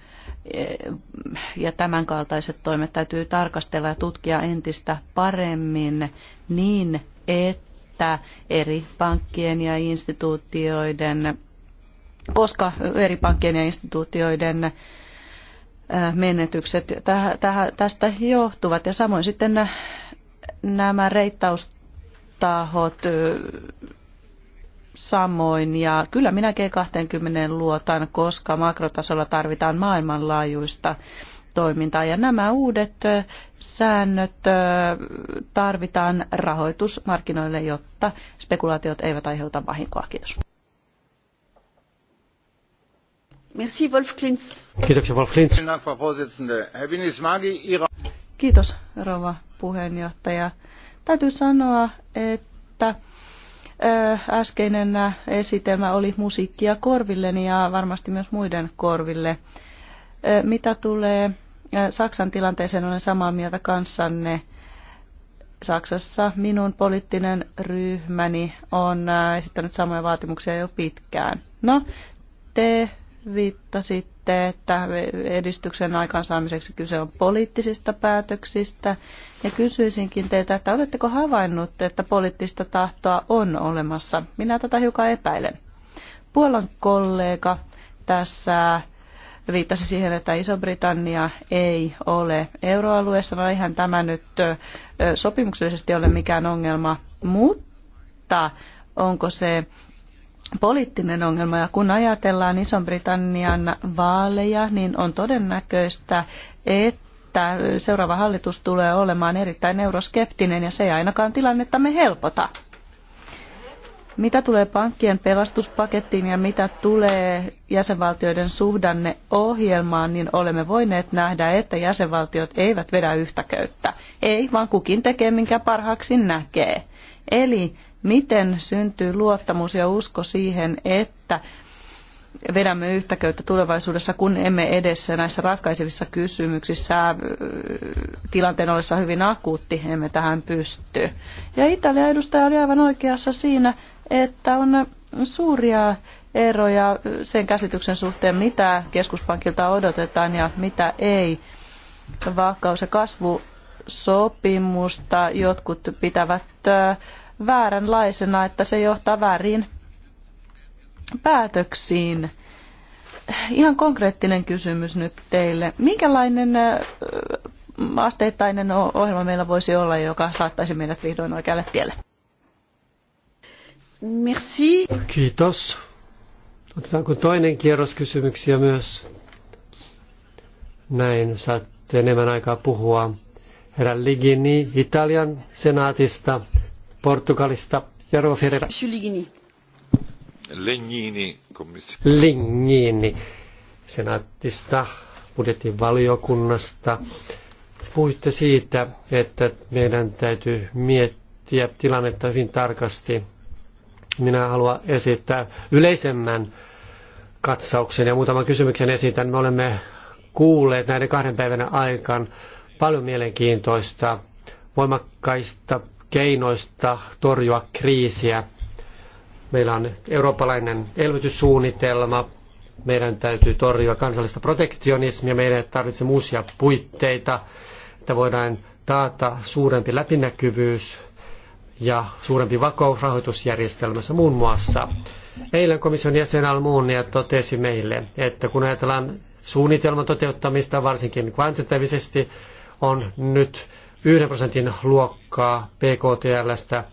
ja tämän kaltaiset toimet täytyy tarkastella ja tutkia entistä paremmin niin, että että eri pankkien ja instituutioiden, koska eri pankkien ja instituutioiden menetykset tästä johtuvat. Ja samoin sitten nämä reittaustahot samoin. Ja kyllä minä G20 luotan, koska makrotasolla tarvitaan maailmanlaajuista yritystoimintaa ja nämä uudet säännöt tarvitaan rahoitusmarkkinoille, jotta spekulaatiot eivät aiheuta vahinkoa. Kiitos. Merci, Wolf Klintz. Kiitoksia, Wolf Klintz. Kiitos, rouva puheenjohtaja. Täytyy sanoa, että äskeinen esitelmä oli musiikkia korvilleni ja varmasti myös muiden korville. Mitä tulee Saksan tilanteeseen olen samaa mieltä kanssanne. Saksassa minun poliittinen ryhmäni on esittänyt samoja vaatimuksia jo pitkään. No, te viittasitte, että edistyksen aikaansaamiseksi kyse on poliittisista päätöksistä. Ja kysyisinkin teitä, että oletteko havainnut, että poliittista tahtoa on olemassa? Minä tätä hiukan epäilen. Puolan kollega tässä viittasi siihen, että Iso-Britannia ei ole euroalueessa, No eihän tämä nyt sopimuksellisesti ole mikään ongelma, mutta onko se poliittinen ongelma. Ja kun ajatellaan iso britannian vaaleja, niin on todennäköistä, että seuraava hallitus tulee olemaan erittäin euroskeptinen ja se ei ainakaan tilannetta me helpota. Mitä tulee pankkien pelastuspakettiin ja mitä tulee jäsenvaltioiden suhdanneohjelmaan, niin olemme voineet nähdä, että jäsenvaltiot eivät vedä yhtä köyttä. Ei, vaan kukin tekee minkä parhaaksi näkee. Eli miten syntyy luottamus ja usko siihen, että vedämme yhtä köyttä tulevaisuudessa, kun emme edessä näissä ratkaisevissa kysymyksissä äh, tilanteen ollessa hyvin akuutti, emme tähän pysty. Ja Italian edustaja oli aivan oikeassa siinä, että on suuria eroja sen käsityksen suhteen, mitä keskuspankilta odotetaan ja mitä ei. Vakaus- ja kasvusopimusta jotkut pitävät äh, vääränlaisena, että se johtaa väärin päätöksiin. Ihan konkreettinen kysymys nyt teille. Minkälainen asteittainen ohjelma meillä voisi olla, joka saattaisi meidät vihdoin oikealle tielle? Merci. Kiitos. Otetaanko toinen kierros kysymyksiä myös? Näin saatte enemmän aikaa puhua. Herra Ligini Italian senaatista, Portugalista ja Ferreira. Ligini. Lengini, komissio. Legnini, senaattista, budjettivaliokunnasta. Puhuitte siitä, että meidän täytyy miettiä tilannetta hyvin tarkasti. Minä haluan esittää yleisemmän katsauksen ja muutaman kysymyksen esitän. Me olemme kuulleet näiden kahden päivän aikana paljon mielenkiintoista, voimakkaista keinoista torjua kriisiä – Meillä on eurooppalainen elvytyssuunnitelma. Meidän täytyy torjua kansallista protektionismia. Meidän tarvitsemme uusia puitteita, että voidaan taata suurempi läpinäkyvyys ja suurempi vakaus rahoitusjärjestelmässä muun muassa. Eilen komission jäsen Almunia totesi meille, että kun ajatellaan suunnitelman toteuttamista, varsinkin kvantitatiivisesti, on nyt 1 prosentin luokkaa PKTLstä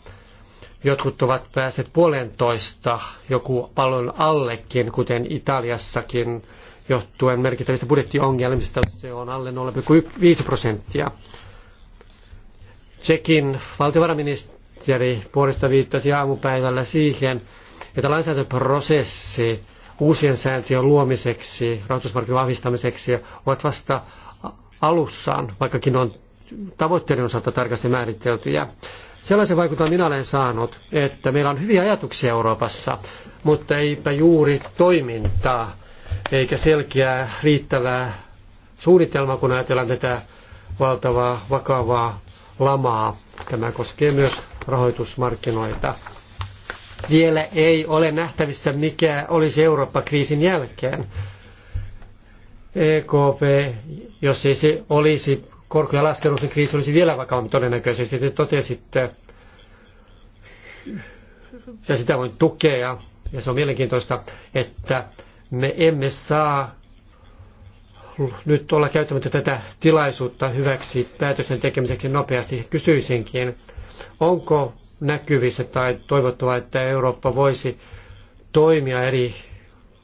Jotkut ovat päässeet puolentoista, joku paljon allekin, kuten Italiassakin, johtuen merkittävistä budjettiongelmista. Se on alle 0,5 prosenttia. Tsekin valtiovarainministeri puolesta viittasi aamupäivällä siihen, että lainsäädäntöprosessi uusien sääntöjen luomiseksi, rahoitusmarkkinoiden vahvistamiseksi ovat vasta alussaan, vaikkakin on tavoitteiden osalta tarkasti määriteltyjä. Sellaisen vaikutan minä olen saanut, että meillä on hyviä ajatuksia Euroopassa, mutta eipä juuri toimintaa, eikä selkeää, riittävää suunnitelmaa, kun ajatellaan tätä valtavaa, vakavaa lamaa. Tämä koskee myös rahoitusmarkkinoita. Vielä ei ole nähtävissä, mikä olisi Eurooppa-kriisin jälkeen. EKP, jos ei se olisi korkoja laskenut, niin kriisi olisi vielä vakavampi todennäköisesti. Te totesitte, ja sitä voin tukea, ja se on mielenkiintoista, että me emme saa nyt olla käyttämättä tätä tilaisuutta hyväksi päätösten tekemiseksi nopeasti. Kysyisinkin, onko näkyvissä tai toivottavaa, että Eurooppa voisi toimia eri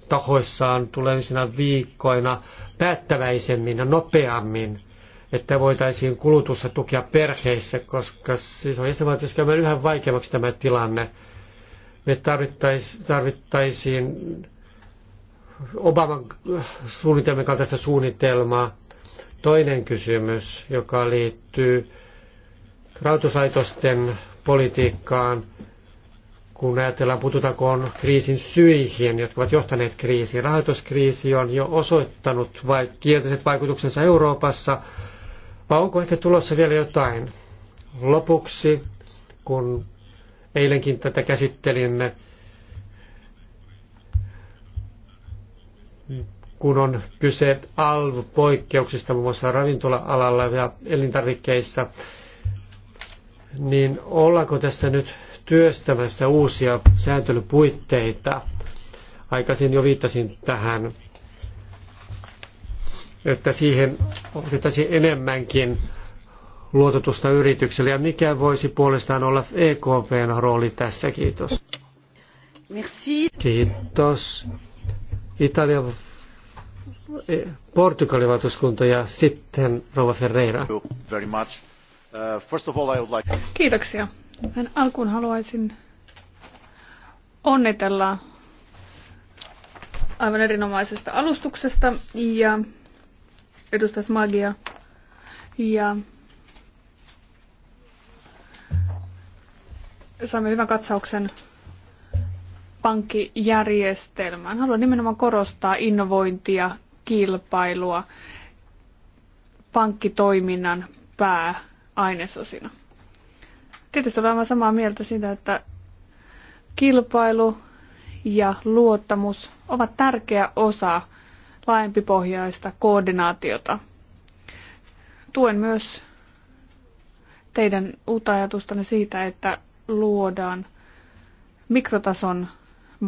tahoissaan tulevina viikkoina päättäväisemmin ja nopeammin että voitaisiin kulutusta tukea perheissä, koska siis on jäsenvaltioissa käymään yhä vaikeammaksi tämä tilanne. Me tarvittaisiin, tarvittaisiin Obaman suunnitelman kaltaista suunnitelmaa. Toinen kysymys, joka liittyy rahoituslaitosten politiikkaan, kun ajatellaan on kriisin syihin, jotka ovat johtaneet kriisiin. Rahoituskriisi on jo osoittanut vai, kielteiset vaikutuksensa Euroopassa vai onko ehkä tulossa vielä jotain? Lopuksi, kun eilenkin tätä käsittelimme, kun on kyse ALV-poikkeuksista muun muassa ravintola-alalla ja elintarvikkeissa, niin ollaanko tässä nyt työstämässä uusia sääntelypuitteita? Aikaisin jo viittasin tähän että siihen otettaisiin enemmänkin luototusta yritykselle ja mikä voisi puolestaan olla EKPn rooli tässä. Kiitos. Merci. Kiitos. Italia, eh, Portugalin valtuuskunta ja sitten Rova Ferreira. Very much. Uh, first of all, I would like... Kiitoksia. Näin alkuun haluaisin onnitella aivan erinomaisesta alustuksesta ja edustaisi magia. Ja saimme hyvän katsauksen pankkijärjestelmään. Haluan nimenomaan korostaa innovointia, kilpailua pankkitoiminnan pääainesosina. Tietysti olen samaa mieltä siitä, että kilpailu ja luottamus ovat tärkeä osa laajempipohjaista koordinaatiota. Tuen myös teidän uutta ajatustanne siitä, että luodaan mikrotason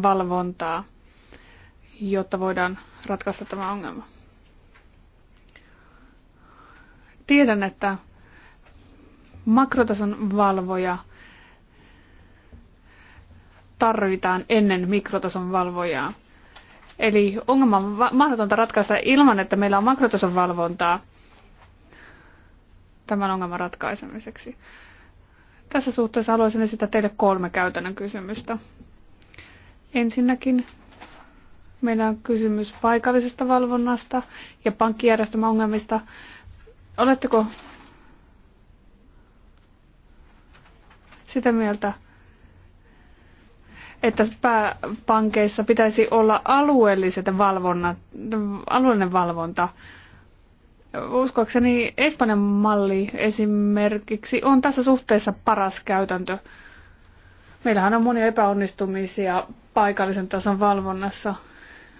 valvontaa, jotta voidaan ratkaista tämä ongelma. Tiedän, että makrotason valvoja tarvitaan ennen mikrotason valvojaa. Eli ongelma on mahdotonta ratkaista ilman, että meillä on makrotason valvontaa tämän ongelman ratkaisemiseksi. Tässä suhteessa haluaisin esittää teille kolme käytännön kysymystä. Ensinnäkin meillä on kysymys paikallisesta valvonnasta ja pankkijärjestelmän ongelmista. Oletteko sitä mieltä, että pääpankeissa pitäisi olla alueelliset valvonnat, alueellinen valvonta. Uskoakseni Espanjan malli esimerkiksi on tässä suhteessa paras käytäntö. Meillähän on monia epäonnistumisia paikallisen tason valvonnassa,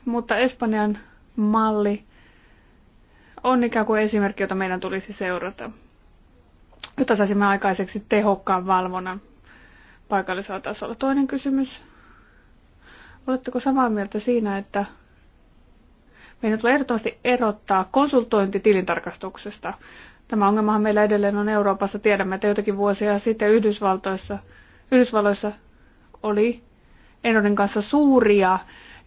mutta Espanjan malli on ikään kuin esimerkki, jota meidän tulisi seurata, jotta saisimme aikaiseksi tehokkaan valvonnan paikallisella tasolla. Toinen kysymys Oletteko samaa mieltä siinä, että meidän tulee ehdottomasti erottaa konsultointi tilintarkastuksesta? Tämä ongelmahan meillä edelleen on Euroopassa. Tiedämme, että jotakin vuosia sitten Yhdysvaltoissa, Yhdysvalloissa oli Enronin kanssa suuria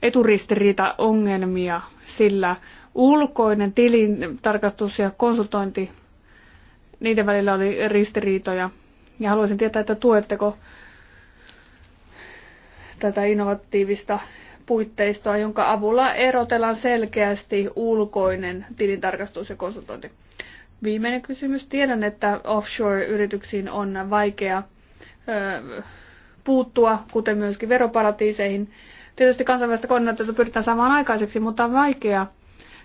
eturistiriita-ongelmia, sillä ulkoinen tilintarkastus ja konsultointi, niiden välillä oli ristiriitoja. Ja haluaisin tietää, että tuetteko tätä innovatiivista puitteistoa, jonka avulla erotellaan selkeästi ulkoinen tilintarkastus ja konsultointi. Viimeinen kysymys. Tiedän, että offshore-yrityksiin on vaikea ö, puuttua, kuten myöskin veroparatiiseihin. Tietysti kansainvälistä koordinaatiota pyritään saamaan aikaiseksi, mutta on vaikea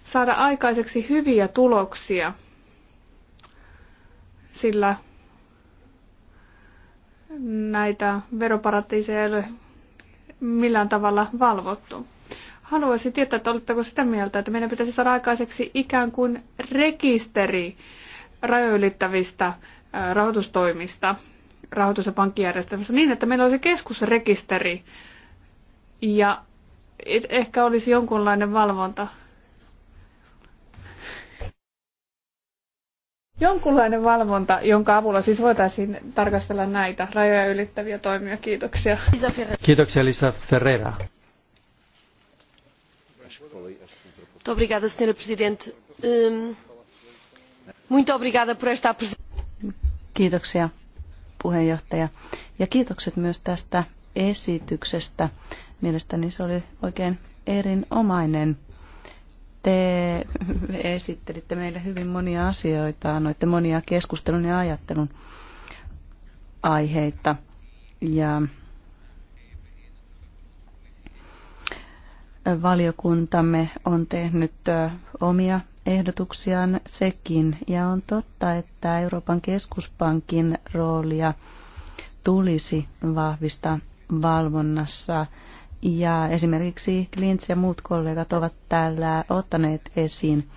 saada aikaiseksi hyviä tuloksia, sillä näitä veroparatiiseja ei ole millään tavalla valvottu. Haluaisin tietää, että oletteko sitä mieltä, että meidän pitäisi saada aikaiseksi ikään kuin rekisteri rajoylittävistä rahoitustoimista, rahoitus- ja pankkijärjestelmässä niin, että meillä olisi keskusrekisteri ja ehkä olisi jonkunlainen valvonta jonkunlainen valvonta, jonka avulla siis voitaisiin tarkastella näitä rajoja ylittäviä toimia. Kiitoksia. Kiitoksia Lisa Ferreira. Kiitoksia puheenjohtaja. Ja kiitokset myös tästä esityksestä. Mielestäni se oli oikein erinomainen. Te esittelitte meille hyvin monia asioita, annoitte monia keskustelun ja ajattelun aiheita. Ja valiokuntamme on tehnyt omia ehdotuksiaan sekin. Ja on totta, että Euroopan keskuspankin roolia tulisi vahvistaa valvonnassa ja esimerkiksi Klintz ja muut kollegat ovat täällä ottaneet esiin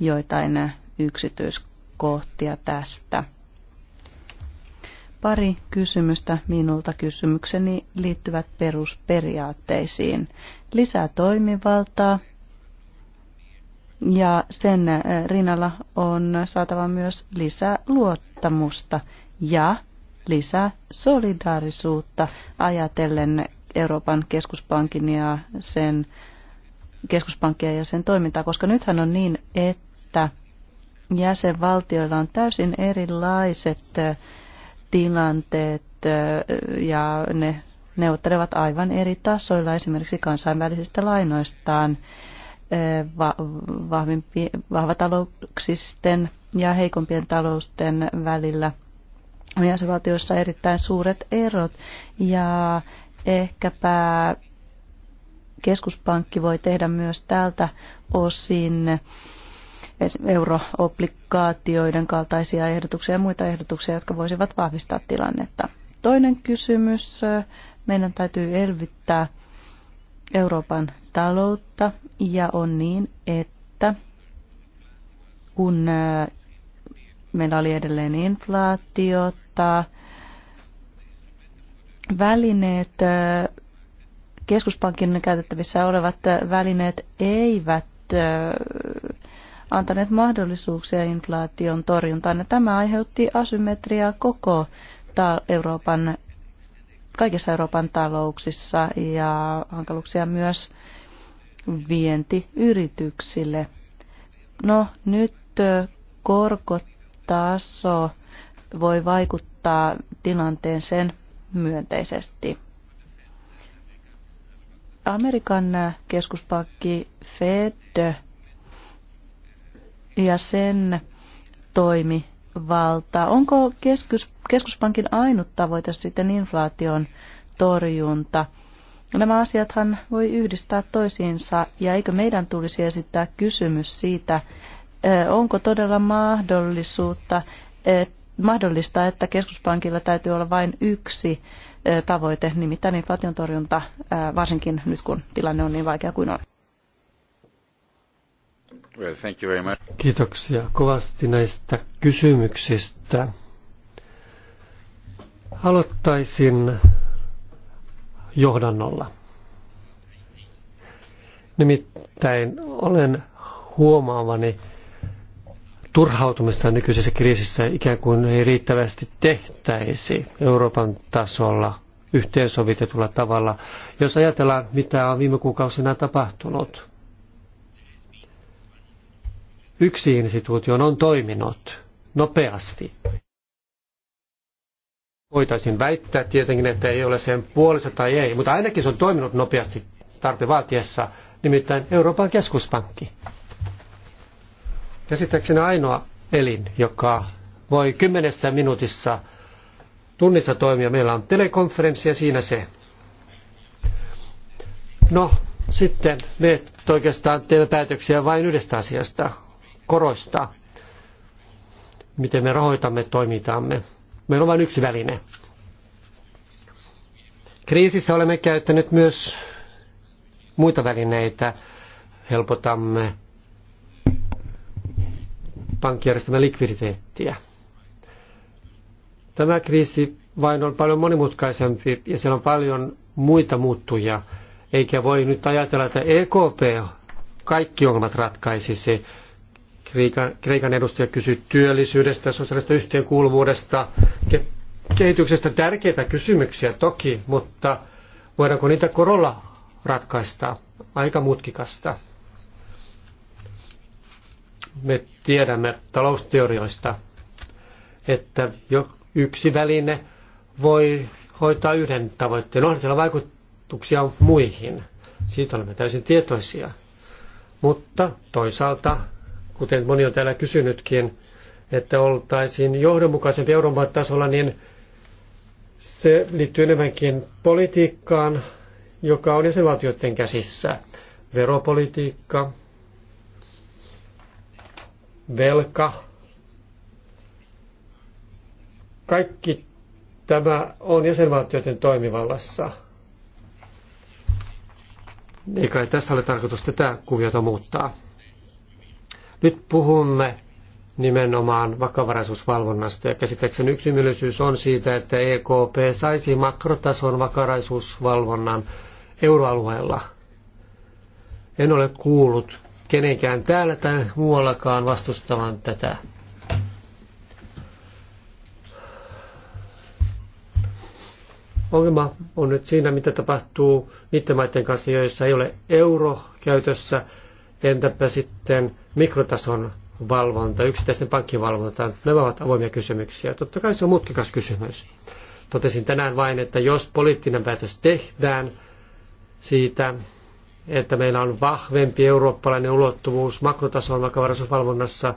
joitain yksityiskohtia tästä. Pari kysymystä minulta. Kysymykseni liittyvät perusperiaatteisiin. Lisää toimivaltaa ja sen äh, rinnalla on saatava myös lisää luottamusta ja lisää solidaarisuutta ajatellen Euroopan keskuspankin ja sen keskuspankkia ja sen toimintaa, koska nythän on niin, että jäsenvaltioilla on täysin erilaiset tilanteet ja ne neuvottelevat aivan eri tasoilla esimerkiksi kansainvälisistä lainoistaan vahvatalouksisten ja heikompien talousten välillä jäsenvaltioissa erittäin suuret erot ja Ehkäpä keskuspankki voi tehdä myös tältä osin euroobligaatioiden kaltaisia ehdotuksia ja muita ehdotuksia, jotka voisivat vahvistaa tilannetta. Toinen kysymys. Meidän täytyy elvyttää Euroopan taloutta ja on niin, että kun meillä oli edelleen inflaatiota, välineet, keskuspankin käytettävissä olevat välineet eivät antaneet mahdollisuuksia inflaation torjuntaan. Ja tämä aiheutti asymmetriaa koko Euroopan, kaikissa Euroopan talouksissa ja hankaluuksia myös vientiyrityksille. No nyt korkotaso voi vaikuttaa tilanteeseen myönteisesti. Amerikan keskuspankki Fed ja sen toimivalta. Onko keskus, keskuspankin ainut tavoite sitten inflaation torjunta? Nämä asiathan voi yhdistää toisiinsa ja eikö meidän tulisi esittää kysymys siitä, onko todella mahdollisuutta, että mahdollista, että keskuspankilla täytyy olla vain yksi tavoite, nimittäin inflaation torjunta, varsinkin nyt kun tilanne on niin vaikea kuin on. Well, thank you very much. Kiitoksia kovasti näistä kysymyksistä. Aloittaisin johdannolla. Nimittäin olen huomaavani, turhautumista nykyisessä kriisissä ikään kuin ei riittävästi tehtäisi Euroopan tasolla yhteensovitetulla tavalla, jos ajatellaan, mitä on viime kuukausina tapahtunut. Yksi instituutio on toiminut nopeasti. Voitaisiin väittää tietenkin, että ei ole sen puolessa tai ei, mutta ainakin se on toiminut nopeasti tarpeen vaatiessa, nimittäin Euroopan keskuspankki käsittääkseni ainoa elin, joka voi kymmenessä minuutissa tunnissa toimia. Meillä on telekonferenssi ja siinä se. No, sitten me oikeastaan teemme päätöksiä vain yhdestä asiasta, koroista, miten me rahoitamme toimintaamme. Meillä on vain yksi väline. Kriisissä olemme käyttäneet myös muita välineitä. Helpotamme pankkijärjestelmän likviditeettiä. Tämä kriisi vain on paljon monimutkaisempi ja siellä on paljon muita muuttuja, eikä voi nyt ajatella, että EKP kaikki ongelmat ratkaisisi. Kreikan Kreikan edustaja kysyi työllisyydestä, sosiaalista yhteenkuuluvuudesta, kehityksestä tärkeitä kysymyksiä toki, mutta voidaanko niitä korolla ratkaista? Aika mutkikasta. Me tiedämme talousteorioista, että jo yksi väline voi hoitaa yhden tavoitteen. Onhan siellä vaikutuksia muihin. Siitä olemme täysin tietoisia. Mutta toisaalta, kuten moni on täällä kysynytkin, että oltaisiin johdonmukaisempi Euroopan tasolla, niin se liittyy enemmänkin politiikkaan, joka on jäsenvaltioiden käsissä. Veropolitiikka, velka. Kaikki tämä on jäsenvaltioiden toimivallassa. Ei kai tässä ole tarkoitus tätä kuviota muuttaa. Nyt puhumme nimenomaan vakavaraisuusvalvonnasta ja käsittääkseni yksimielisyys on siitä, että EKP saisi makrotason vakavaraisuusvalvonnan euroalueella. En ole kuullut kenenkään täällä tai muuallakaan vastustavan tätä. Ongelma on nyt siinä, mitä tapahtuu niiden maiden kanssa, joissa ei ole euro käytössä, entäpä sitten mikrotason valvonta, yksittäisten pankkivalvonta. Nämä ovat avoimia kysymyksiä. Totta kai se on mutkikas kysymys. Totesin tänään vain, että jos poliittinen päätös tehdään siitä, että meillä on vahvempi eurooppalainen ulottuvuus makrotason vakavaraisuusvalvonnassa,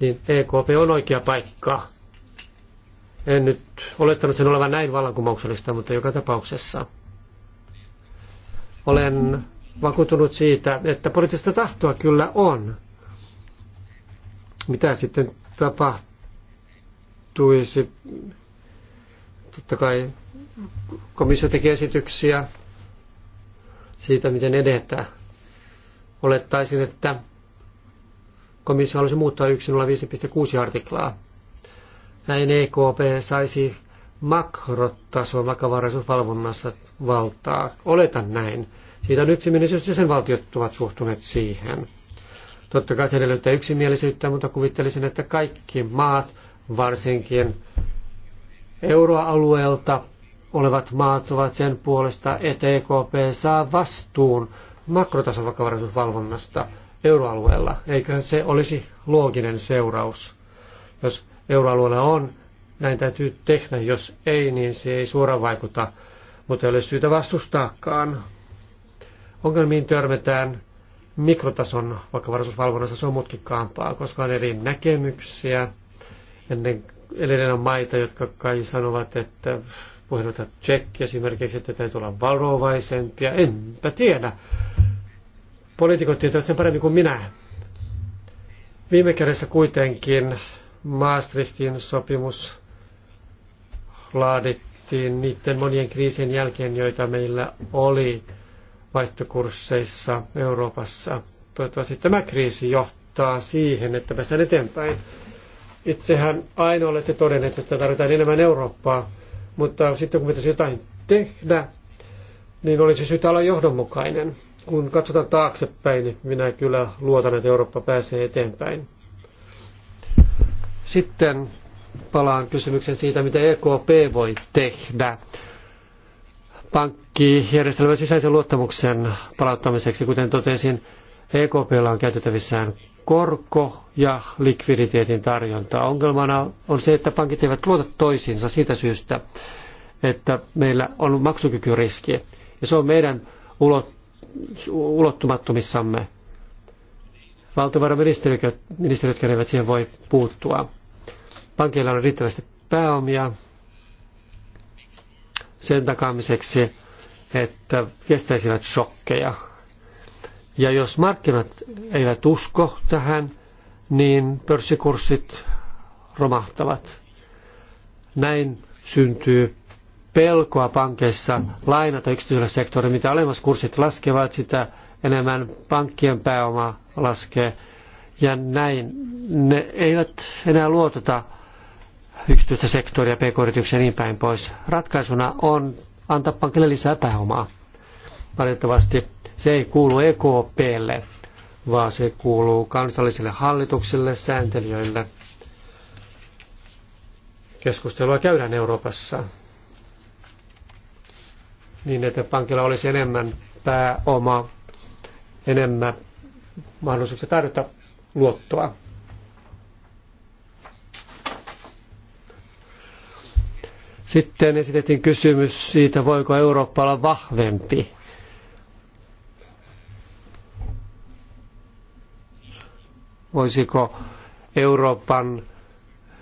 niin EKP on oikea paikka. En nyt olettanut sen olevan näin vallankumouksellista, mutta joka tapauksessa. Olen vakuutunut siitä, että poliittista tahtoa kyllä on. Mitä sitten tapahtuisi? Totta kai komissio teki esityksiä, siitä, miten edetään. Olettaisin, että komissio halusi muuttaa 105.6 artiklaa. Näin EKP saisi makrotason vakavaraisuusvalvonnassa valtaa. Oletan näin. Siitä on yksimielisyys ja sen valtiot ovat suhtuneet siihen. Totta kai se edellyttää yksimielisyyttä, mutta kuvittelisin, että kaikki maat, varsinkin euroalueelta, olevat maat ovat sen puolesta, että EKP saa vastuun makrotason vakavaraisuusvalvonnasta euroalueella. Eiköhän se olisi looginen seuraus. Jos euroalueella on, näin täytyy tehdä. Jos ei, niin se ei suoraan vaikuta, mutta ei ole syytä vastustaakaan. Ongelmiin törmätään mikrotason vakavaraisuusvalvonnassa, se on mutkikkaampaa, koska on eri näkemyksiä. Ennen, edelleen on maita, jotka kai sanovat, että ruveta Tsekki esimerkiksi, että täytyy olla varovaisempia. Enpä tiedä. Poliitikot tietävät sen paremmin kuin minä. Viime kädessä kuitenkin Maastrichtin sopimus laadittiin niiden monien kriisien jälkeen, joita meillä oli vaihtokursseissa Euroopassa. Toivottavasti tämä kriisi johtaa siihen, että päästään eteenpäin. Itsehän aina olette todenneet, että tarvitaan enemmän Eurooppaa mutta sitten kun pitäisi jotain tehdä, niin olisi syytä olla johdonmukainen. Kun katsotaan taaksepäin, niin minä kyllä luotan, että Eurooppa pääsee eteenpäin. Sitten palaan kysymykseen siitä, mitä EKP voi tehdä pankkijärjestelmän sisäisen luottamuksen palauttamiseksi. Kuten totesin, EKP on käytettävissään korko- ja likviditeetin tarjonta. Ongelmana on se, että pankit eivät luota toisiinsa siitä syystä, että meillä on maksukykyriski. Ja se on meidän ulottumattomissamme. Valtiovarainministeriöt eivät siihen voi puuttua. Pankeilla on riittävästi pääomia sen takaamiseksi, että kestäisivät shokkeja ja jos markkinat eivät usko tähän, niin pörssikurssit romahtavat. Näin syntyy pelkoa pankeissa lainata yksityisellä sektorilla. Mitä alemmas kurssit laskevat, sitä enemmän pankkien pääoma laskee. Ja näin ne eivät enää luoteta yksityistä sektoria, pk-yrityksiä ja niin päin pois. Ratkaisuna on antaa pankille lisää pääomaa. Valitettavasti se ei kuulu EKPlle, vaan se kuuluu kansallisille hallituksille, sääntelijöille. Keskustelua käydään Euroopassa niin, että pankilla olisi enemmän pääoma, enemmän mahdollisuuksia tarjota luottoa. Sitten esitettiin kysymys siitä, voiko Eurooppa olla vahvempi. voisiko Euroopan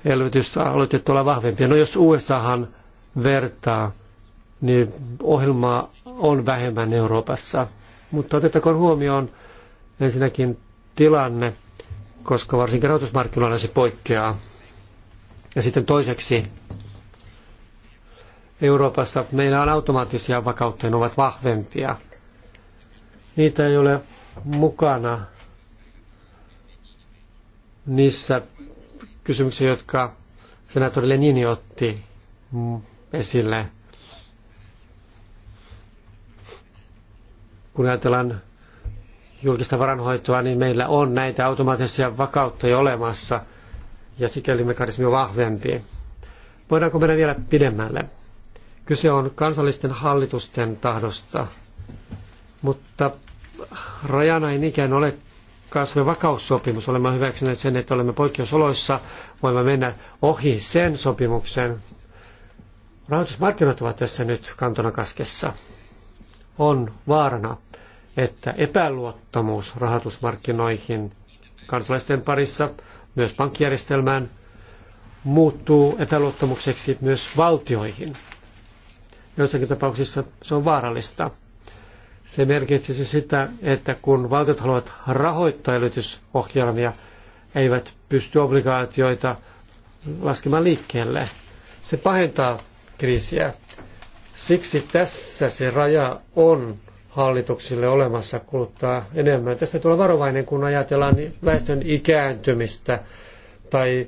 elvytysaloitteet olla vahvempia. No jos USAhan vertaa, niin ohjelmaa on vähemmän Euroopassa. Mutta otettakoon huomioon ensinnäkin tilanne, koska varsinkin rahoitusmarkkinoilla se poikkeaa. Ja sitten toiseksi Euroopassa meillä on automaattisia vakautteja, ne ovat vahvempia. Niitä ei ole mukana niissä kysymyksissä, jotka senaattori Lenini otti esille. Kun ajatellaan julkista varanhoitoa, niin meillä on näitä automaattisia vakautteja olemassa ja sikäli mekanismi on vahvempi. Voidaanko mennä vielä pidemmälle? Kyse on kansallisten hallitusten tahdosta, mutta rajana ei ikään ole kasvu- ja vakaussopimus. Olemme hyväksyneet sen, että olemme poikkeusoloissa, voimme mennä ohi sen sopimuksen. Rahoitusmarkkinat ovat tässä nyt kantona kaskessa. On vaarana, että epäluottamus rahoitusmarkkinoihin kansalaisten parissa, myös pankkijärjestelmään, muuttuu epäluottamukseksi myös valtioihin. Joissakin tapauksissa se on vaarallista. Se merkitsisi sitä, että kun valtiot haluavat rahoittaa elvytysohjelmia, eivät pysty obligaatioita laskemaan liikkeelle. Se pahentaa kriisiä. Siksi tässä se raja on hallituksille olemassa kuluttaa enemmän. Tästä tulee varovainen, kun ajatellaan väestön ikääntymistä tai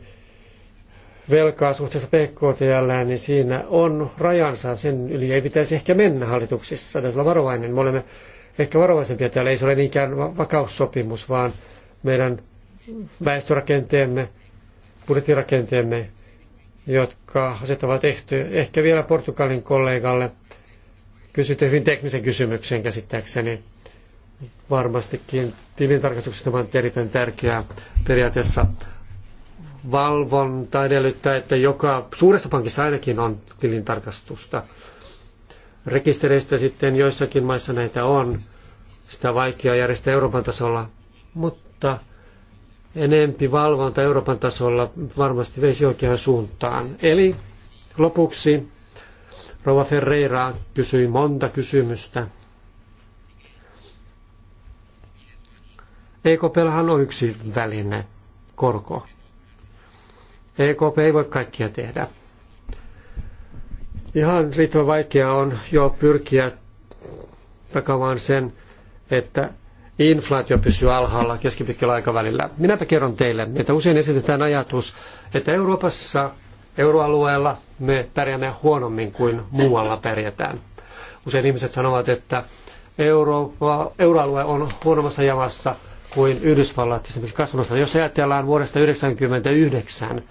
velkaa suhteessa PKTL, niin siinä on rajansa. Sen yli ei pitäisi ehkä mennä hallituksissa. Täytyy olla varovainen. Me olemme ehkä varovaisempia täällä. Ei se ole niinkään vakaussopimus, vaan meidän väestörakenteemme, budjettirakenteemme, jotka asettavat ehtoja. ehkä vielä Portugalin kollegalle. Kysytte hyvin teknisen kysymyksen käsittääkseni. Varmastikin tilintarkastuksesta on erittäin tärkeää periaatteessa valvonta edellyttää, että joka suuressa pankissa ainakin on tilintarkastusta. Rekistereistä sitten joissakin maissa näitä on. Sitä vaikea järjestää Euroopan tasolla, mutta enempi valvonta Euroopan tasolla varmasti veisi oikeaan suuntaan. Eli lopuksi Rova Ferreira kysyi monta kysymystä. EKPlhan on yksi väline, korko. EKP ei voi kaikkia tehdä. Ihan riittävän vaikeaa on jo pyrkiä takamaan sen, että inflaatio pysyy alhaalla keskipitkällä aikavälillä. Minäpä kerron teille, että usein esitetään ajatus, että Euroopassa, euroalueella me pärjäämme huonommin kuin muualla pärjätään. Usein ihmiset sanovat, että Eurooppa, euroalue on huonommassa jamassa kuin Yhdysvallat esimerkiksi kasvunosta. Jos ajatellaan vuodesta 1999,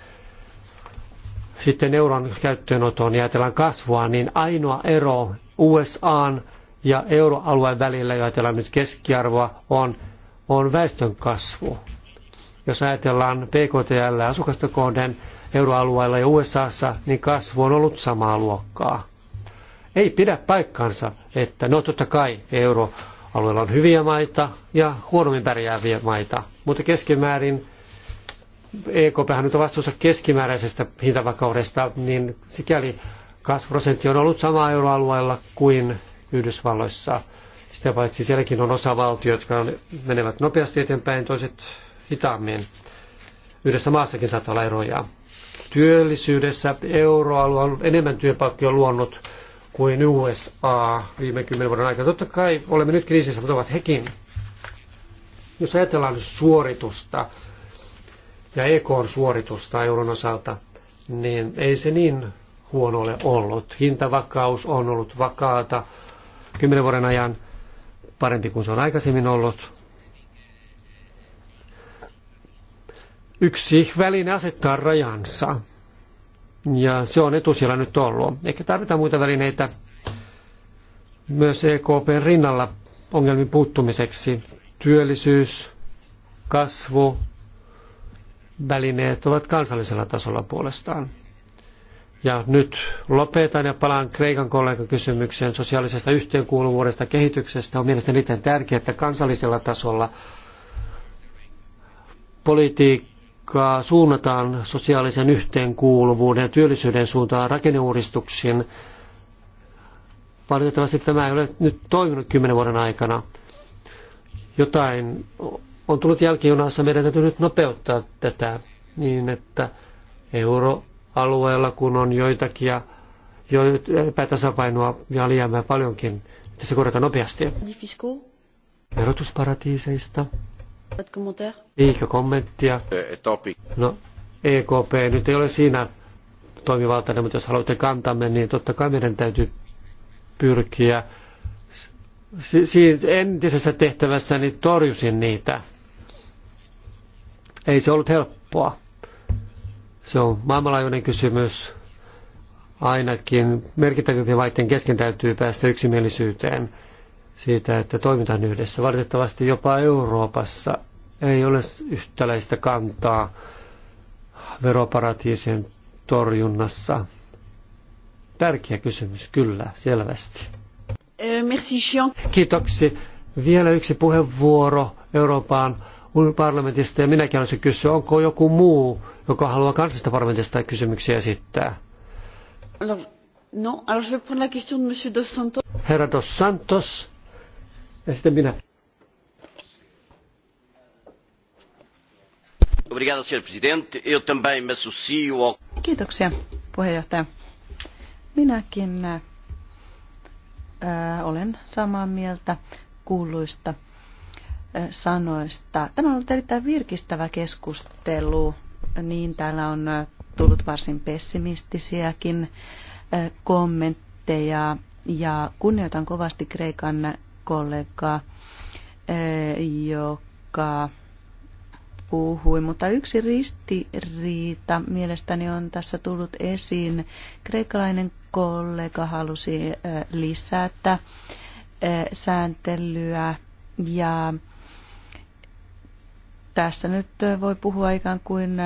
sitten euron käyttöönotoon ja ajatellaan kasvua, niin ainoa ero USAn ja euroalueen välillä, jos ajatellaan nyt keskiarvoa, on, on väestön kasvu. Jos ajatellaan PKTL asukasta kohden euroalueella ja USAssa, niin kasvu on ollut samaa luokkaa. Ei pidä paikkansa, että no totta kai euroalueella on hyviä maita ja huonommin pärjääviä maita, mutta keskimäärin EKP nyt on vastuussa keskimääräisestä hintavakaudesta, niin sikäli kasvuprosentti on ollut sama euroalueella kuin Yhdysvalloissa. Sitä paitsi sielläkin on osavaltiot, jotka menevät nopeasti eteenpäin, toiset hitaammin. Yhdessä maassakin saattaa olla eroja. Työllisyydessä euroalue on enemmän työpaikkoja luonut kuin USA viime kymmenen vuoden aikana. Totta kai olemme nyt kriisissä, mutta ovat hekin. Jos ajatellaan suoritusta, ja EKn suoritusta euron osalta, niin ei se niin huono ole ollut. Hintavakaus on ollut vakaata kymmenen vuoden ajan parempi kuin se on aikaisemmin ollut. Yksi väline asettaa rajansa. Ja se on etusijalla nyt ollut. Ehkä tarvitaan muita välineitä myös EKPn rinnalla ongelmiin puuttumiseksi. Työllisyys, kasvu, välineet ovat kansallisella tasolla puolestaan. Ja nyt lopetan ja palaan Kreikan kollegan kysymykseen sosiaalisesta yhteenkuuluvuudesta kehityksestä. On mielestäni erittäin tärkeää, että kansallisella tasolla politiikkaa suunnataan sosiaalisen yhteenkuuluvuuden ja työllisyyden suuntaan rakenneuudistuksiin. Valitettavasti tämä ei ole nyt toiminut kymmenen vuoden aikana. Jotain on tullut jälkijunassa. Meidän täytyy nyt nopeuttaa tätä niin, että euroalueella, kun on joitakin ja jo epätasapainoa ja alijäämää paljonkin, että se korjataan nopeasti. Verotusparatiiseista. Eikö kommenttia? No, EKP nyt ei ole siinä toimivaltainen, mutta jos haluatte kantamme, niin totta kai meidän täytyy pyrkiä. Si- siinä entisessä tehtävässäni niin torjusin niitä. Ei se ollut helppoa. Se on maailmanlaajuinen kysymys. Ainakin merkittävimpien maiden kesken täytyy päästä yksimielisyyteen siitä, että toimitaan yhdessä. Valitettavasti jopa Euroopassa ei ole yhtäläistä kantaa veroparatiisien torjunnassa. Tärkeä kysymys, kyllä, selvästi. Eh, merci, Kiitoksi. Vielä yksi puheenvuoro Euroopan parlamentista ja minäkin haluaisin kysyä, onko joku muu, joka haluaa kansallisesta parlamentista kysymyksiä esittää? Alors, alors je prendre la question de Monsieur Dos Santos. Herra Dos Santos, ja sitten minä. Obrigado, presidente. Eu também me associo ao... Kiitoksia, puheenjohtaja. Minäkin äh, olen samaa mieltä kuuluista sanoista. Tämä on ollut erittäin virkistävä keskustelu, niin täällä on tullut varsin pessimistisiäkin kommentteja ja kunnioitan kovasti Kreikan kollegaa, joka puhui, mutta yksi ristiriita mielestäni on tässä tullut esiin. Kreikkalainen kollega halusi lisätä sääntelyä ja tässä nyt voi puhua ikään kuin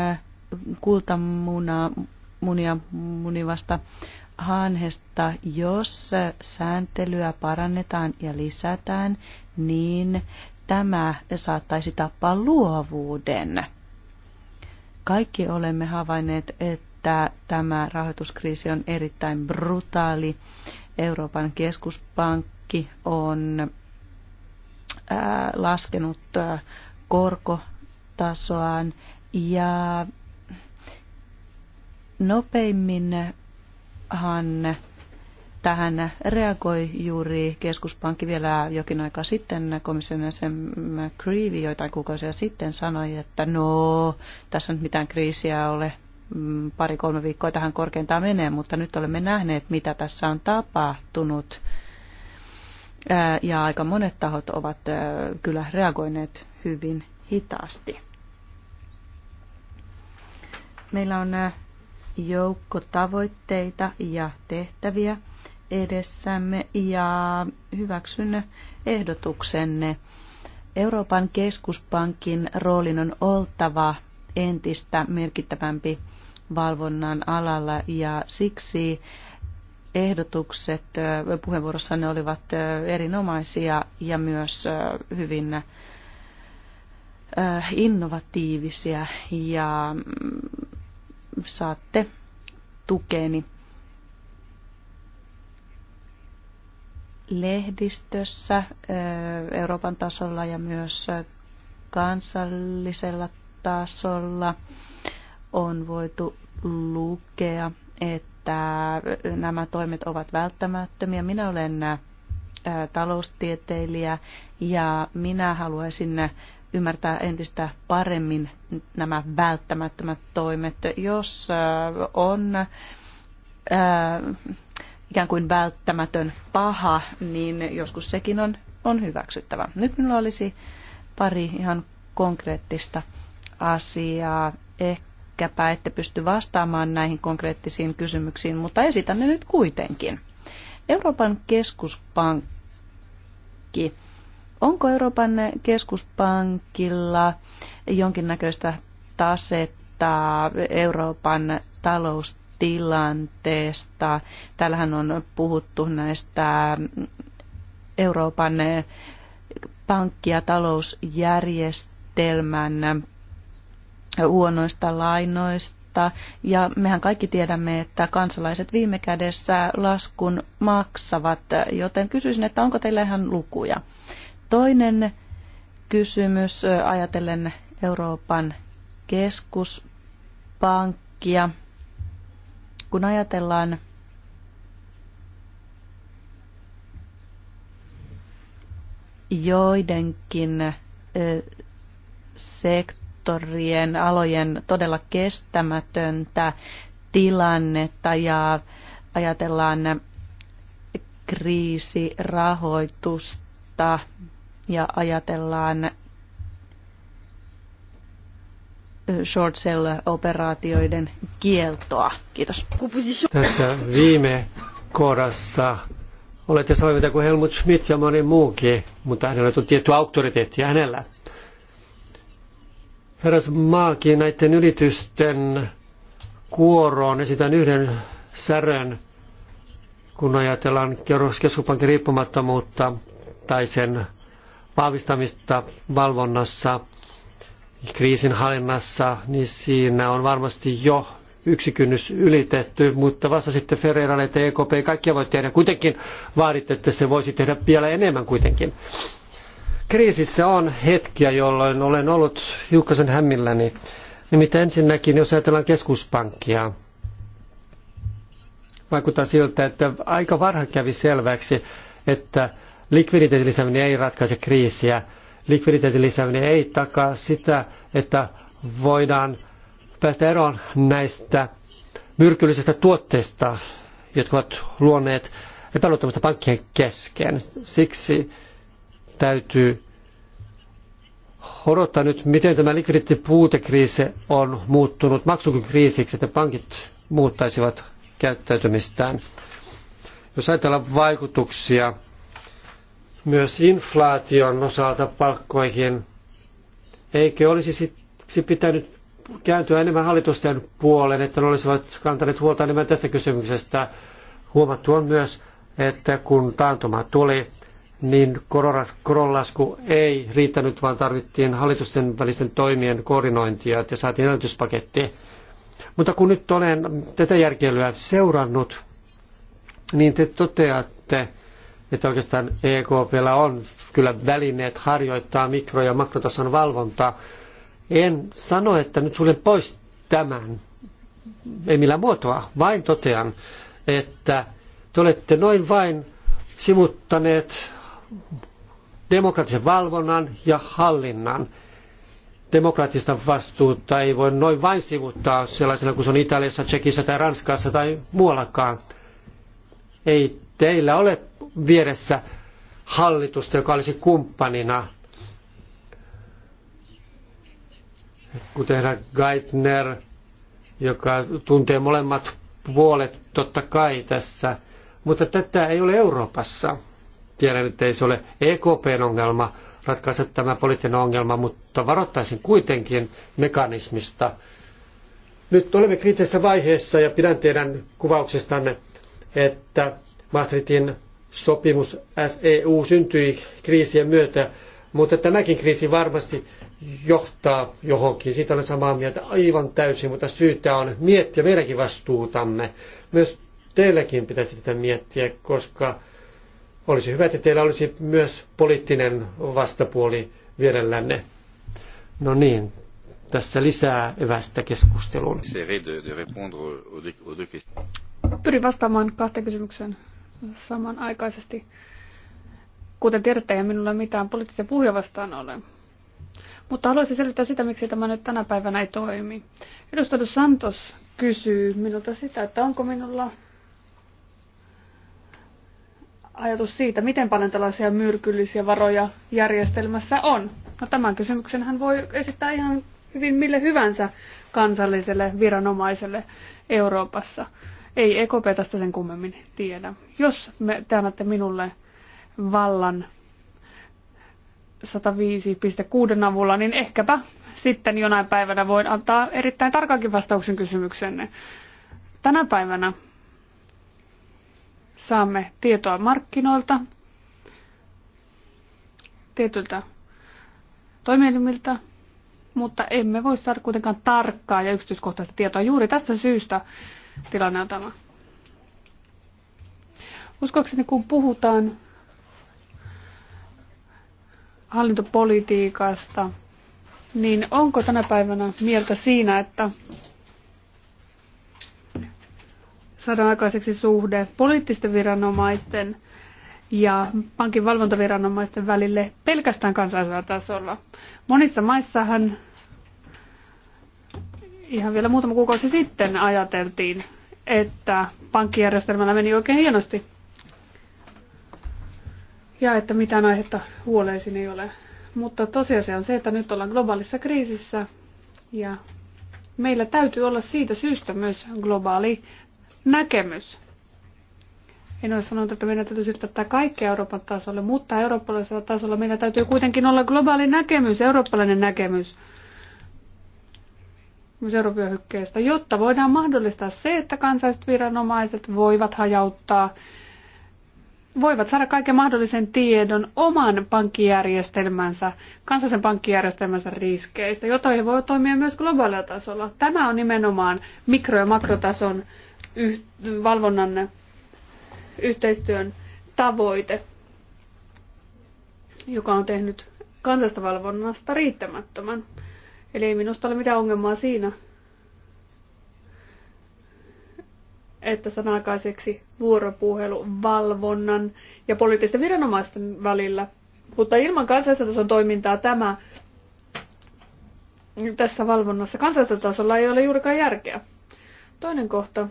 kultamunaa munia munivasta hanhesta, jos sääntelyä parannetaan ja lisätään, niin tämä saattaisi tappaa luovuuden. Kaikki olemme havainneet, että tämä rahoituskriisi on erittäin brutaali. Euroopan keskuspankki on laskenut korko tasoaan ja nopeimminhan tähän reagoi juuri keskuspankki vielä jokin aika sitten. Komission sen McCreevy joitain kuukausia sitten sanoi, että no, tässä nyt mitään kriisiä ole. Mm, Pari-kolme viikkoa tähän korkeintaan menee, mutta nyt olemme nähneet, mitä tässä on tapahtunut. Ja aika monet tahot ovat kyllä reagoineet hyvin hitaasti. Meillä on joukko tavoitteita ja tehtäviä edessämme ja hyväksyn ehdotuksenne. Euroopan keskuspankin roolin on oltava entistä merkittävämpi valvonnan alalla ja siksi ehdotukset ne olivat erinomaisia ja myös hyvin innovatiivisia ja mm, saatte tukeeni. Lehdistössä Euroopan tasolla ja myös kansallisella tasolla on voitu lukea, että nämä toimet ovat välttämättömiä. Minä olen taloustieteilijä ja minä haluaisin ymmärtää entistä paremmin nämä välttämättömät toimet. Jos äh, on äh, ikään kuin välttämätön paha, niin joskus sekin on, on hyväksyttävä. Nyt minulla olisi pari ihan konkreettista asiaa. Ehkäpä ette pysty vastaamaan näihin konkreettisiin kysymyksiin, mutta esitän ne nyt kuitenkin. Euroopan keskuspankki Onko Euroopan keskuspankilla jonkinnäköistä tasetta Euroopan taloustilanteesta? Täällähän on puhuttu näistä Euroopan pankki- ja talousjärjestelmän huonoista lainoista. Ja mehän kaikki tiedämme, että kansalaiset viime kädessä laskun maksavat, joten kysyisin, että onko teillä ihan lukuja Toinen kysymys ajatellen Euroopan keskuspankkia. Kun ajatellaan joidenkin sektorien, alojen todella kestämätöntä tilannetta ja ajatellaan kriisirahoitusta, ja ajatellaan short sell-operaatioiden kieltoa. Kiitos. Tässä viime kohdassa olette samaa mieltä kuin Helmut Schmidt ja moni muukin, mutta hänellä on tietty auktoriteetti hänellä. Herras Maakin näiden yritysten kuoroon esitän yhden särön, kun ajatellaan keskuspankin riippumattomuutta tai sen vahvistamista valvonnassa, kriisin hallinnassa, niin siinä on varmasti jo yksi kynnys ylitetty, mutta vasta sitten Ferreira että EKP kaikkia voi tehdä. Kuitenkin vaaditte, että se voisi tehdä vielä enemmän kuitenkin. Kriisissä on hetkiä, jolloin olen ollut hiukkasen hämmilläni. Nimittäin ensinnäkin, jos ajatellaan keskuspankkia, vaikuttaa siltä, että aika varha kävi selväksi, että likviditeetin lisääminen ei ratkaise kriisiä. Likviditeetin lisääminen ei takaa sitä, että voidaan päästä eroon näistä myrkyllisistä tuotteista, jotka ovat luoneet epäluottamusta pankkien kesken. Siksi täytyy odottaa nyt, miten tämä likviditeettipuutekriisi on muuttunut maksukykykriisiksi, että pankit muuttaisivat käyttäytymistään. Jos ajatellaan vaikutuksia myös inflaation osalta palkkoihin. Eikö olisi sitten pitänyt kääntyä enemmän hallitusten puoleen, että ne olisivat kantaneet huolta enemmän tästä kysymyksestä. Huomattu on myös, että kun taantuma tuli, niin koronlasku ei riittänyt, vaan tarvittiin hallitusten välisten toimien koordinointia, että saatiin elvytyspaketti. Mutta kun nyt olen tätä järkeilyä seurannut, niin te toteatte, että oikeastaan EKPllä on kyllä välineet harjoittaa mikro- ja makrotason valvontaa. En sano, että nyt suljen pois tämän, ei millään muotoa, vain totean, että te olette noin vain sivuttaneet demokraattisen valvonnan ja hallinnan. Demokraattista vastuuta ei voi noin vain sivuttaa sellaisena kuin se on Italiassa, Tsekissä tai Ranskassa tai muuallakaan. Ei teillä ole vieressä hallitusta, joka olisi kumppanina. Kuten Geithner, joka tuntee molemmat puolet totta kai tässä, mutta tätä ei ole Euroopassa. Tiedän, että ei se ole EKPn ongelma ratkaista tämä poliittinen ongelma, mutta varoittaisin kuitenkin mekanismista. Nyt olemme kriittisessä vaiheessa ja pidän teidän kuvauksestanne, että Maastrichtin sopimus SEU syntyi kriisien myötä, mutta tämäkin kriisi varmasti johtaa johonkin. Siitä olen samaa mieltä aivan täysin, mutta syytä on miettiä meidänkin vastuutamme. Myös teilläkin pitäisi tätä miettiä, koska olisi hyvä, että teillä olisi myös poliittinen vastapuoli vierellänne. No niin, tässä lisää evästä keskusteluun. Pyrin vastaamaan kahteen kysymykseen samanaikaisesti. Kuten tiedätte, ei minulla mitään poliittisia puhuja vastaan ole. Mutta haluaisin selittää sitä, miksi tämä nyt tänä päivänä ei toimi. Edustaja Santos kysyy minulta sitä, että onko minulla ajatus siitä, miten paljon tällaisia myrkyllisiä varoja järjestelmässä on. No, tämän kysymyksen hän voi esittää ihan hyvin mille hyvänsä kansalliselle viranomaiselle Euroopassa. Ei EKP tästä sen kummemmin tiedä. Jos me, te annatte minulle vallan 105.6 avulla, niin ehkäpä sitten jonain päivänä voin antaa erittäin tarkankin vastauksen kysymyksenne. Tänä päivänä saamme tietoa markkinoilta, tietyiltä toimielimiltä, mutta emme voi saada kuitenkaan tarkkaa ja yksityiskohtaista tietoa. Juuri tästä syystä tilanne on tämä. Uskoakseni kun puhutaan hallintopolitiikasta, niin onko tänä päivänä mieltä siinä, että saadaan aikaiseksi suhde poliittisten viranomaisten ja pankin valvontaviranomaisten välille pelkästään kansallisella tasolla. Monissa maissahan ihan vielä muutama kuukausi sitten ajateltiin, että pankkijärjestelmällä meni oikein hienosti. Ja että mitään aihetta huoleisiin ei ole. Mutta tosiasia on se, että nyt ollaan globaalissa kriisissä ja meillä täytyy olla siitä syystä myös globaali näkemys. En ole sanonut, että meidän täytyy siirtää tämä kaikki Euroopan tasolle, mutta eurooppalaisella tasolla meillä täytyy kuitenkin olla globaali näkemys, eurooppalainen näkemys – seuruvyöhykkeestä, jotta voidaan mahdollistaa se, että kansalliset viranomaiset voivat hajauttaa, voivat saada kaiken mahdollisen tiedon oman pankkijärjestelmänsä, kansallisen pankkijärjestelmänsä riskeistä, jota he voi toimia myös globaalilla tasolla. Tämä on nimenomaan mikro- ja makrotason yh- valvonnan yhteistyön tavoite, joka on tehnyt kansallista valvonnasta riittämättömän. Eli ei minusta ole mitään ongelmaa siinä, että sanakaiseksi vuoropuhelu valvonnan ja poliittisten viranomaisten välillä. Mutta ilman kansallisen toimintaa tämä tässä valvonnassa kansallisella tasolla ei ole juurikaan järkeä. Toinen kohta.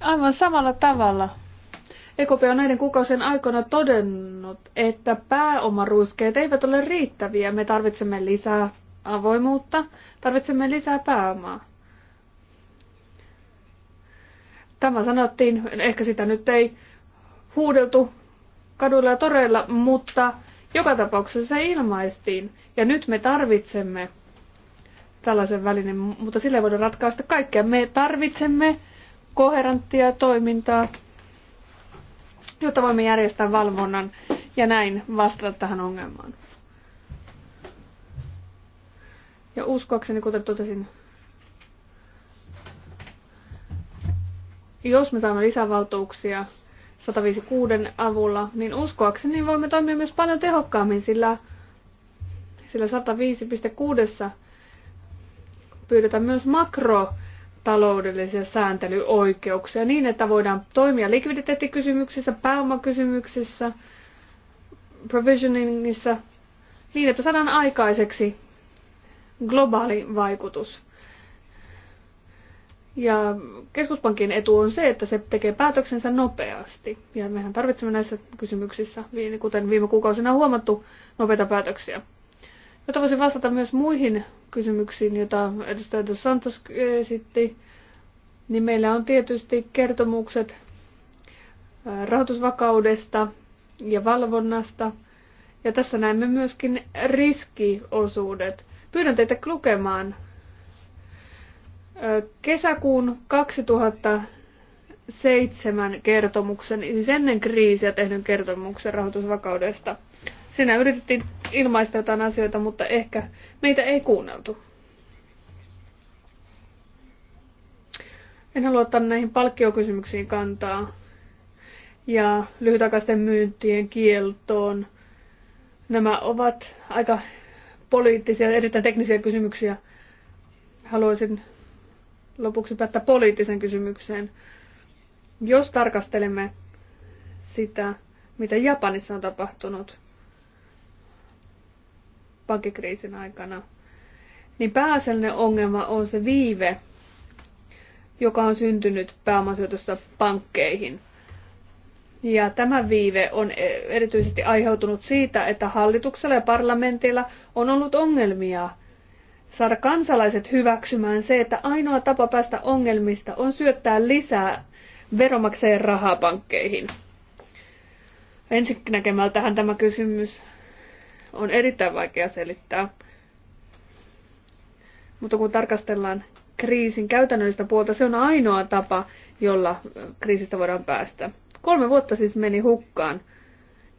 Aivan samalla tavalla EKP on näiden kuukausien aikana todennut, että pääomaruiskeet eivät ole riittäviä. Me tarvitsemme lisää avoimuutta, tarvitsemme lisää pääomaa. Tämä sanottiin, ehkä sitä nyt ei huudeltu kaduilla ja toreilla, mutta joka tapauksessa se ilmaistiin. Ja nyt me tarvitsemme tällaisen välinen, mutta sillä ei voida ratkaista kaikkea. Me tarvitsemme koherenttia toimintaa, jotta voimme järjestää valvonnan ja näin vastata tähän ongelmaan. Ja uskoakseni, kuten totesin, jos me saamme lisävaltuuksia 156 avulla, niin uskoakseni voimme toimia myös paljon tehokkaammin, sillä, sillä 105.6 pyydetään myös makro taloudellisia sääntelyoikeuksia niin, että voidaan toimia likviditeettikysymyksissä, pääomakysymyksissä, provisioningissa, niin että saadaan aikaiseksi globaali vaikutus. Ja keskuspankin etu on se, että se tekee päätöksensä nopeasti. Ja mehän tarvitsemme näissä kysymyksissä, kuten viime kuukausina on huomattu, nopeita päätöksiä jotta voisin vastata myös muihin kysymyksiin, joita edustaja Dos Santos esitti, niin meillä on tietysti kertomukset rahoitusvakaudesta ja valvonnasta. Ja tässä näemme myöskin riskiosuudet. Pyydän teitä lukemaan kesäkuun 2007 kertomuksen, siis ennen kriisiä tehdyn kertomuksen rahoitusvakaudesta. Sinä yritettiin ilmaista jotain asioita, mutta ehkä meitä ei kuunneltu. En halua ottaa näihin palkkiokysymyksiin kantaa ja lyhytaikaisten myyntien kieltoon. Nämä ovat aika poliittisia, erittäin teknisiä kysymyksiä. Haluaisin lopuksi päättää poliittisen kysymykseen. Jos tarkastelemme sitä, mitä Japanissa on tapahtunut, pankkikriisin aikana, niin pääasiallinen ongelma on se viive, joka on syntynyt pääomasijoitusta pankkeihin. Ja tämä viive on e- erityisesti aiheutunut siitä, että hallituksella ja parlamentilla on ollut ongelmia saada kansalaiset hyväksymään se, että ainoa tapa päästä ongelmista on syöttää lisää veromakseen rahaa pankkeihin. Ensinnäkemältähän tämä kysymys on erittäin vaikea selittää. Mutta kun tarkastellaan kriisin käytännöllistä puolta, se on ainoa tapa, jolla kriisistä voidaan päästä. Kolme vuotta siis meni hukkaan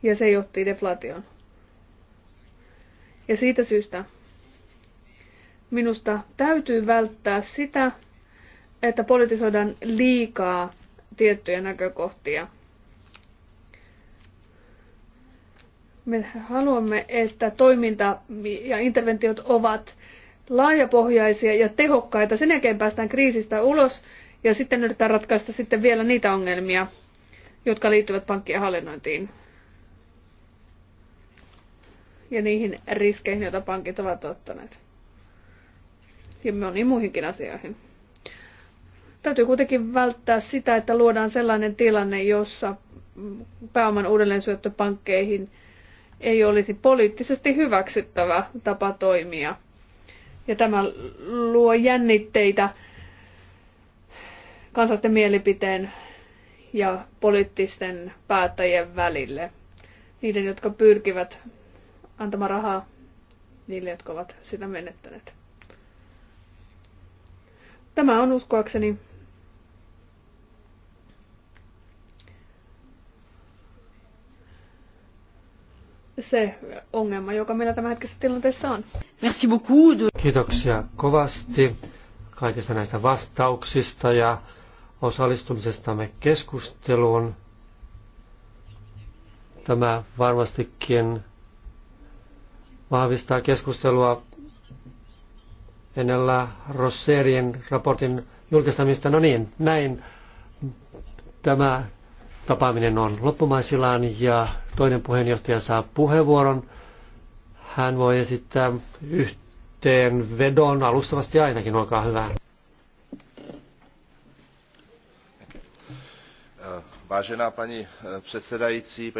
ja se johti deflaatioon. Ja siitä syystä minusta täytyy välttää sitä, että politisoidaan liikaa tiettyjä näkökohtia – Me haluamme, että toiminta ja interventiot ovat laajapohjaisia ja tehokkaita. Sen jälkeen päästään kriisistä ulos ja sitten yritetään ratkaista sitten vielä niitä ongelmia, jotka liittyvät pankkien hallinnointiin ja niihin riskeihin, joita pankit ovat ottaneet. Ja moniin muihinkin asioihin. Täytyy kuitenkin välttää sitä, että luodaan sellainen tilanne, jossa pääoman uudelleen syöttö pankkeihin – ei olisi poliittisesti hyväksyttävä tapa toimia. Ja tämä luo jännitteitä kansallisten mielipiteen ja poliittisten päättäjien välille. Niiden, jotka pyrkivät antamaan rahaa niille, jotka ovat sitä menettäneet. Tämä on uskoakseni se ongelma, joka meillä hetkessä tilanteessa on. Merci beaucoup. Kiitoksia kovasti kaikista näistä vastauksista ja osallistumisestamme keskusteluun. Tämä varmastikin vahvistaa keskustelua ennellä Rosserien raportin julkistamista. No niin, näin tämä tapaaminen on loppumaisillaan ja toinen puheenjohtaja saa puheenvuoron. Hän voi esittää yhteen vedon alustavasti ainakin, olkaa hyvä. Vážená eh, předsedající,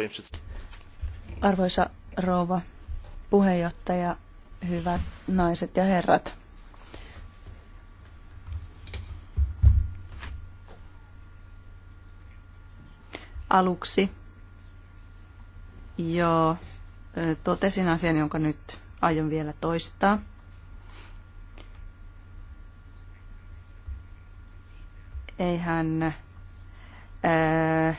Arvoisa rouva puheenjohtaja, hyvät naiset ja herrat. aluksi jo totesin asian, jonka nyt aion vielä toistaa. Eihän ää,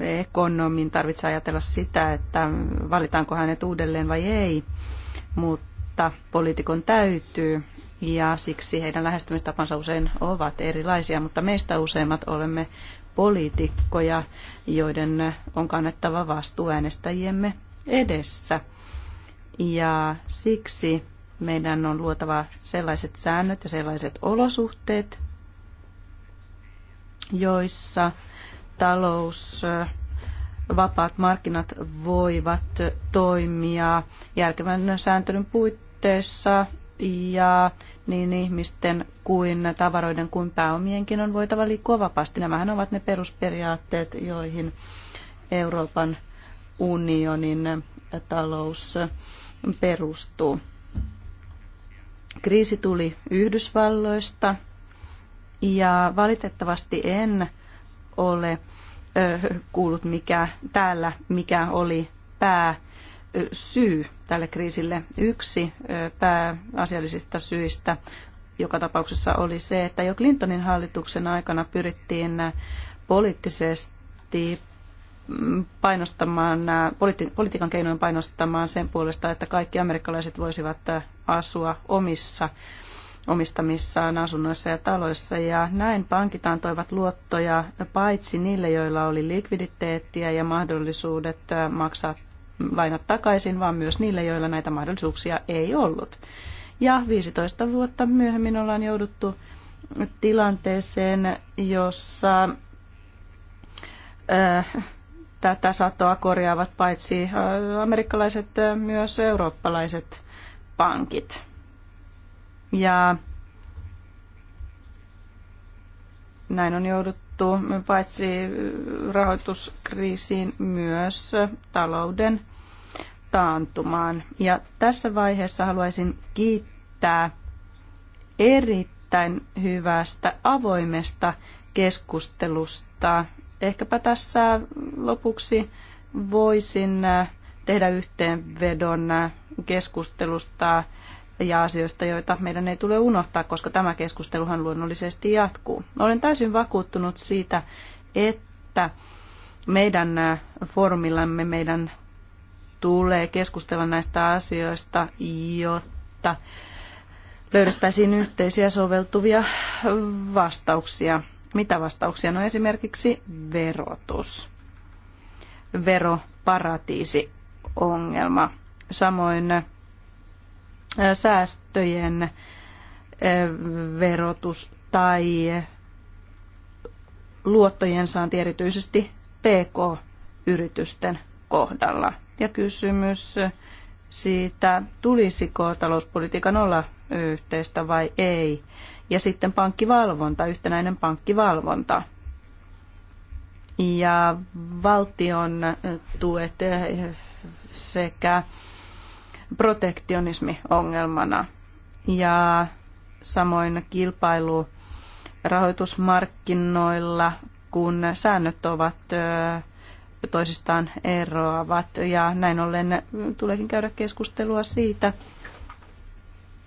ekonomin tarvitse ajatella sitä, että valitaanko hänet uudelleen vai ei, mutta poliitikon täytyy ja siksi heidän lähestymistapansa usein ovat erilaisia, mutta meistä useimmat olemme poliitikkoja, joiden on kannettava vastuu äänestäjiemme edessä. Ja siksi meidän on luotava sellaiset säännöt ja sellaiset olosuhteet, joissa talous, vapaat markkinat voivat toimia järkevän sääntelyn puitteissa ja niin ihmisten kuin tavaroiden kuin pääomienkin on voitava liikkua vapaasti. Nämähän ovat ne perusperiaatteet, joihin Euroopan unionin talous perustuu. Kriisi tuli Yhdysvalloista ja valitettavasti en ole kuullut mikä täällä mikä oli pää syy tälle kriisille. Yksi pääasiallisista syistä joka tapauksessa oli se, että jo Clintonin hallituksen aikana pyrittiin poliittisesti mm, painostamaan, politi- politiikan keinoin painostamaan sen puolesta, että kaikki amerikkalaiset voisivat asua omissa omistamissaan asunnoissa ja taloissa. Ja näin pankit antoivat luottoja paitsi niille, joilla oli likviditeettiä ja mahdollisuudet maksaa lainat takaisin, vaan myös niille, joilla näitä mahdollisuuksia ei ollut. Ja 15 vuotta myöhemmin ollaan jouduttu tilanteeseen, jossa äh, tätä satoa korjaavat paitsi äh, amerikkalaiset äh, myös eurooppalaiset pankit. Ja näin on jouduttu puuttuu paitsi rahoituskriisiin myös talouden taantumaan. Ja tässä vaiheessa haluaisin kiittää erittäin hyvästä avoimesta keskustelusta. Ehkäpä tässä lopuksi voisin tehdä yhteenvedon keskustelusta ja asioista, joita meidän ei tule unohtaa, koska tämä keskusteluhan luonnollisesti jatkuu. Olen täysin vakuuttunut siitä, että meidän foorumillamme meidän tulee keskustella näistä asioista, jotta löydettäisiin yhteisiä soveltuvia vastauksia. Mitä vastauksia? No esimerkiksi verotus, veroparatiisi ongelma, samoin säästöjen verotus tai luottojen saanti erityisesti PK-yritysten kohdalla. Ja kysymys siitä, tulisiko talouspolitiikan olla yhteistä vai ei. Ja sitten pankkivalvonta, yhtenäinen pankkivalvonta. Ja valtion tuet sekä protektionismi ongelmana ja samoin kilpailu rahoitusmarkkinoilla, kun säännöt ovat toisistaan eroavat. Ja näin ollen tuleekin käydä keskustelua siitä,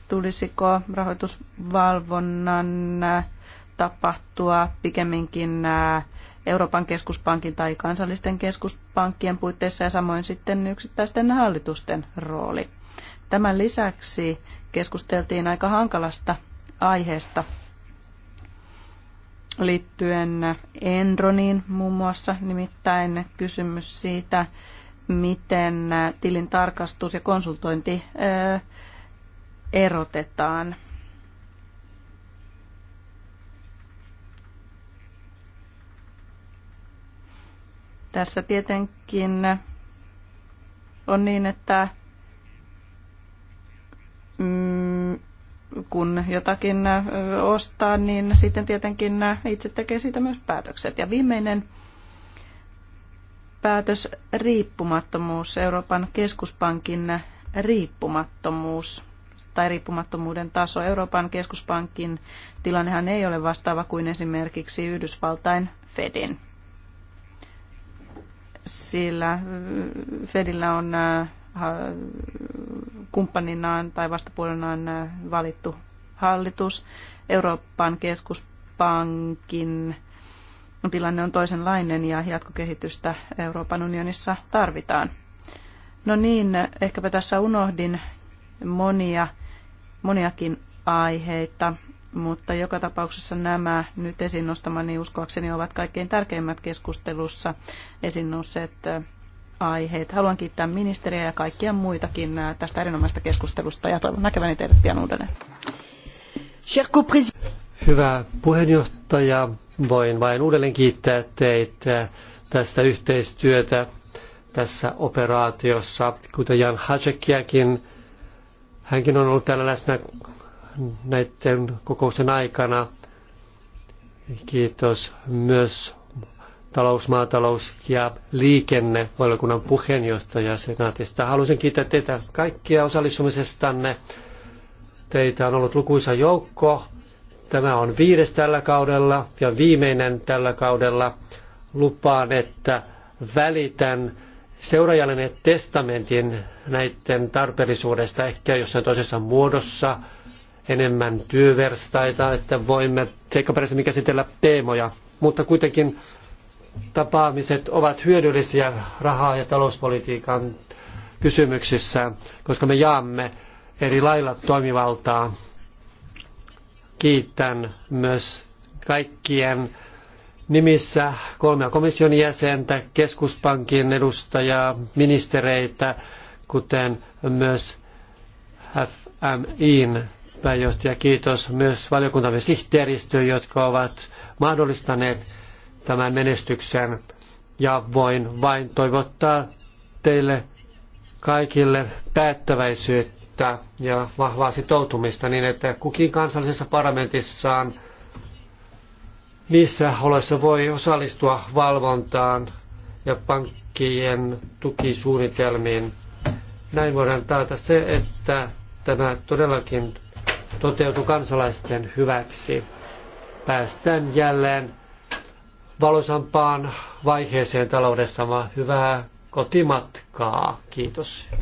tulisiko rahoitusvalvonnan tapahtua pikemminkin Euroopan keskuspankin tai kansallisten keskuspankkien puitteissa ja samoin sitten yksittäisten hallitusten rooli. Tämän lisäksi keskusteltiin aika hankalasta aiheesta liittyen Enroniin muun muassa, nimittäin kysymys siitä, miten tilin tarkastus ja konsultointi erotetaan. Tässä tietenkin on niin, että mm, kun jotakin ostaa, niin sitten tietenkin itse tekee siitä myös päätökset. Ja viimeinen päätös, riippumattomuus, Euroopan keskuspankin riippumattomuus tai riippumattomuuden taso. Euroopan keskuspankin tilannehan ei ole vastaava kuin esimerkiksi Yhdysvaltain Fedin sillä äh, Fedillä on äh, kumppaninaan tai vastapuolenaan äh, valittu hallitus. Euroopan keskuspankin tilanne on toisenlainen ja jatkokehitystä Euroopan unionissa tarvitaan. No niin, ehkäpä tässä unohdin monia, moniakin aiheita mutta joka tapauksessa nämä nyt esiin nostamani uskoakseni ovat kaikkein tärkeimmät keskustelussa esiin nousseet aiheet. Haluan kiittää ministeriä ja kaikkia muitakin tästä erinomaisesta keskustelusta ja toivon näkeväni teidät pian uudelleen. Hyvä puheenjohtaja, voin vain uudelleen kiittää teitä tästä yhteistyötä tässä operaatiossa, kuten Jan Hacekiakin. Hänkin on ollut täällä läsnä näiden kokousten aikana. Kiitos myös talous, maatalous ja liikenne valiokunnan puheenjohtaja senaatista. Haluaisin kiittää teitä kaikkia osallistumisestanne. Teitä on ollut lukuisa joukko. Tämä on viides tällä kaudella ja viimeinen tällä kaudella. Lupaan, että välitän seuraajallinen testamentin näiden tarpeellisuudesta, ehkä jossain toisessa muodossa – enemmän työverstaita, että voimme seikkaperäisemmin käsitellä teemoja, mutta kuitenkin tapaamiset ovat hyödyllisiä rahaa- ja talouspolitiikan kysymyksissä, koska me jaamme eri lailla toimivaltaa. Kiitän myös kaikkien nimissä kolmea komission jäsentä, keskuspankin edustajaa, ministereitä, kuten myös FMIn pääjohtaja, kiitos myös valiokuntamme sihteeristöön, jotka ovat mahdollistaneet tämän menestyksen. Ja voin vain toivottaa teille kaikille päättäväisyyttä ja vahvaa sitoutumista niin, että kukin kansallisessa parlamentissaan niissä oloissa voi osallistua valvontaan ja pankkien tukisuunnitelmiin. Näin voidaan taata se, että tämä todellakin toteutui kansalaisten hyväksi. Päästään jälleen valoisampaan vaiheeseen taloudessa. Hyvää kotimatkaa. Kiitos.